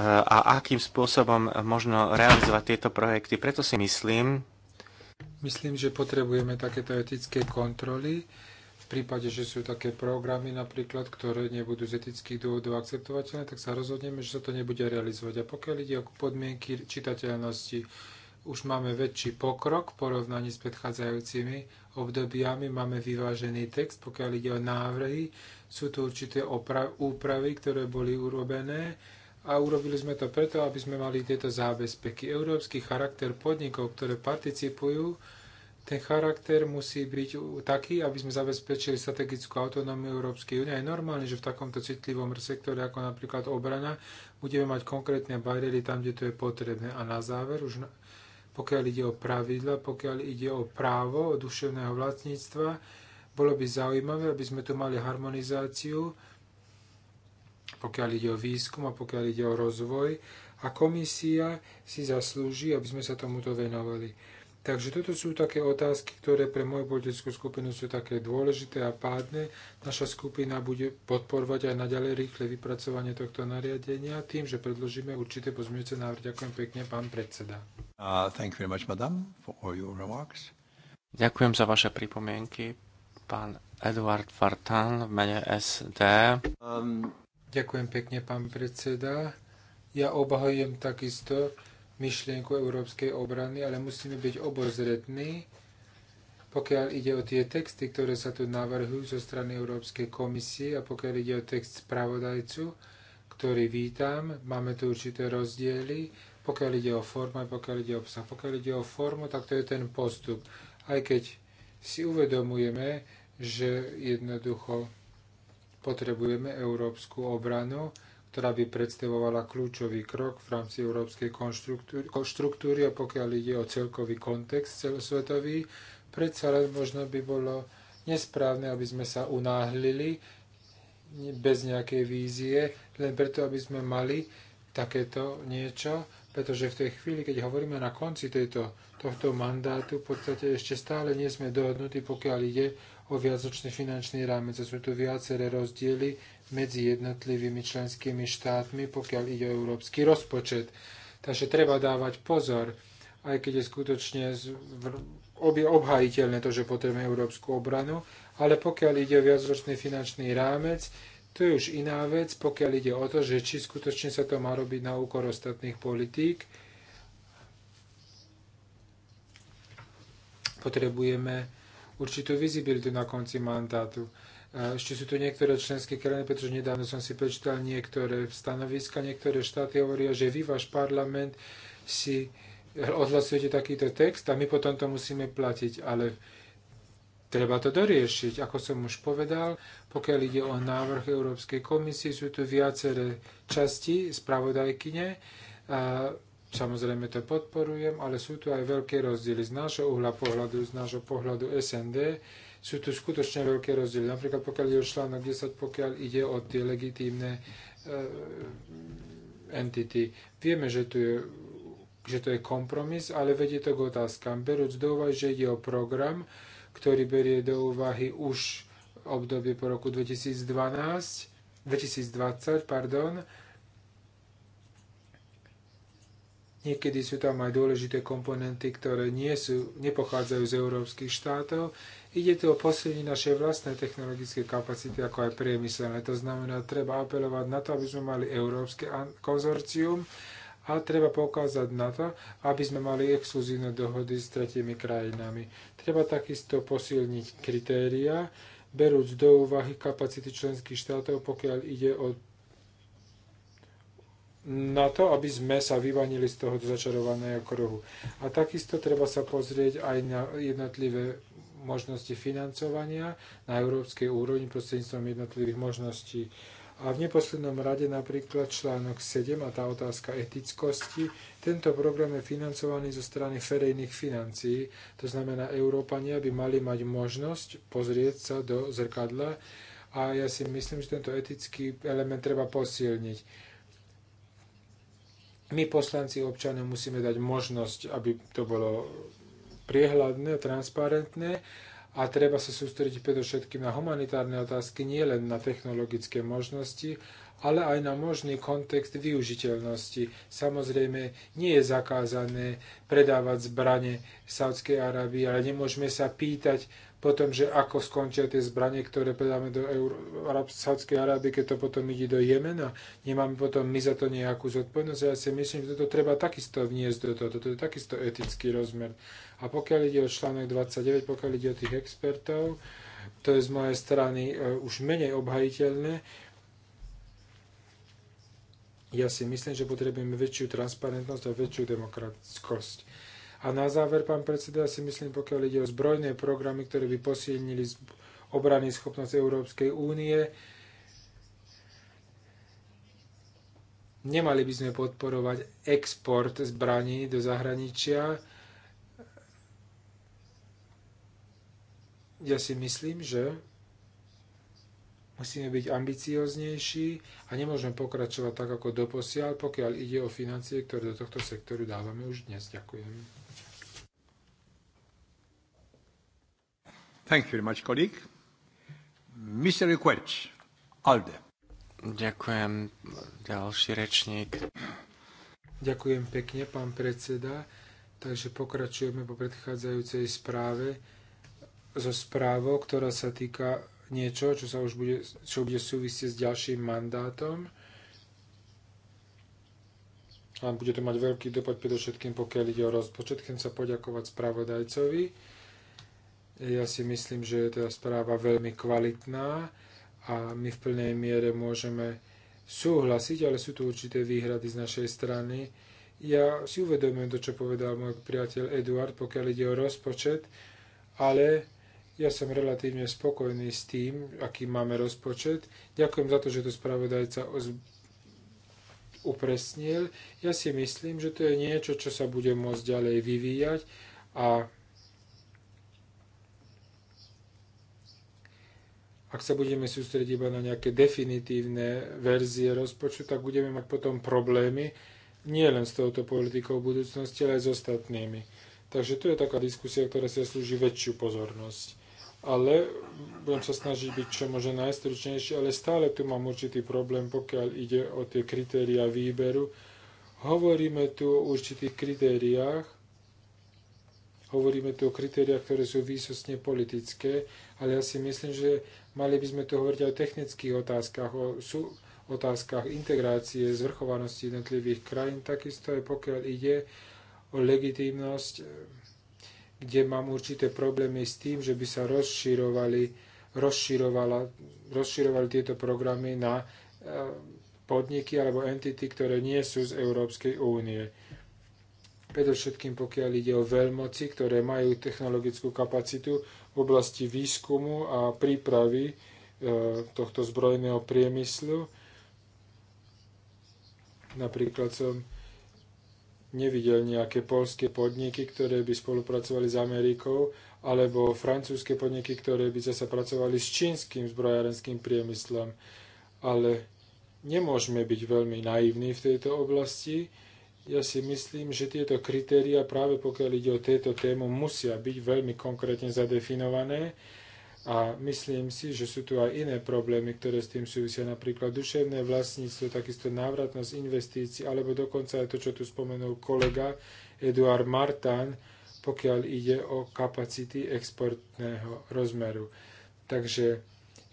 Speaker 3: a akým spôsobom možno realizovať tieto projekty. Preto si myslím...
Speaker 2: Myslím, že potrebujeme takéto etické kontroly, prípade, že sú také programy napríklad, ktoré nebudú z etických dôvodov akceptovateľné, tak sa rozhodneme, že sa to nebude realizovať. A pokiaľ ide o podmienky čitateľnosti, už máme väčší pokrok v porovnaní s predchádzajúcimi obdobiami, máme vyvážený text, pokiaľ ide o návrhy, sú tu určité úpravy, ktoré boli urobené a urobili sme to preto, aby sme mali tieto zábezpeky. Európsky charakter podnikov, ktoré participujú, Ten charakter musí byť taký, aby sme zabezpečili strategickú autonómiu Európskej únie. Je normálne, že v takomto citlivom sektore, ako napríklad obrana, budeme mať konkrétne bariéry tam, kde to je potrebné. A na záver, už na, pokiaľ ide o pravidla, pokiaľ ide o právo o duševného vlastníctva, bolo by zaujímavé, aby sme tu mali harmonizáciu, pokiaľ ide o výskum a pokiaľ ide o rozvoj. A komisia si zaslúži, aby sme sa tomuto venovali Takže toto sú také otázky, ktoré pre moju politickú skupinu sú také dôležité a pádne. Naša skupina bude podporovať aj naďalej rýchle vypracovanie tohto nariadenia tým, že predložíme určité pozmeňujúce návrhy. Ďakujem pekne, pán predseda.
Speaker 1: Uh, thank you very much, madam, for all your remarks.
Speaker 3: Ďakujem za vaše pripomienky, pán Eduard Fartan v mene SD.
Speaker 2: Um... Ďakujem pekne, pán predseda. Ja obhajujem takisto myšlenku evropské obrany, ale musíme být obozretní, pokud jde o ty texty, které se tu navrhují ze strany Evropské komisie a pokud jde o text zpravodajců, který vítam, máme tu určité rozdíly, pokud jde o formu a pokud jde o obsah. Pokud jde o formu, tak to je ten postup. i keď si uvedomujeme, že jednoducho potřebujeme evropskou obranu, ktorá by predstavovala kľúčový krok v rámci európskej štruktúry a pokiaľ ide o celkový kontext celosvetový, predsa len možno by bolo nesprávne, aby sme sa unáhlili bez nejakej vízie, len preto, aby sme mali takéto niečo, pretože v tej chvíli, keď hovoríme na konci tejto, tohto mandátu, v podstate ešte stále nie sme dohodnutí, pokiaľ ide o finančný rámec. Sú tu viaceré rozdiely medzi jednotlivými členskými štátmi, pokiaľ ide o európsky rozpočet. Takže treba dávať pozor, aj keď je skutočne obhajiteľné to, že potrebujeme európsku obranu, ale pokiaľ ide o viacročný finančný rámec, to je už iná vec, pokiaľ ide o to, že či skutočne sa to má robiť na úkor ostatných politík. Potrebujeme určitou vizibilitu na konci mandátu. Ešte sú tu niektoré členské krajiny, pretože nedávno som si prečítal niektoré stanoviska, niektoré štáty hovoria, že vy, váš parlament, si odhlasujete takýto text a my potom to musíme platiť. Ale treba to doriešiť. Ako som už povedal, pokiaľ ide o návrh Európskej komisie, sú tu viaceré časti spravodajkyne. Samozrejme to podporujem, ale sú tu aj veľké rozdiely z nášho uhla pohľadu, z nášho pohľadu SND. Sú tu skutočne veľké rozdiely. Napríklad pokiaľ ide o článok 10, pokiaľ ide o tie legitímne uh, entity. Vieme, že, tu je, že to je kompromis, ale vedie to k otázkam. Berúc do úvahy, že ide o program, ktorý berie do úvahy už obdobie po roku 2012, 2020, pardon, Niekedy sú tam aj dôležité komponenty, ktoré nie sú, nepochádzajú z európskych štátov. Ide tu o posilnenie našej vlastnej technologické kapacity, ako aj priemyselné. To znamená, treba apelovať na to, aby sme mali európske konzorcium a treba poukázať na to, aby sme mali exkluzívne dohody s tretimi krajinami. Treba takisto posilniť kritéria, berúc do úvahy kapacity členských štátov, pokiaľ ide o na to, aby sme sa vyvanili z toho začarovaného kruhu. A takisto treba sa pozrieť aj na jednotlivé možnosti financovania na európskej úrovni prostredníctvom jednotlivých možností. A v neposlednom rade napríklad článok 7 a tá otázka etickosti. Tento program je financovaný zo strany verejných financií, to znamená, Európania by mali mať možnosť pozrieť sa do zrkadla a ja si myslím, že tento etický element treba posilniť my poslanci občanom musíme dať možnosť, aby to bolo priehľadné, transparentné a treba sa sústrediť predovšetkým na humanitárne otázky, nielen na technologické možnosti, ale aj na možný kontext využiteľnosti. Samozrejme, nie je zakázané predávať zbranie Saudskej Arábii, ale nemôžeme sa pýtať, potom, že ako skončia tie zbranie, ktoré predáme do Eur- Saudskej Arábie, keď to potom ide do Jemena. Nemáme potom my za to nejakú zodpovednosť. Ja si myslím, že toto treba takisto vniesť do toho. Toto je takisto etický rozmer. A pokiaľ ide o článok 29, pokiaľ ide o tých expertov, to je z mojej strany e, už menej obhajiteľné. Ja si myslím, že potrebujeme väčšiu transparentnosť a väčšiu demokratickosť. A na záver, pán predseda, ja si myslím, pokiaľ ide o zbrojné programy, ktoré by posilnili obrany schopnosť Európskej únie, nemali by sme podporovať export zbraní do zahraničia. Ja si myslím, že Musíme byť ambicioznejší a nemôžeme pokračovať tak, ako doposiaľ, pokiaľ ide o financie, ktoré do tohto sektoru dávame už dnes. Ďakujem. Thank you very much, colleague. Mr. Querch,
Speaker 3: ALDE. Ďakujem, ďalší rečník.
Speaker 2: Ďakujem pekne, pán predseda. Takže pokračujeme po predchádzajúcej správe zo správou, ktorá sa týka niečo, čo, sa už bude, čo bude súvisieť s ďalším mandátom. A bude to mať veľký dopad predovšetkým, pokiaľ ide o rozpočet. Chcem sa poďakovať spravodajcovi. Ja si myslím, že je tá správa veľmi kvalitná a my v plnej miere môžeme súhlasiť, ale sú tu určité výhrady z našej strany. Ja si uvedomujem to, čo povedal môj priateľ Eduard, pokiaľ ide o rozpočet, ale Ja som relatívne spokojný s tým, aký máme rozpočet. Ďakujem za to, že to spravodajca oz... upresnil. Ja si myslím, že to je niečo, čo sa bude môcť ďalej vyvíjať a ak sa budeme sústrediť iba na nejaké definitívne verzie rozpočtu, tak budeme mať potom problémy nie len s touto politikou budúcnosti, ale aj s ostatnými. Takže to je taká diskusia, ktorá si slúži väčšiu pozornosť ale budem sa snažiť byť čo možno najstručnejší, ale stále tu mám určitý problém, pokiaľ ide o tie kritéria výberu. Hovoríme tu o určitých kritériách, hovoríme tu o kritériách, ktoré sú výsostne politické, ale ja si myslím, že mali by sme tu hovoriť aj o technických otázkach, o sú, otázkach integrácie, zvrchovanosti jednotlivých krajín, takisto aj pokiaľ ide o legitimnosť kde mám určité problémy s tým, že by sa rozširovali, rozširovali tieto programy na e, podniky alebo entity, ktoré nie sú z Európskej únie. Predovšetkým pokiaľ ide o veľmoci, ktoré majú technologickú kapacitu v oblasti výskumu a prípravy e, tohto zbrojného priemyslu. Napríklad som nevidel nejaké polské podniky, ktoré by spolupracovali s Amerikou, alebo francúzske podniky, ktoré by zase pracovali s čínskym zbrojárenským priemyslom. Ale nemôžeme byť veľmi naivní v tejto oblasti. Ja si myslím, že tieto kritéria práve pokiaľ ide o tieto tému musia byť veľmi konkrétne zadefinované a myslím si, že sú tu aj iné problémy, ktoré s tým súvisia, napríklad duševné vlastníctvo, takisto návratnosť investícií, alebo dokonca aj to, čo tu spomenul kolega Eduard Martin, pokiaľ ide o kapacity exportného rozmeru. Takže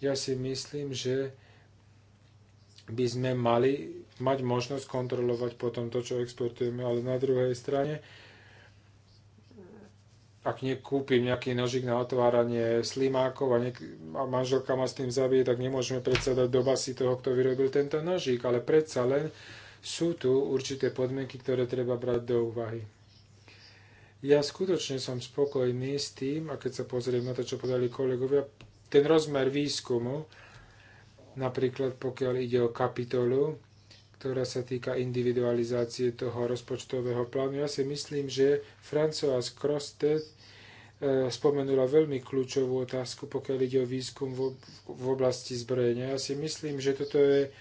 Speaker 2: ja si myslím, že by sme mali mať možnosť kontrolovať potom to, čo exportujeme, ale na druhej strane ak kúpim nejaký nožik na otváranie slimákov a, niek- a manželka ma s tým zabije, tak nemôžeme predsa dať do basy toho, kto vyrobil tento nožik. ale predsa len sú tu určité podmienky, ktoré treba brať do úvahy. Ja skutočne som spokojný s tým, a keď sa pozriem na to, čo podali kolegovia, ten rozmer výskumu, napríklad pokiaľ ide o kapitolu, ktorá sa týka individualizácie toho rozpočtového plánu. Ja si myslím, že François Crostet E, spomenula veľmi kľúčovú otázku, pokiaľ ide o výskum v oblasti zbrojenia. Ja si myslím, že toto je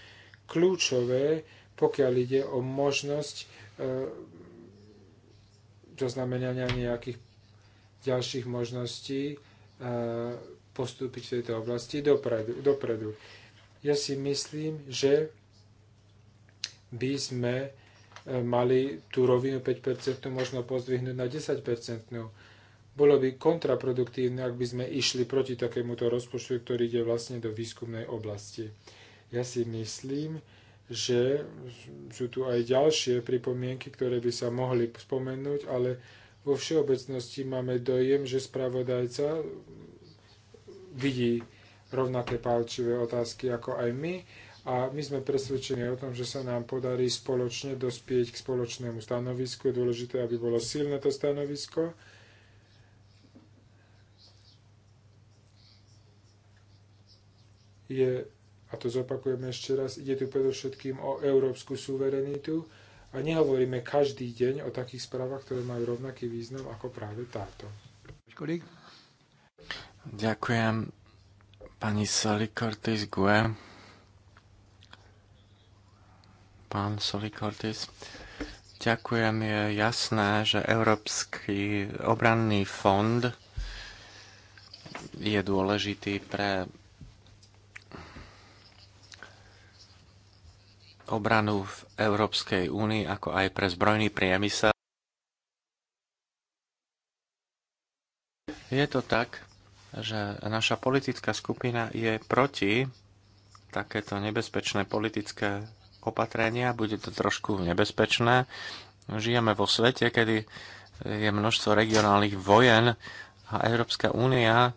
Speaker 2: kľúčové, pokiaľ ide o možnosť e, zaznamenania nejakých ďalších možností e, postúpiť v tejto oblasti dopredu. dopredu. Ja si myslím, že by sme mali tú rovinu 5% možno pozdvihnúť na 10%. Bolo by kontraproduktívne, ak by sme išli proti takémuto rozpočtu, ktorý ide vlastne do výskumnej oblasti. Ja si myslím, že sú tu aj ďalšie pripomienky, ktoré by sa mohli spomenúť, ale vo všeobecnosti máme dojem, že spravodajca vidí rovnaké palčivé otázky ako aj my a my sme presvedčení o tom, že sa nám podarí spoločne dospieť k spoločnému stanovisku. Je dôležité, aby bolo silné to stanovisko je, hát a to zopakujem ešte raz, ide tu predovšetkým o európsku suverenitu a nehovoríme každý deň o takých správach, ktoré majú rovnaký význam ako práve táto. Kolik?
Speaker 3: Ďakujem pani Solikortis Gue. Pán Solikortis. Ďakujem, je jasné, že Európsky obranný fond je dôležitý pre obranu v Európskej únii, ako aj pre zbrojný priemysel. Je to tak, že naša politická skupina je proti takéto nebezpečné politické opatrenia. Bude to trošku nebezpečné. Žijeme vo svete, kedy je množstvo regionálnych vojen a Európska únia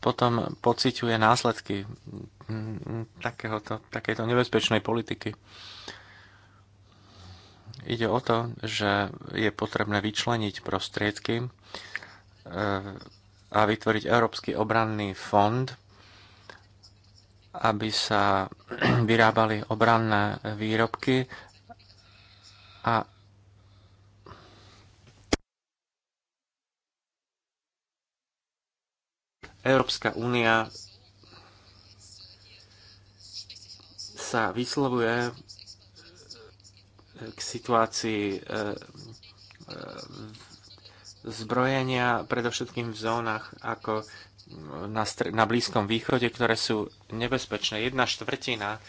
Speaker 3: potom pociťuje následky takéhoto, takéto nebezpečnej politiky. Ide o to, že je potrebné vyčleniť prostriedky e, a vytvoriť Európsky obranný fond, aby sa vyrábali obranné výrobky a Európska únia sa vyslovuje eh, k situácii eh, eh, zbrojenia, predovšetkým v zónach ako na, na Blízkom východe, ktoré sú nebezpečné. Jedna štvrtina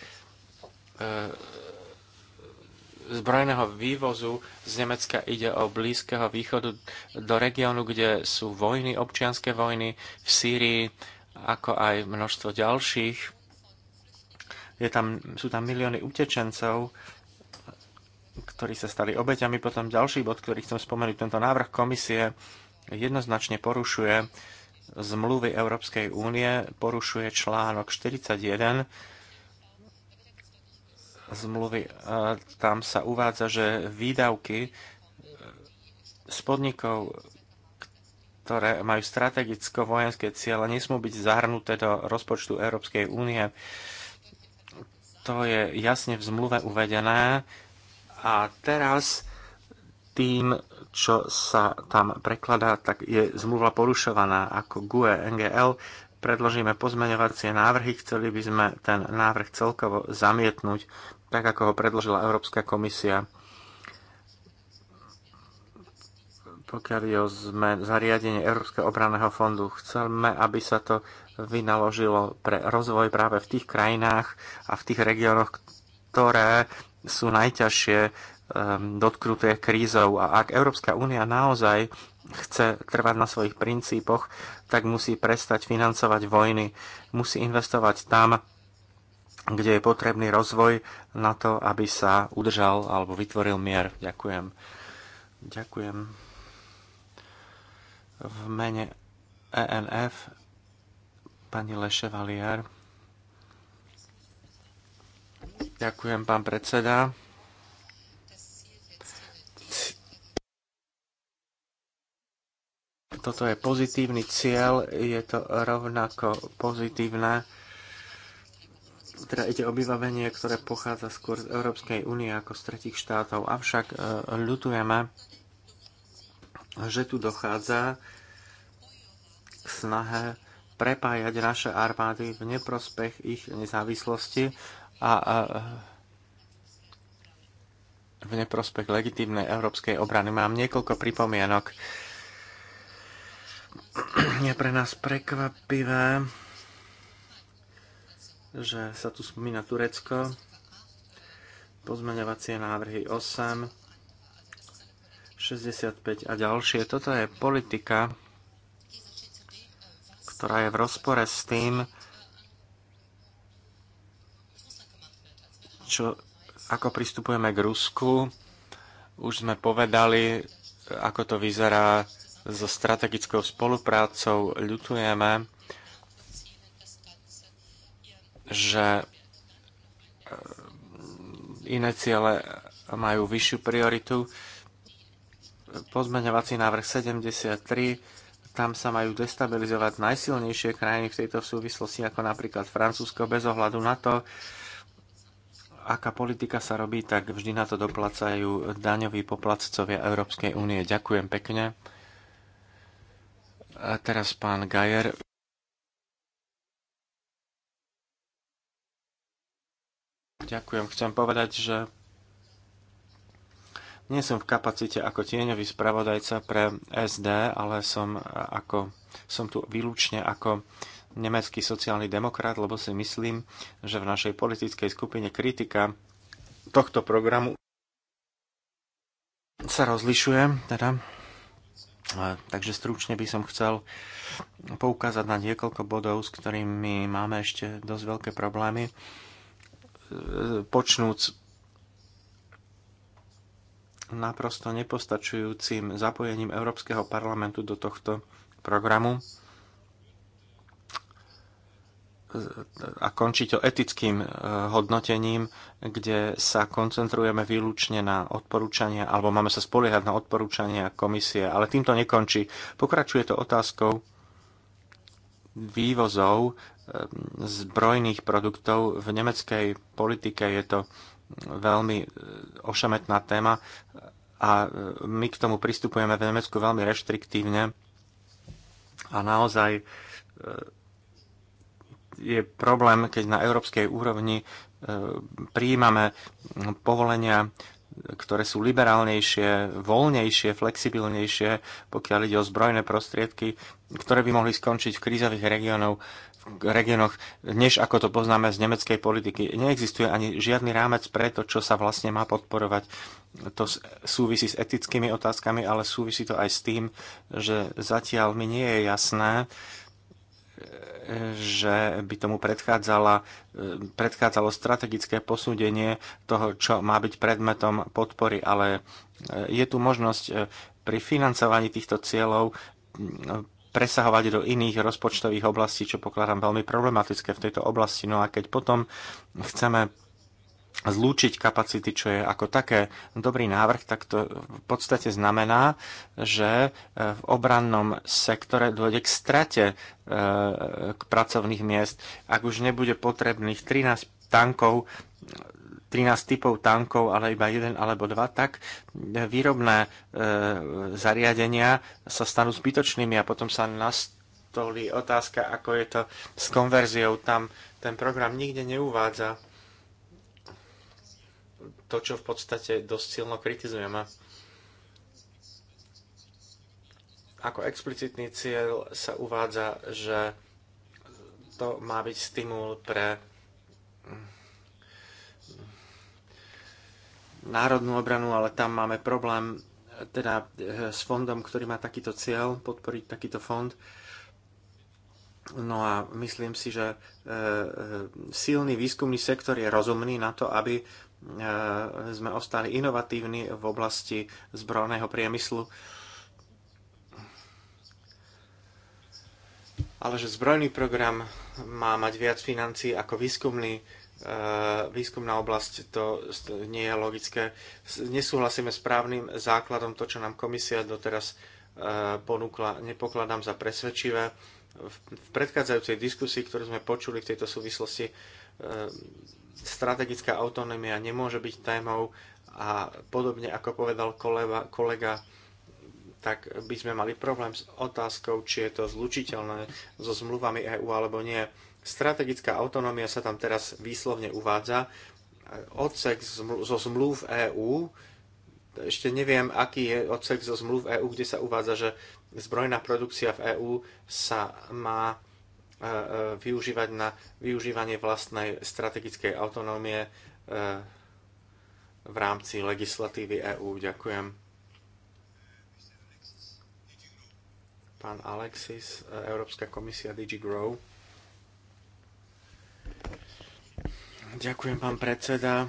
Speaker 3: zbrojného vývozu z Nemecka ide o Blízkeho východu do regiónu, kde sú vojny, občianské vojny v Sýrii, ako aj množstvo ďalších je tam, sú tam milióny utečencov, ktorí sa stali obeťami. Potom ďalší bod, ktorý chcem spomenúť, tento návrh komisie jednoznačne porušuje zmluvy Európskej únie, porušuje článok 41 zmluvy. E, tam sa uvádza, že výdavky z podnikov, ktoré majú strategicko-vojenské ciele, nesmú byť zahrnuté do rozpočtu Európskej únie. To je jasne v zmluve uvedené. A teraz tým, čo sa tam prekladá, tak je zmluva porušovaná ako GUE NGL. Predložíme pozmeňovacie návrhy, chceli by sme ten návrh celkovo zamietnúť, tak ako ho predložila Európska komisia. pokiaľ je o zariadenie Európskeho obranného fondu, chceme, aby sa to vynaložilo pre rozvoj práve v tých krajinách a v tých regiónoch, ktoré sú najťažšie ehm, dotknuté krízou. A ak Európska únia naozaj chce trvať na svojich princípoch, tak musí prestať financovať vojny. Musí investovať tam, kde je potrebný rozvoj na to, aby sa udržal alebo vytvoril mier. Ďakujem. Ďakujem v mene ENF pani Leševaliar. Ďakujem, pán predseda. Toto je pozitívny cieľ, je to rovnako pozitívne. Teda ide o vybavenie, ktoré pochádza skôr z Európskej únie ako z tretich štátov. Avšak e, ľutujeme, že tu dochádza k snahe prepájať naše armády v neprospech ich nezávislosti a, a v neprospech legitímnej európskej obrany. Mám niekoľko pripomienok. Je pre nás prekvapivé, že sa tu spomína Turecko, pozmeňovacie návrhy 8, 65 a ďalšie. Toto je politika, ktorá je v rozpore s tým, čo, ako pristupujeme k Rusku. Už sme povedali, ako to vyzerá so strategickou spoluprácou. Ľutujeme, že e, iné ciele majú vyššiu prioritu pozmeňovací návrh 73, tam sa majú destabilizovať najsilnejšie krajiny v tejto súvislosti, ako napríklad Francúzsko, bez ohľadu na to, aká politika sa robí, tak vždy na to doplacajú daňoví poplatcovia Európskej únie. Ďakujem pekne. A teraz pán Gajer. Ďakujem. Chcem povedať, že Nie som v kapacite ako tieňový spravodajca pre SD, ale som, ako, som tu výlučne ako nemecký sociálny demokrat, lebo si myslím, že v našej politickej skupine kritika tohto programu sa rozlišuje. Teda. Takže stručne by som chcel poukázať na niekoľko bodov, s ktorými máme ešte dosť veľké problémy. E, počnúc naprosto nepostačujúcim zapojením Európskeho parlamentu do tohto programu a končí to etickým eh, hodnotením, kde sa koncentrujeme výlučne na odporúčania, alebo máme sa spoliehať na odporúčania komisie, ale týmto nekončí. Pokračuje to otázkou vývozov eh, zbrojných produktov. V nemeckej politike je to veľmi e, ošemetná téma a e, my k tomu pristupujeme v Nemecku veľmi reštriktívne a naozaj e, je problém, keď na európskej úrovni prijímame povolenia, ktoré sú liberálnejšie, voľnejšie, flexibilnejšie, pokiaľ ide o zbrojné prostriedky, ktoré by mohli skončiť v krízových regiónoch regiónoch, než ako to poznáme z nemeckej politiky. Neexistuje ani žiadny rámec pre to, čo sa vlastne má podporovať. To súvisí s etickými otázkami, ale súvisí to aj s tým, že zatiaľ mi nie je jasné, e, že by tomu e, predchádzalo strategické posúdenie toho, čo má byť predmetom podpory, ale e, je tu možnosť pri financovaní týchto cieľov presahovať do iných rozpočtových oblastí, čo pokladám veľmi problematické v tejto oblasti. No a keď potom chceme zlúčiť kapacity, čo je ako také dobrý návrh, tak to v podstate znamená, že e, v obrannom sektore dojde k strate e, k pracovných miest. Ak už nebude potrebných 13 tankov, 13 typov tankov, ale iba jeden alebo dva, tak výrobné e, zariadenia sa stanú zbytočnými a potom sa nastolí otázka, ako je to s konverziou. Tam ten program nikde neuvádza to, čo v podstate dosť silno kritizujeme. Ako explicitný cieľ sa uvádza, že to má byť stimul pre národnú obranu, ale tam máme problém teda eh, s fondom, ktorý má takýto cieľ, podporiť takýto fond. No a myslím si, že eh, eh, silný výskumný sektor je rozumný na to, aby sme ostali inovatívni v oblasti zbrojného priemyslu. Ale že zbrojný program má mať viac financí ako výskumný, výskumná oblasť, to nie je logické. Nesúhlasíme s právnym základom, to, čo nám komisia doteraz e, ponúkla, nepokladám za presvedčivé. V predchádzajúcej diskusii, ktorú sme počuli v tejto súvislosti, e, strategická autonómia nemôže byť témou a podobne ako povedal kolega, kolega tak by sme mali problém s otázkou, či je to zlučiteľné so zmluvami EÚ alebo nie. Strategická autonómia sa tam teraz výslovne uvádza. Odsek zo zmluv EÚ, ešte neviem, aký je odsek zo zmluv EÚ, kde sa uvádza, že zbrojná produkcia v EÚ sa má e, e, využívať na využívanie vlastnej strategickej autonómie e, v rámci legislatívy EÚ. Ďakujem. Pán Alexis, Európska komisia DigiGrow. Ďakujem, pán predseda.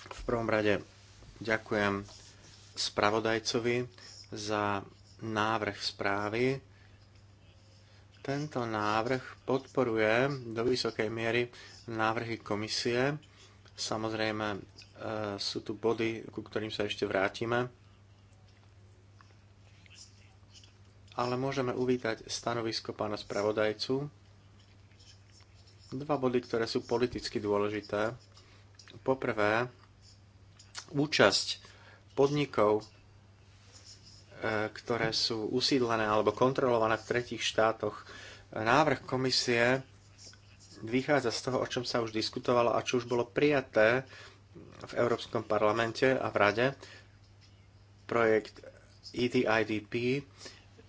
Speaker 3: V prvom rade ďakujem spravodajcovi za návrh správy. Tento návrh podporuje do vysokej miery návrhy komisie. Samozrejme, e, sú tu body, ku ktorým sa ešte vrátime. Ale môžeme uvítať stanovisko pána spravodajcu dva body, ktoré sú politicky dôležité. Poprvé, účasť podnikov, e, ktoré sú usídlené alebo kontrolované v tretích štátoch. Návrh komisie vychádza z toho, o čom sa už diskutovalo a čo už bolo prijaté v Európskom parlamente a v Rade. Projekt EDIDP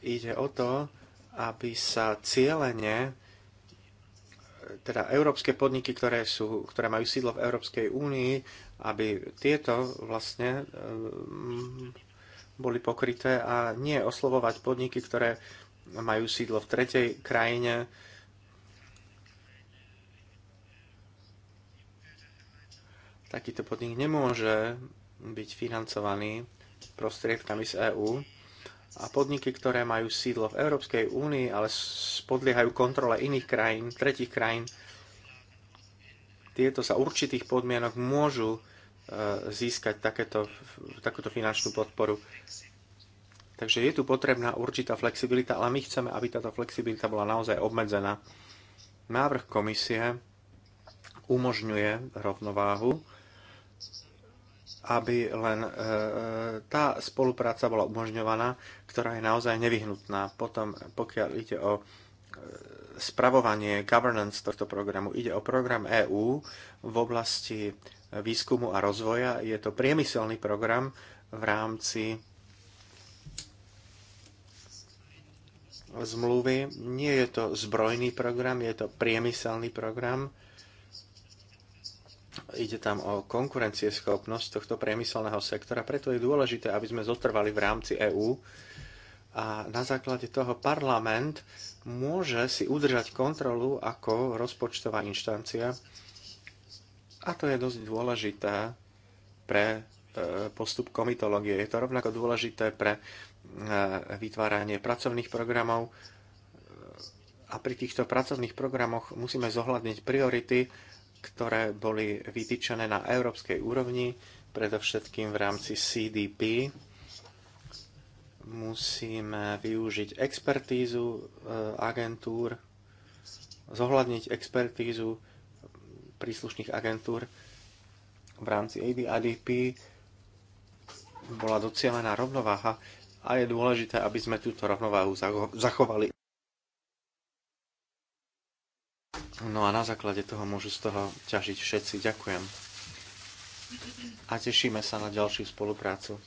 Speaker 3: ide o to, aby sa cieľene teda európske podniky, ktoré, sú, ktoré majú sídlo v Európskej únii, aby tieto vlastne ehm, boli pokryté a nie oslovovať podniky, ktoré majú sídlo v tretej krajine, takýto podnik nemôže byť financovaný prostriedkami z EÚ a podniky, ktoré majú sídlo v Európskej únii, ale podliehajú kontrole iných krajín, tretich krajín, tieto za určitých podmienok môžu e, získať takéto, takúto finančnú podporu. Takže je tu potrebná určitá flexibilita, ale my chceme, aby táto flexibilita bola naozaj obmedzená. Návrh komisie umožňuje rovnováhu aby len e, e, tá spolupráca bola umožňovaná, ktorá je naozaj nevyhnutná. Potom, pokiaľ ide o e, spravovanie governance tohto programu, ide o program EÚ v oblasti výskumu a rozvoja. Je to priemyselný program v rámci zmluvy. Nie je to zbrojný program, je to priemyselný program ide tam o konkurencieschopnosť tohto priemyselného sektora, preto je dôležité, aby sme zotrvali v rámci EÚ a na základe toho parlament môže si udržať kontrolu ako rozpočtová inštancia a to je dosť dôležité pre e, postup komitológie. Je to rovnako dôležité pre e, vytváranie pracovných programov e, a pri týchto pracovných programoch musíme zohľadniť priority, ktoré boli vytýčené na európskej úrovni, predovšetkým v rámci CDP. Musíme využiť expertízu e, agentúr, zohľadniť expertízu príslušných agentúr v rámci ADIP. bola docielená rovnováha a je dôležité, aby sme túto rovnováhu zachovali. No a na základe toho môžu z toho ťažiť všetci. Ďakujem. A tešíme sa na ďalšiu
Speaker 2: spoluprácu.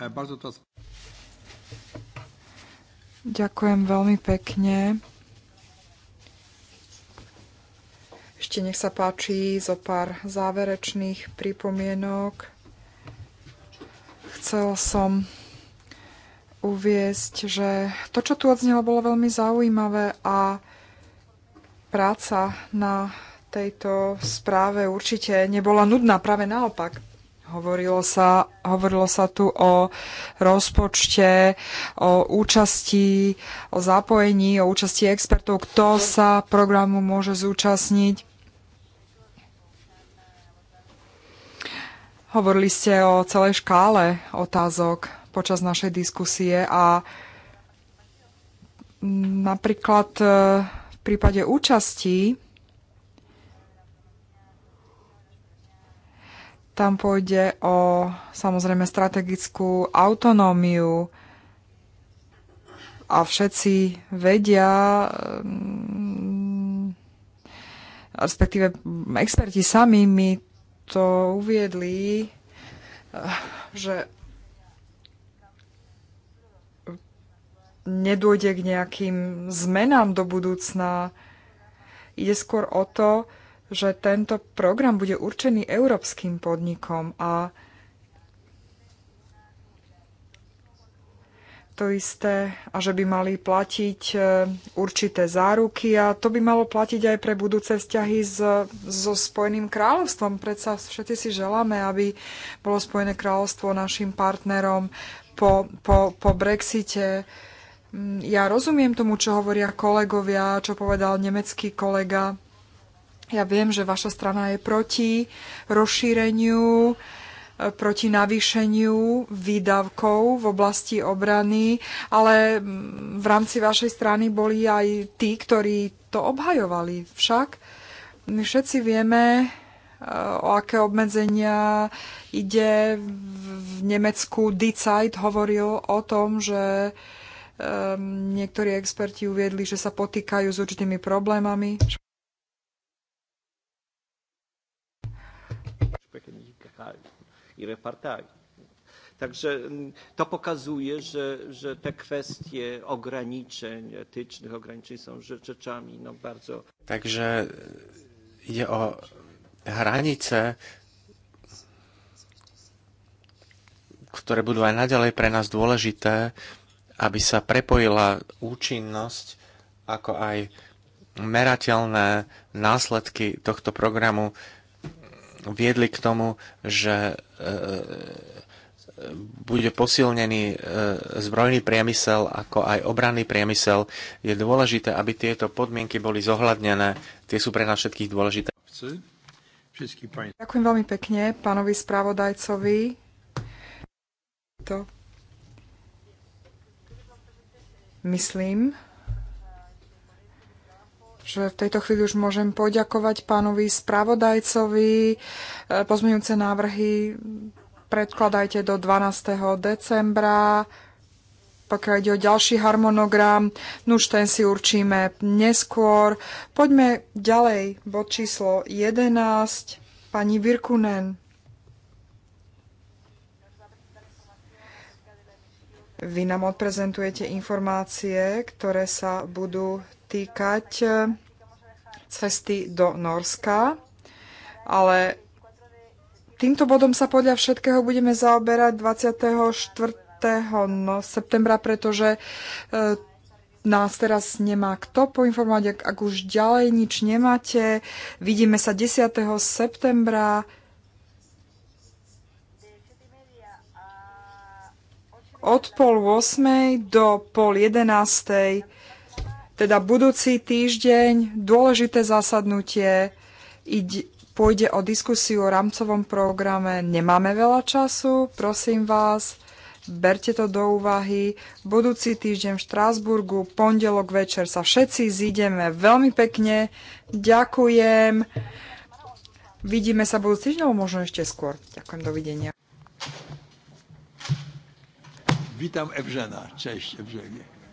Speaker 2: E,
Speaker 1: Ďakujem veľmi pekne. Ešte nech sa páči zo pár záverečných pripomienok. Chcel som uviesť, že to, čo tu odznelo, bolo veľmi zaujímavé a práca na tejto správe určite nebola nudná, práve naopak. Hovorilo sa, hovorilo sa tu o rozpočte, o účasti, o zapojení, o účasti expertov, kto sa programu môže zúčastniť. Hovorili ste o celej škále otázok počas našej diskusie a napríklad prípade účasti tam pôjde o samozrejme strategickú autonómiu a všetci vedia, mm, respektíve experti sami mi to uviedli, eh, že nedôjde k nejakým zmenám do budúcna. Ide skôr o to, že tento program bude určený európskym podnikom a to isté a že by mali platiť e, určité záruky a to by malo platiť aj pre budúce vzťahy s, so Spojeným kráľovstvom. Predsa všetci si želáme, aby bolo Spojené kráľovstvo našim partnerom po, po, po Brexite ja rozumiem tomu, čo hovoria kolegovia, čo povedal nemecký kolega. Ja viem, že vaša strana je proti rozšíreniu, e, proti navýšeniu výdavkov v oblasti obrany, ale v rámci vašej strany boli aj tí, ktorí to obhajovali. Však my všetci vieme, e, o aké obmedzenia ide. V Nemecku Die Zeit hovoril o tom, že Ehm, niektorí experti uviedli, že sa potýkajú s určitými problémami. Także mm, to pokazuje, że, że te kwestie ograniczeń etycznych, ograniczeń są rzeczami no, bardzo...
Speaker 3: Także e, idzie o hranice, ktoré budú aj naďalej pre nás dôležité aby sa prepojila účinnosť ako aj merateľné následky tohto programu viedli k tomu, že e, bude posilnený e, zbrojný priemysel ako aj obranný priemysel. Je dôležité, aby tieto podmienky boli zohľadnené. Tie sú pre nás všetkých dôležité.
Speaker 1: Ďakujem veľmi pekne pánovi správodajcovi. To Myslím, že v tejto chvíli už môžem poďakovať pánovi spravodajcovi. E, pozmeňujúce návrhy predkladajte do 12. decembra. Pokiaľ ide o ďalší harmonogram, nuž ten si určíme neskôr. Poďme ďalej, bod číslo 11, pani Virkunen. Vy nám odprezentujete informácie, ktoré sa budú týkať e, cesty do Norska, ale týmto bodom sa podľa všetkého budeme zaoberať 24. septembra, pretože e, nás teraz nemá kto poinformovať, ak, už ďalej nič nemáte. Vidíme sa 10. septembra od pol 8 do pol 11, teda budúci týždeň, dôležité zasadnutie, ide, pôjde o diskusiu o rámcovom programe. Nemáme veľa času, prosím vás, berte to do úvahy. Budúci týždeň v Štrásburgu, pondelok večer sa všetci zídeme veľmi pekne. Ďakujem. Vidíme sa budúci týždeň, možno ešte skôr. Ďakujem, dovidenia.
Speaker 2: Witam Ewżena. Cześć Ewżenie.